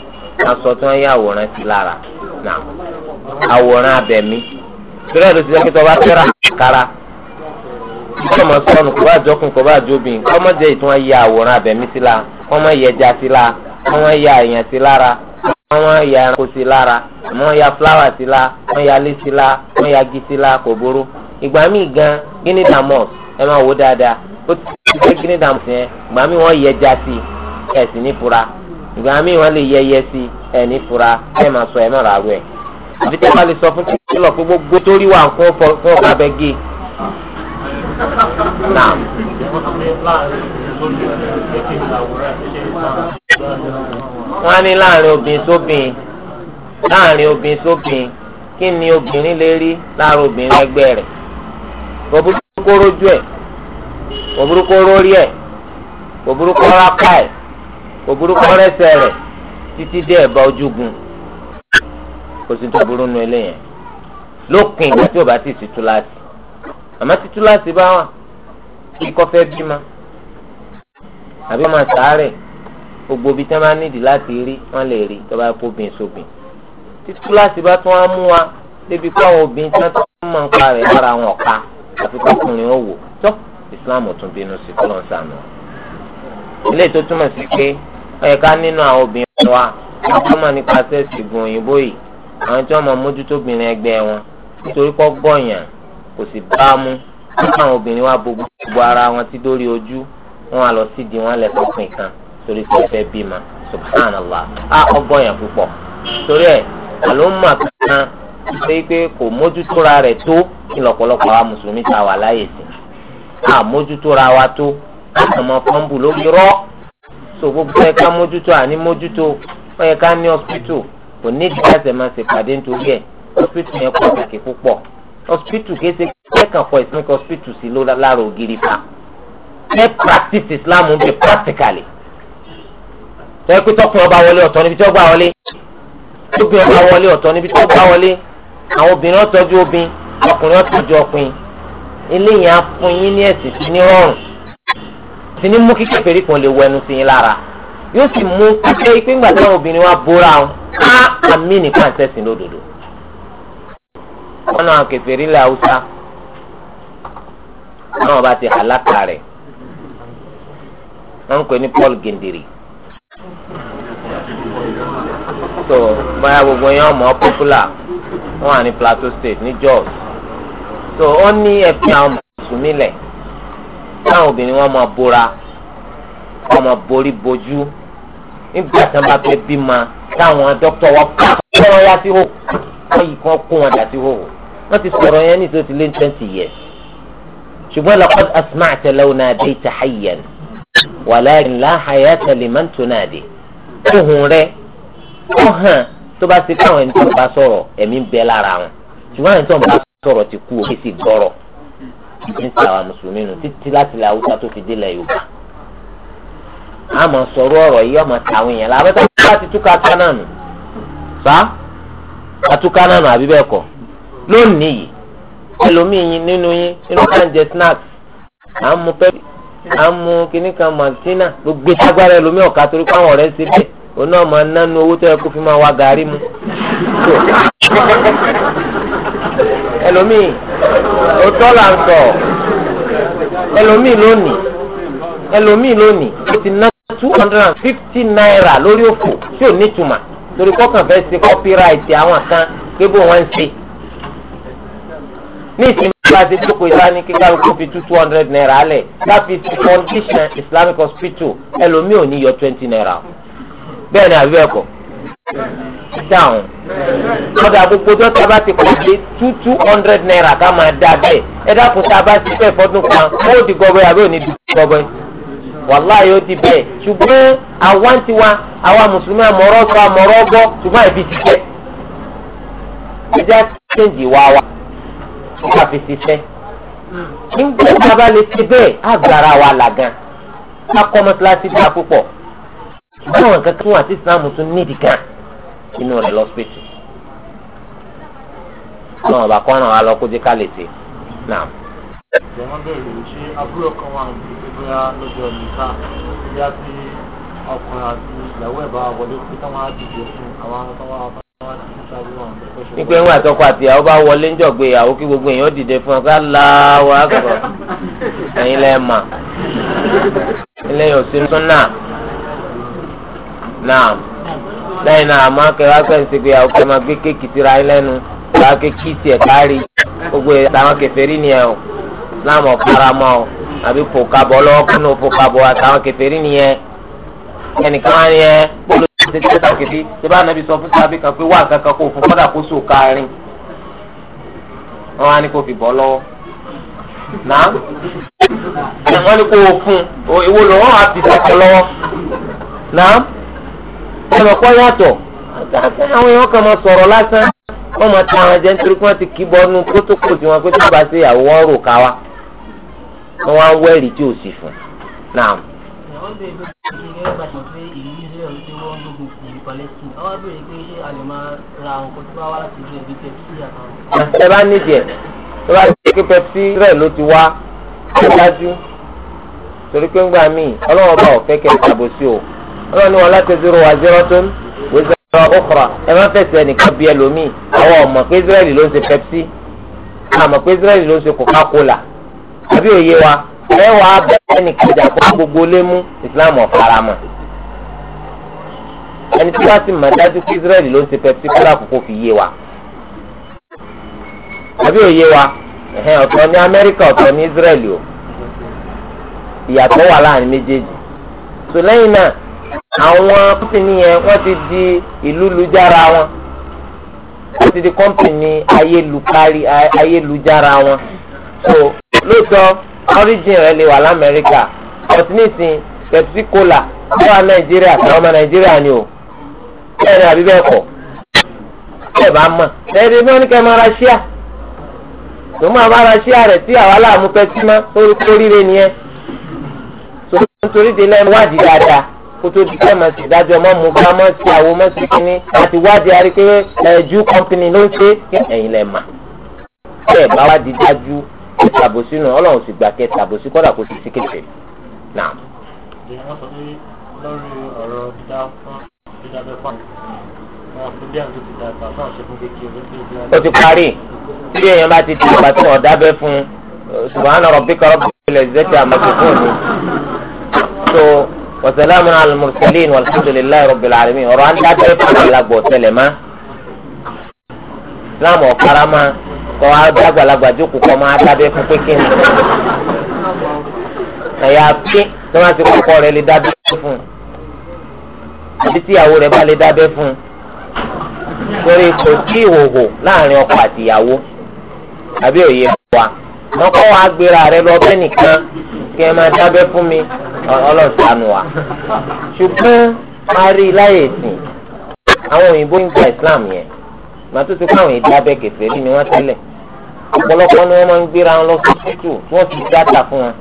aṣọ tí wọ́n yá àwòrán sí lára náà àwòrán abẹ̀mí torí ẹ̀ ló ti dẹ́kítọ́ bá tẹ́ra kára ìjọ mọ̀ sọ́nù kò bá jọkùn kò bá jóbìn kọ́ mọ̀ jẹ́ ìtún yá àwòrán abẹ̀mí sí la kọ́ mọ̀ yẹ ẹja sí la kọ́ mọ̀ yá èèyàn sí lára kọ́ mọ̀ yá ẹranko sí lára kọ́ mọ̀ yá fúláwà sí la kọ́ mọ̀ yá lé sí la kọ́ mọ̀ yá gí sí la kò burú ìgbà míì gan guinea damos ẹ máa wò dáadáa ó ti ṣe guinea damos yẹn ìgbà míì wọ́n yẹ ẹja sí ẹ̀ sì ní fura ìgbà míì wọn lè yẹyẹ sí ẹni fura ẹ máa sọ ẹ máa rà wẹ àfi lè sọ fún gbogbo torí wà fún fún ọkọ abẹ gé náà. wọ́n ní láàrin obìnrin sóbìn láàrin obìnrin sóbìn kí ni obìnrin lè rí láàrin obìnrin ẹgbẹ́ rẹ̀ òbúrúkọ rojú ẹ̀ òbúrúkọ rórí ẹ̀ ẹ̀. kò burú kọ́ rẹ́sẹ̀ rẹ̀ títí dé ẹ̀bá ojúgun kò sí tó burú nu eléyẹn lópin ìgbà tí o bá ti tìtú láti àmọ́ títú láti bá wà kíkọ́ fẹ́ bímọ àbí ọmọ sàárẹ̀ gbogbo ibi tí wọ́n bá nídìí láti rí wọ́n lè rí tó bá kó bin sóbin títú láti bá tún wá mú wa débi pé àwọn obìnrin tí wọ́n tún mọ̀ ń pa rẹ̀ lára àwọn ọ̀ka àfi kọkùnrin ó wò tó Islam tún bínú sí kọ́lọ́ọ̀sán náà ilé tó túmọ̀ sí pé ẹ̀ka nínú àwọn obìnrin wa wọ́n tó mọ̀ nípa sẹ́ẹ̀sì gun òyìnbó yìí àwọn tí wọ́n mọ̀ mójútó obìnrin ẹgbẹ́ wọn nítorí kọ́ gbọ̀yàn kò sì bá a mú nípa àwọn obìnrin wa bo gbogbo ara wọn tí dórí ojú wọn á lọ sídi wọn lẹ fọkùn kan torí sí ìfẹ́ bímọ subhanallah á ọgbọ̀yàn púpọ̀ torí ẹ̀ àlómà kan ṣe pé kò mójútóra rẹ̀ tó ní lọ́pọ̀lọpọ̀ àwa mùsùlùmí ta wà láyè sí àmójútóra wa tó àtàmọ́ fọ́nbù lórí rọ́ọ̀ so gbogbo ẹ ká mójútó àní mójútó ó yẹ ká ní hospital kò ní ìdí láti máa ṣèpàdé nítorí ẹ̀ hospital yẹn pàtàkì púpọ̀ hospital kése kẹ́kàn kọ islamic hospital sí ló lára ògiri fa ẹ practice islam ń bẹ practically tọ́ ẹ pé tọkùnrin ọba wọlé ọ̀tọ̀ níbi tí wọ́n gbà wọlé tóbìnrin ọba wọlé ọ̀tọ̀ níbi tí wọ́n gbà wọlé àwọn obìnrin ọ̀tọ́jú obìnrin ọkùnrin ọ̀tọ́jú ọkùnrin eléyìí á fún yín ní ẹ̀sìn sí ní rọrùn sì ní mú kí kèfèrí kan lè wẹnu sí yín lára yóò sì mú kíkẹ́ ipé ńgbà táwọn obìnrin wa bóra wọn á àmì nìkan àtẹ̀sìn lódodo. wọn náà kèfèrí ilẹ̀ haúsá náà bá ti àlákà rẹ̀ wọn ń pè ní Paul Gindiri. so báyà gbogbo yẹn ọmọ popular wọn wà ní Plateau State ní Jos so ó ní ẹ̀fín àwọn mùsùlùmí lẹ̀ táwọn obìnrin wọn máa bora wọn máa borí bojú nígbà tí wọn bá fẹ́ bímọ táwọn dókítà wọn kọ́ wọn yá sí hò wọ́n yìí kọ́ kó wọn dà sí hò wọ́n ti sọ̀rọ̀ yẹn ní tó ti lé twenty years ṣùgbọ́n laqad asma'ta law nadayta hayyan walakin la hayata liman tunadi ohun rẹ̀ ó hàn tó bá ti káwọn ẹni tó ń bá sọ̀rọ̀ ẹ̀mí ń bẹ lára wọn ṣùgbọ́n ẹni tó ń bá sọ̀rọ̀ ti kú òkè sí gbọ́rọ̀ ìgbésẹ̀ àwọn mùsùlùmí nù títí láti ilẹ̀ haúsá tó fi délẹ̀ yorùbá àmọ́ sọ̀rọ̀ ọ̀rọ̀ yìí ọmọ tàwọn èèyàn lábẹ́ tó bá ti túká kánà nù sá àtúká náà nù àbí bẹ́ẹ̀ kọ́ lónìí yìí ẹlòmíì nínú yín nínú káńjẹ snacks à ń mu pẹ́ẹ́pì à ń mu kíní kan martina gbogbo agbára ẹlòmíì ọ̀ka torí káwọn ọ̀rẹ́ ṣe bẹ́ẹ̀ òun náà máa nánú owó tó yẹ kó fi máa wá gàárì mu ẹlòmíì òótọ́ là ń sọ ẹlòmíì lónìí ẹlòmíì lónìí ó ti ná two hundred and fifty naira lórí òfò tí ò nítumọ̀ torí kọ́kàn fẹ́ ṣe kọ́píráìtì àwọn kan gbégbó wọn ń ṣe ní ìsinmi bá ti dúkò ìsáni kíkà lóko fi two hundred naira lẹ̀ láti fi foundation islamic hospital ẹlòmíì ò ní yọ twenty naira bẹ́ẹ̀ ni àbí ẹ̀kọ́ dáhùn ọ̀dà gbogbo dọ́tà bá ti pàdé two two hundred naira ká máa dá bẹ́ẹ̀ ẹ dákun tá a bá ti bẹ́ẹ̀ fọ́dún kan ó di gọbẹ àbí òní di gọbẹ wàláhì ó di bẹ́ẹ̀ ṣùgbọ́n àwa ti wa àwa mùsùlùmí àmọ̀rọ̀ sọ àmọ̀rọ̀ gbọ́ ṣùgbọ́n àìfi ti tẹ́ ẹjẹ́ àtẹ̀jì wa wa wọ́n àfi ti tẹ́ nígbà tí a bá lè ṣe bẹ́ẹ̀ àgbàrá wa là gan akọ́mọ́tìláṣí dá púpọ̀ ṣùgbọ́n àwọn kankan wà tí Islam tún nídìí gan. inú rẹ̀ lọ́sibítù ọlọ́run ọba kọ́ ràn wá lọ kó jẹ́ ká náà. ìjọba bẹ̀rẹ̀ ṣé àbúrò kan wà ní ìgbéga lọ́jọ́ tí ọkùnrin àti ìyàwó ẹ̀ bá wọlé pé táwọn á dìde fún àwọn àtọwọ́ àbáwọn nígbà àtọkọ àti ìyàwó bá wọlé ń ìyàwó kí gbogbo èèyàn dìde fún mà lẹ́yìn náà àmọ́ akẹ́wà pẹ̀lú pé àwọn ọmọ gbé kéèkì síra ẹ lẹ́nu ìgbà kéèkì tiẹ̀ kárí gbogbo àwọn kèfèrí nìyẹn o láàmú ọ̀káramọ́ o àbí fòkàbọ̀ ọlọ́kùnrin náà fòkàbọ̀ àtàwọn kèfèrí nìyẹn ẹnìkan wá tẹ́ tí bá nàbí sọ fún kan pé wà kankan kó fún kọ́dà kó kárin á ní kó fi bọ́ lọ́wọ́ náà ní kó fún ìwọ lọ́wọ́ lọ́wọ́ náà. ọlọ́pọ̀ yàtọ̀ àwọn èèyàn kan máa sọ̀rọ̀ lásán wọ́n máa ta àwọn ẹ̀jẹ̀ nítorí pé wọ́n ti kí bọ́nú pótókò tí wọ́n pé tí wọ́n bá ṣe ìyàwó wọn rò ká wọ́n wá ń wẹ́rì tí ò sì fún náà. ẹ bá tó bá ti pé pepsi rẹ̀ ló ti wá ó torí pé ń gbà míì ọlọ́wọ́ bá ò fẹ́ kẹ́ ṣàbòsí o. ọlọ́ni wọn láti zero wa zero tó ń wíṣọ ọ̀rọ̀ ọ̀kọ̀rọ̀ ẹ má fẹsẹ̀ nìkan bí ẹlòmíì àwọn ọmọ pé Israẹli ló ń ṣe Pepsi àmọ́ pé Israẹli ló ń ṣe Coca-Cola àbí òye wa ẹ wà á bẹ̀rẹ̀ nìkan jà fún gbogbo lémú Islam ọ̀farama ẹni tí wàá sì mọ̀ dájú pé Israẹli ló ń ṣe Pepsi kọ́lá kókó fi yé wa àbí òye wa ọ̀tọ̀ ní Amẹ́ríkà ọ̀tọ̀ ní Israẹli o ìyàtọ̀ wà láàrin méjèèjì so lẹ́yìn náà àwọn kọ́mpìnì yẹn wọ́n ti di ìlú lujára wọn wọ́n ti di kọ́mpìnì ayélukari ayélujára wọn so lóòótọ́ origin rẹ̀ lè wà lamẹ́ríkà but nísìn pepsi cola lọ́wọ́ nàìjíríà àwọn ọmọ nàìjíríà ni o bẹ́ẹ̀ ni àbí bẹ́ẹ̀ kọ́ bẹ́ẹ̀ bá mọ̀ lẹ́yìn tí wọ́n ní kẹ́ máa ra ṣíà tó máa bá ra ṣíà rẹ̀ tí àwa láàmú pepsi mọ́ lórí kórìíre nìyẹn so nítorí délẹ́ wádìí dáadáa kótó di kẹ́ máa ṣèdájọ́ máa mú bá máa ṣe àwo máa ṣe kínní àti wádìí arí pé ẹ̀jú kọ́mpìnì ló ń ṣe kí ẹ̀yin lẹ̀ mà. bẹ́ẹ̀ bá wá di dájú ìtàbòsí nù ọlọ́run sì gbà kẹ́ ìtàbòsí kọ́dà kó sì sí kéṣe. náà. ìyá wọn sọ pé lórí ọ̀rọ̀ dídá fún dídá bẹ́ẹ̀ fún àwọn fún àwọn tó ti dá ìgbà bí èèyàn ti di ìgbà tí wọn fún subhana rabbika وسلام على المرسلين والحمد لله رب العالمين ọ̀rọ̀ à ń dájọ́ ìpàdé alágbọ̀ ọ̀tẹlẹ̀ má islam ọ̀kára má kọ́ àgbàlagbà jókòó kọ́ máa dábẹ́ fún pékin ẹ̀yà pé tí wọ́n ti kọ́kọ́ rẹ̀ lè dábẹ́ fún àbí tíyàwó rẹ̀ bá lè dábẹ́ fún torí kò sí ìhòhò láàrin ọkọ àtìyàwó àbí òye wa wọ́n kọ́ wa gbéra rẹ̀ lọ bẹ́ẹ̀ nìkan kí ẹ máa dábẹ́ fún mi ọlọ́sàánù wa ṣùgbọ́n a rí i láyè sìn àwọn òyìnbó ń gba Islam yẹn màá tó ti kọ́ àwọn ìdábẹ́ kẹfẹ́ rí ni wọ́n tẹ́lẹ̀ ọ̀pọ̀lọpọ̀ ni wọ́n máa ń gbéra wọn lọ sí títù wọ́n ti dáta fún wọn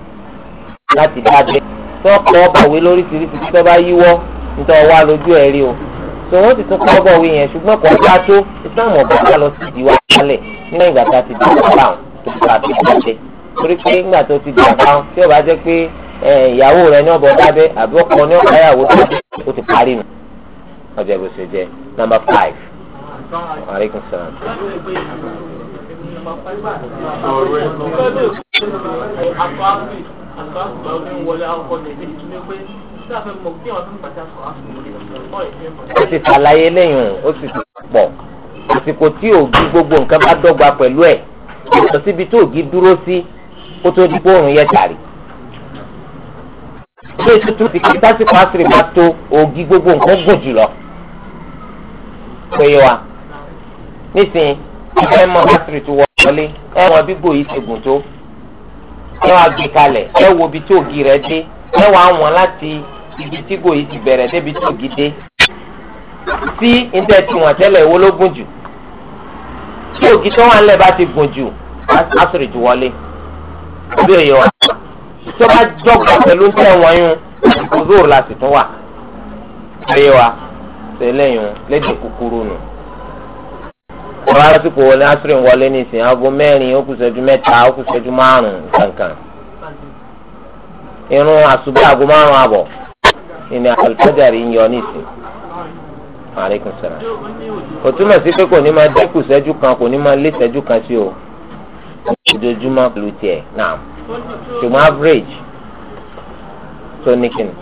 láti dábẹ́ tó kọ́ bàwé lóríṣiríṣi tí tó bá yíwọ́ nítorí wá lójú ẹ̀ rí o tó wọ́n ti tún kọ́ bọ̀wé yẹn ṣùgbọ́n kò bá tó Islam ọ̀bọ̀n lọ sí ìdíwọ́ kálẹ̀ nígbà ìgbà tá a ti dá torí pé ńgbà tó ti dìgbà kan tí ó bá jẹ́ pé ìyàwó rẹ̀ ní ọ̀bọ̀ dábẹ́ àbí ọkọ ní ọ̀bọ̀ ìyàwó tó o ti parí nù. ọjọ́ ìbò ṣe jẹ́ nọ́mbà five. aleykum salaam. ó ti ṣàlàyé lẹ́yìn ó sì ti pọ̀ àsìkò tí òògì gbogbo nǹkan bá dọ́gba pẹ̀lú ẹ̀ lọ tí òògì dúró sí kó tó dípò òrùn yẹ tàrí. ilé tuntun ti kí tásìkò àṣírí máa tó ògì gbogbo nǹkan gùn jùlọ. péye wa nísìnyí ẹ mọ àṣírí tó wọlé ẹ wọn bí gbòòyì ṣe gùn tó ẹ wàá gbé kalẹ̀ ẹ wo ibi tí ògì rẹ dé ẹ wàá wọn láti ibi tí gbòòyì ti bẹ̀rẹ̀ débi tí ògì dé sí ìdẹ tiwọn tẹ́lẹ̀ wo ló gùn jù tí ògì tó wà ń lẹ̀ bá ti gùn jù àṣírí tó wọlé bí èyí wa tó bá jọba pẹ̀lú tẹ̀wọ̀n yún zoro la sì tún wà bí wa tẹ̀lẹ́yìn lédè kúkúrú nù. ọ̀rọ̀ àsìkò wọlé asúrì ń wọlé ní ìsìn aago mẹ́rin ó kù ṣẹ́jú mẹ́ta ó kù ṣẹ́jú márùn-ún kankan. irun àṣùbọ̀ aago márùn-ún àbọ̀ ìní àlùfáàjà rí ń yọ ní ìsìn maaleykum salaam. kò túmọ̀ sí pé kò ní máa dínkù ṣẹ́jú kan kò ní máa lé ṣẹ́jú kan sí o ojoojúmọ́ pẹ̀lú tiẹ̀ náà ṣùgbọ́n average tó ní kíni.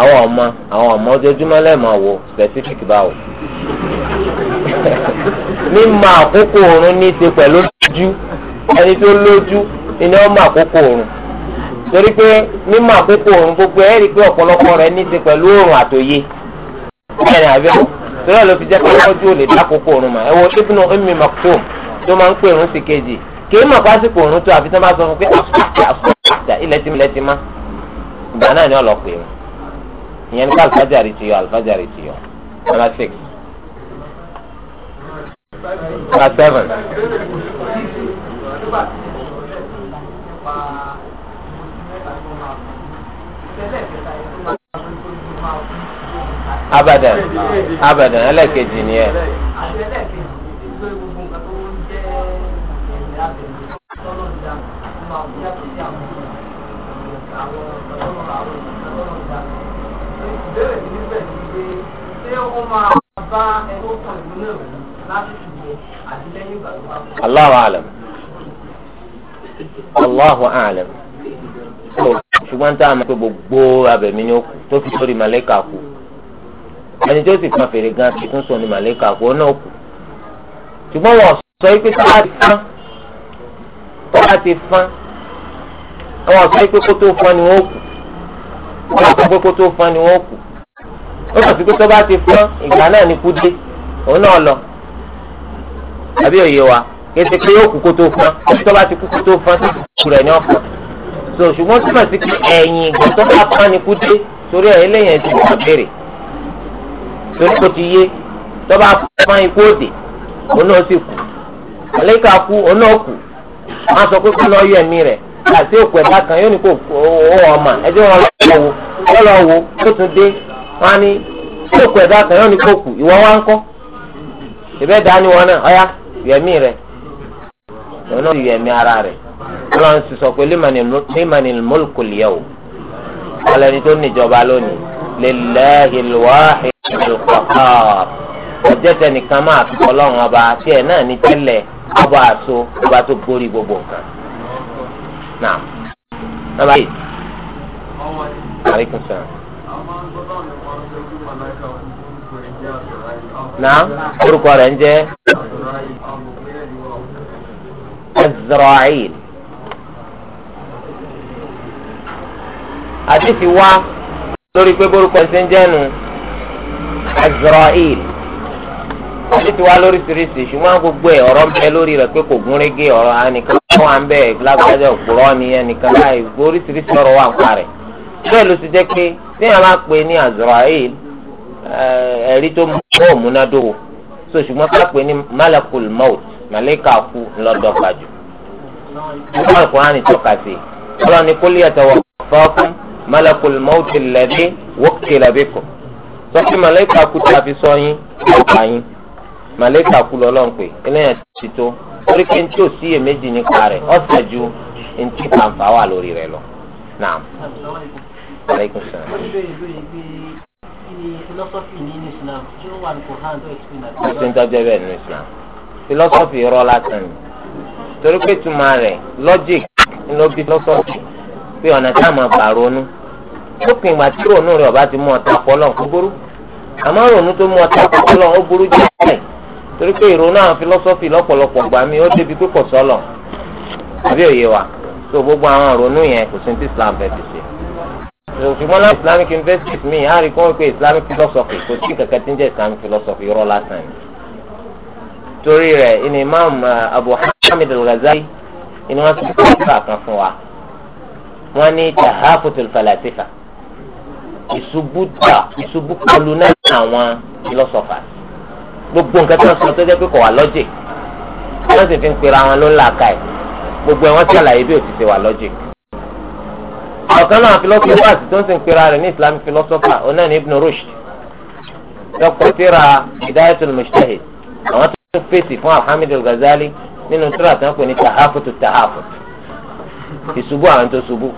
àwọn ọmọ àwọn ọmọ ojoojúmọ́ lẹ́ẹ̀mọ́ wo specific báwo. [laughs] mímọ àkókò oorun ní í ṣe pẹ̀lú ojú ẹni tó lójú ni wọ́n mọ àkókò oorun torí pé mímọ àkókò oorun gbogbo ẹ̀rí pé ọ̀pọ̀lọpọ̀ rẹ̀ ní í ṣe pẹ̀lú oorun àtòye torí ẹ̀ ló fi jẹ́ pé ọjọ́ ò lè dá kókó òrùn mọ́ ẹ wo ibnu ummi maktum tó máa ń pè òrùn sí kejì kìí mọ̀ pásíkò òrùn tó àfi tó máa sọ fún pé àfúrásì àfúrásì ilẹ̀ tí ilẹ̀ ti má ìgbà náà ni ọ̀lọ́ pè é ìyẹn ní ká alifájàre ti yọ alifájàre ti yọ number six number seven. Thank you. abadan abadan ẹlẹ́kejì ni ẹ. ìbéèrè mi níbẹ̀ ni pé ṣé ó Allahu alam Allahu alam ṣùgbọ́n tá a máa ń pe gbogbo abẹ̀mí ni ó kú tó fi sórí màlẹ́kà kú. ẹni tó sì kan fèrè gan fi tún sọ ní màlẹ́kà kó náà kù ṣùgbọ́n wọ́n sọ pé tó bá ti fán tó ti fán wọ́n sọ pé kó tó fán ni wọ́n kù wọ́n sọ pé kó tó fán ni wọ́n kù ó sọ pé tó ti fán ìgbà náà ni kú dé òun náà lọ àbí òye wa kété pé yóò kú kó tó fán tó ti kú kó tó fán tó kù rẹ̀ ní ọ̀fọ̀ so ṣùgbọ́n túmọ̀ sí pé ẹ̀yìn ìgbà tó fán ni kú dé torí ẹ̀ eléyìí ti wà torí kò ti yé tọ́ba fún ikú òde òun náà sì kú àlékà kú òun náà kú wọ́n sọ pé kó lọ́ọ́ yọ ẹ̀mí rẹ̀ àti òkú ẹ̀dá kan yóò ní kó ọmọ ẹjọ́ wọn lọ́ọ́ wo lọ́ọ́ wo tó tún dé wọ́n á ní òkú ẹ̀dá kan yóò ní kó kú ìwọ wa kọ́ ìbẹ́ dání wọn náà ọ̀yá yọ rẹ̀ òun náà yọ ẹ̀mí ara rẹ̀ ọlọ́run sì sọ pé límani mọ́lùkù lìyà alukọ̀hár ọjọ́ tẹnìkan máa fi ọlọ́run ọba tí ẹ̀ náà ní tẹ́lẹ̀ ọba àtò ọba tó borí gbogbo nǹkan. náà nọ́mbà eight aleykum salaam. náà orúkọ rẹ̀ ń jẹ́ Azrael. àti fi wá lórí pé borúkọ ṣe ń jẹ́nu. Azrael àti tiwa lóríṣiríṣi ṣùgbọ́n gbogbo ẹ̀ ọ̀rọ̀ bẹ lórí rẹ̀ pé kò gún régé ọ̀rọ̀ ẹnìkan tó wà ń bẹ̀ lágbájá òpùrọ̀ ni ẹnìkan láì oríṣiríṣi ọ̀rọ̀ wà ń pa rẹ̀ bẹ́ẹ̀ ló ti jẹ́ pé tí a máa pè ní Azrael eh, ẹ̀rí tó mú òmúnádówó so ṣùgbọ́n ká pè ní malakul maut malika kú lọ́dọ̀ pàjù nígbà alukur'ani tọ́ka sí ọlọ́ni kólé ẹ̀tọ́ wọ fọ́ọ̀kún malakul maut lẹ́bí wọ́kìlẹ́bí kù sọ pé màlẹ́kà kú tí a fi sọ yín ọ̀pá yín màlẹ́kà kú lọ́lọ́ ń pè eléyàn ti tó torí pé ntí ò sí èméjì nípa rẹ̀ ọ̀sẹ̀ ju ntí kàǹfà wà lórí rẹ̀ lọ. naam aleykum salaam. kò ń tọ́jú ẹ nínú Islam philosophy irọ́ lásán ni torí pé tuma rẹ̀ logic ló bí philosophy pé ọ̀nà táwọn àgbà ronú lópin ìgbà tí rònú rẹ ọba ti mú ọta pọlọ ó burú àmọ́ rònú tó mú ọta pọlọ ó burú jẹ ẹ torí pé ìrònú àwọn fílọ́sọ́fì lọ́pọ̀lọpọ̀ gbà mí ó débi pé kò sọlọ àbí òye wa tó gbogbo àwọn ìrònú yẹn kò sí ní Islam fẹẹ ṣe ṣùgbọ́n láti Islamic university mi á rí kí wọ́n pe Islamic philosophy kò sí kankan tí ń jẹ́ Islamic philosophy rọ́ lásán torí rẹ̀ ìní Imam uh, Abu Hamid al-Ghazali ìní wọ́n ti kọ́ ọ̀sán kan fún wa wọ́n ní tahafutul falasifa ìṣubú dà ìṣubú kọlu náà àwọn ìlọsọfà gbogbo nǹkan tí wọn sọ tó jẹ pé kò wà lọ́jì wọn sì fi ń pera wọn ló ń là ká ẹ gbogbo ẹ wọn ṣàlàyé bí òtítì wà lọ́jì. ọ̀kan náà philosophers tó ń sì ń pera rẹ̀ ní Islam philosopher onáà ní Ibn Rushd dr tira Hidayatul Mujtahid àwọn tó ń fèsì fún Alhamid al-Ghazali nínú tírà tó ń pè ní tahafutu tahafutu ìṣubú àwọn tó ṣubú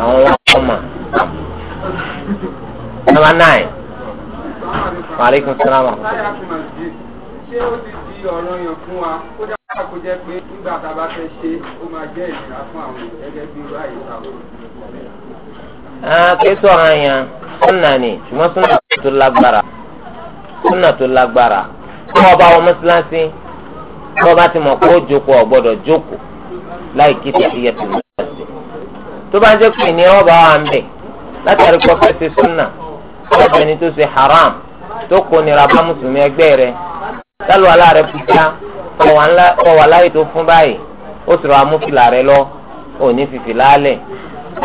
àwọn wọn mọ̀ number nine maaleykum salaam ṣé ó ti di ọ̀rọ̀ yàn fún wa kó dáa kó jẹ́ pé nígbà tá a bá fẹ́ ṣe ó máa jẹ́ ìlera fún àwọn gẹ́gẹ́ bí irú àyè táwọn. kí sọ̀rọ̀ sunna ni ṣùgbọ́n sunna tó lágbára sunna tó lágbára tí wọ́n bá wọn mọ́sálásí tí wọ́n bá ti mọ̀ kó jókòó ò jókòó láì kí tàbíyẹ tó lọ sí. tó bá jẹ́ pé ní ọba wa ń bẹ̀ látàrí kọfẹ́ ti súnà ọ̀dọ̀ ẹni tó ṣe haram tó kó nira bá mùsùlùmí ẹgbẹ́ rẹ̀ sálù aláàrẹ pípa ọwà láyé tó fún báyìí ó sọ̀rọ̀ amúfìlà rẹ lọ òní fìfì lálẹ̀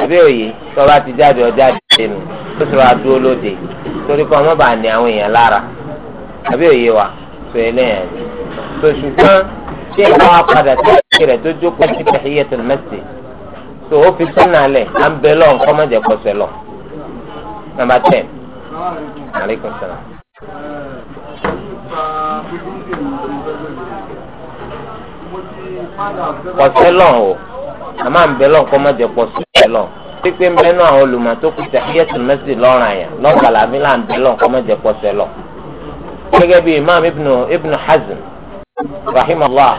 ẹbí òye tọ́ba ti jáde ọjà dẹnu ó sọ̀rọ̀ adúró lóde torí kọ́ ọmọ bá ní àwọn èèyàn lára ẹbí òye wa sọ eléyàn ni sọ ṣùgbọ́n tí ẹ bá padà sí rẹ̀ tó jókòó sí tahiyatul masjid tó o fi sọ́nà lẹ̀ à ń bẹ lọ nǹkan mọ̀jẹ̀ kọsẹ̀ lọ. nàmbà ten maaleykum salaam. kọsẹ̀ lọ o a máa ń bẹ lọ nǹkan mọ̀jẹ̀ kọsẹ̀ lọ pípé ń bẹ náà àwọn olùmọ̀ tó kù tahiyatul masjid lọ́rùn àyà lọ́gbàlá mi là ń bẹ lọ nǹkan mọ̀jẹ̀ kọsẹ̀ lọ. gẹ́gẹ́ bí imaam ibnu ibnu hazm rahimahullah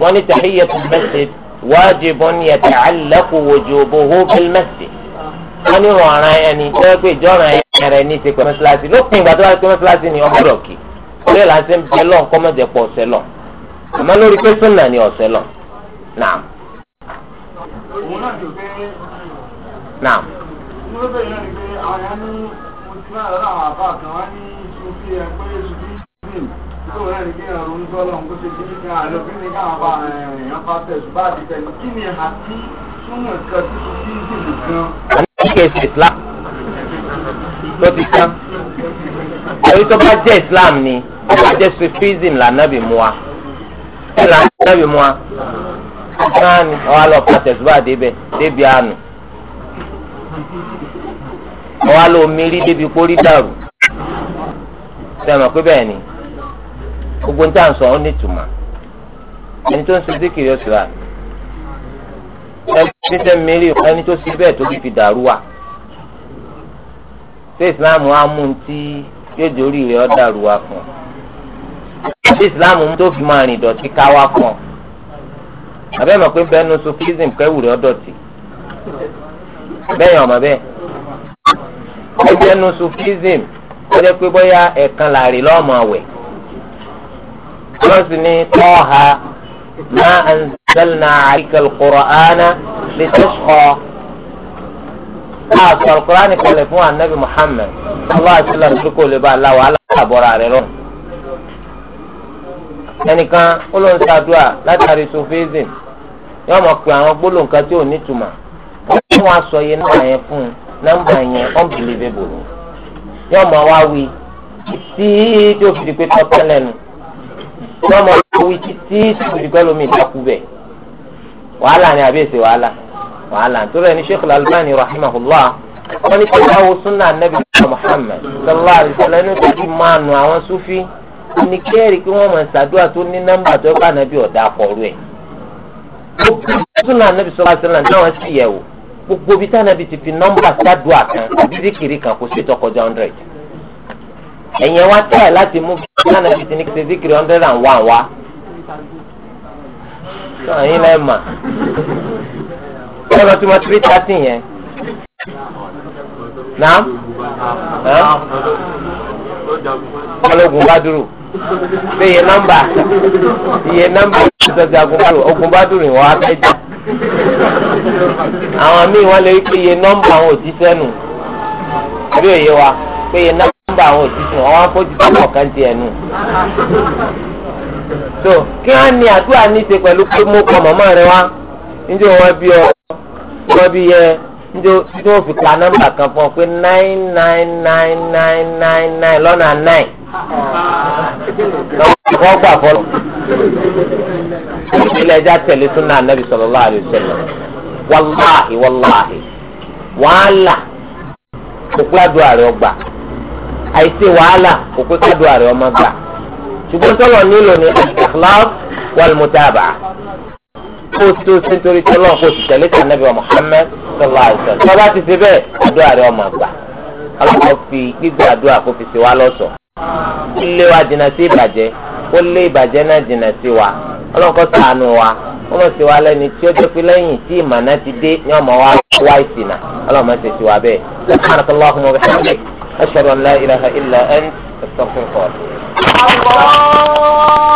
الله ní المسجد واجب يتعلق yata'allaqu بالمسجد. bil masjid wọ́n ní ìrọ̀ràn ẹni tó yẹ pé ìjọ́ràn ẹni rẹ̀ ní ti pẹ̀ mọ́ṣáláṣí lópin ìgbà tó bá ti pẹ́ mọ́ṣáláṣí ni ọmọ rẹ̀ kì lórí làásì ń bẹ lọ́n kọ́mọ̀jẹ̀ pọ̀ ọ̀sẹ̀ lọ àmọ́ lórí pé sùnnà ni ọ̀sẹ̀ lọ naam. naam. naam tó rẹ̀ ní kí ẹ̀rù ń tọ́lọ̀ ń kó ṣe kí nìkan àlọ́bí ní káwọn bá èèyàn bá tẹ̀ ṣùgbọ́n àti tẹ̀lé kí ni àti súnmọ̀ nǹkan tí kò sí ìdìbò kan. àbí kò ṣe islam tó ti tán àbí tó bá jẹ́ islam ni ó bá jẹ́ sufism lànàbì mu wa ẹ̀ lànàbì mu wa náà ni ọ̀ alọ́ pa tẹ̀síwá débẹ̀ débi àánú gbogbo ní tàǹsọ̀ ó ní ìtumọ̀ oh. ẹni tó ń ṣe zikiri oṣù wa ẹni tó ń ṣe mẹ́rì ẹni tó ṣe bẹ́ẹ̀ tó fi fi dàrú wa ṣé ìsìláàmù á mú un tí yóò dórí rẹ̀ ọ́ dàrú wa fún un ṣé ìsìláàmù tó fi máa rìn dọ̀tí ká wa fún un àbẹ́ mọ̀ pé bẹ́ẹ̀ nu sufism kẹ́wù rẹ̀ ọ́ dọ̀tí bẹ́ẹ̀ yàn ọmọ bẹ́ẹ̀ ó jẹ́ nu sufism ó jẹ́ pé bóyá ẹ̀kan làrí lọ́ọ̀mọ̀ wẹ̀. رزني طه ما أنزلنا عليك القرآن لتشقى أعطى القرآن كلفوا النبي محمد صلى الله عليه وسلم شكو لبا الله وعلى أبورا لهم ẹnìkan ó ló ń ṣàdúrà látàrí sofism yóò mọ̀ pé àwọn gbólóhùn kan tí ò nítumọ̀ wọ́n wá sọ iye nọ́mbà yẹn fún un nọ́mbà yẹn unbelievable yóò mọ̀ wá wí tí tí ó fi di pé tọ́tẹ́lẹ̀ nu tí wọ́n mọ owó títí ìdúgbò lómi ìdákú bẹ̀ wàhálà ni àbí èsè wàhálà wàhálà nítorí ẹni Sheikh Al-Albani rahimahullah wọ́n ní kí wọ́n wo sunna anabi Muhammad sallallahu alayhi wa sallam ẹni tó ti máa nu àwọn sufi ní kẹ́rì kí wọ́n mọ̀ ṣàdúrà tó ní nọ́mbà tó kọ́ anabi ọ̀dà kọ̀ọ̀rọ̀ ẹ̀ sunna anabi sallallahu alayhi náà wọ́n sì yẹ̀ wò gbogbo bí tí anabi ti fi nọ́mbà ṣàdúrà kan àbí zikiri kan kò sí ìtọ́kọjá hundred ẹ̀yẹ wá tẹ̀ láti mú bí anabi ti ní kí ṣe zikiri hundred and one wá. ẹ̀yin náà mà ọ̀rọ̀ tí mo ti rí tààtì yẹn. náà ọlọ́gun bá dúró pé iye nọ́mbà iye nọ́mbà ìtọ́jú agunbádùn ogunbádùn ìwọ̀n abẹ́jà àwọn míì wọ́n lè rí pé iye nọ́mbà àwọn òjíṣẹ́ nù àbí òye wa pé iye nọ́mbà. nígbà àwọn òtútù ọwọ́ afọ́jútó kọ̀ọ̀kan ti so kí wọ́n ní àdúrà ní ṣe pẹ̀lú pé mo kọ màmá rẹ wá níjẹ́ wọn bí ọ wọ́n bí yẹ níjẹ́ fi pa nọmba kan fún ọ pé nine nine nine nine nine nine lọ́nà nine lọ́wọ́ gbà fọlọ́ ilé ẹja tẹ̀lé súnà anábì sallallahu alaihi wasallam wàláhì wàláhì wàhálà ọgbà. àìsí wàhálà kò pé ọmọ gbà ṣùgbọ́n tọ́lọ̀ nílò ní al-ikhlas kó tó ṣe nítorí tọ́lọ̀ kó sì tẹ̀lé tà nàbẹ̀ ti ṣe bẹ́ẹ̀ àrẹ ọmọ gbà ọlọ́kọ̀ fi gbígbà àdúrà kó fi lọ́sọ̀ ó wa sí ìbàjẹ́ wa ọlọ́ sí wa lẹ́ni tí ó jẹ́ pé lẹ́yìn tí ìmọ̀nà ti dé ní ọmọ wa wá ìsìnà ọlọ́mọ ti sí wa bẹ́ẹ̀. سبحانك اللهم وبحمدك أشهد أن لا إله إلا أنت أستغفرك وأتوب إليك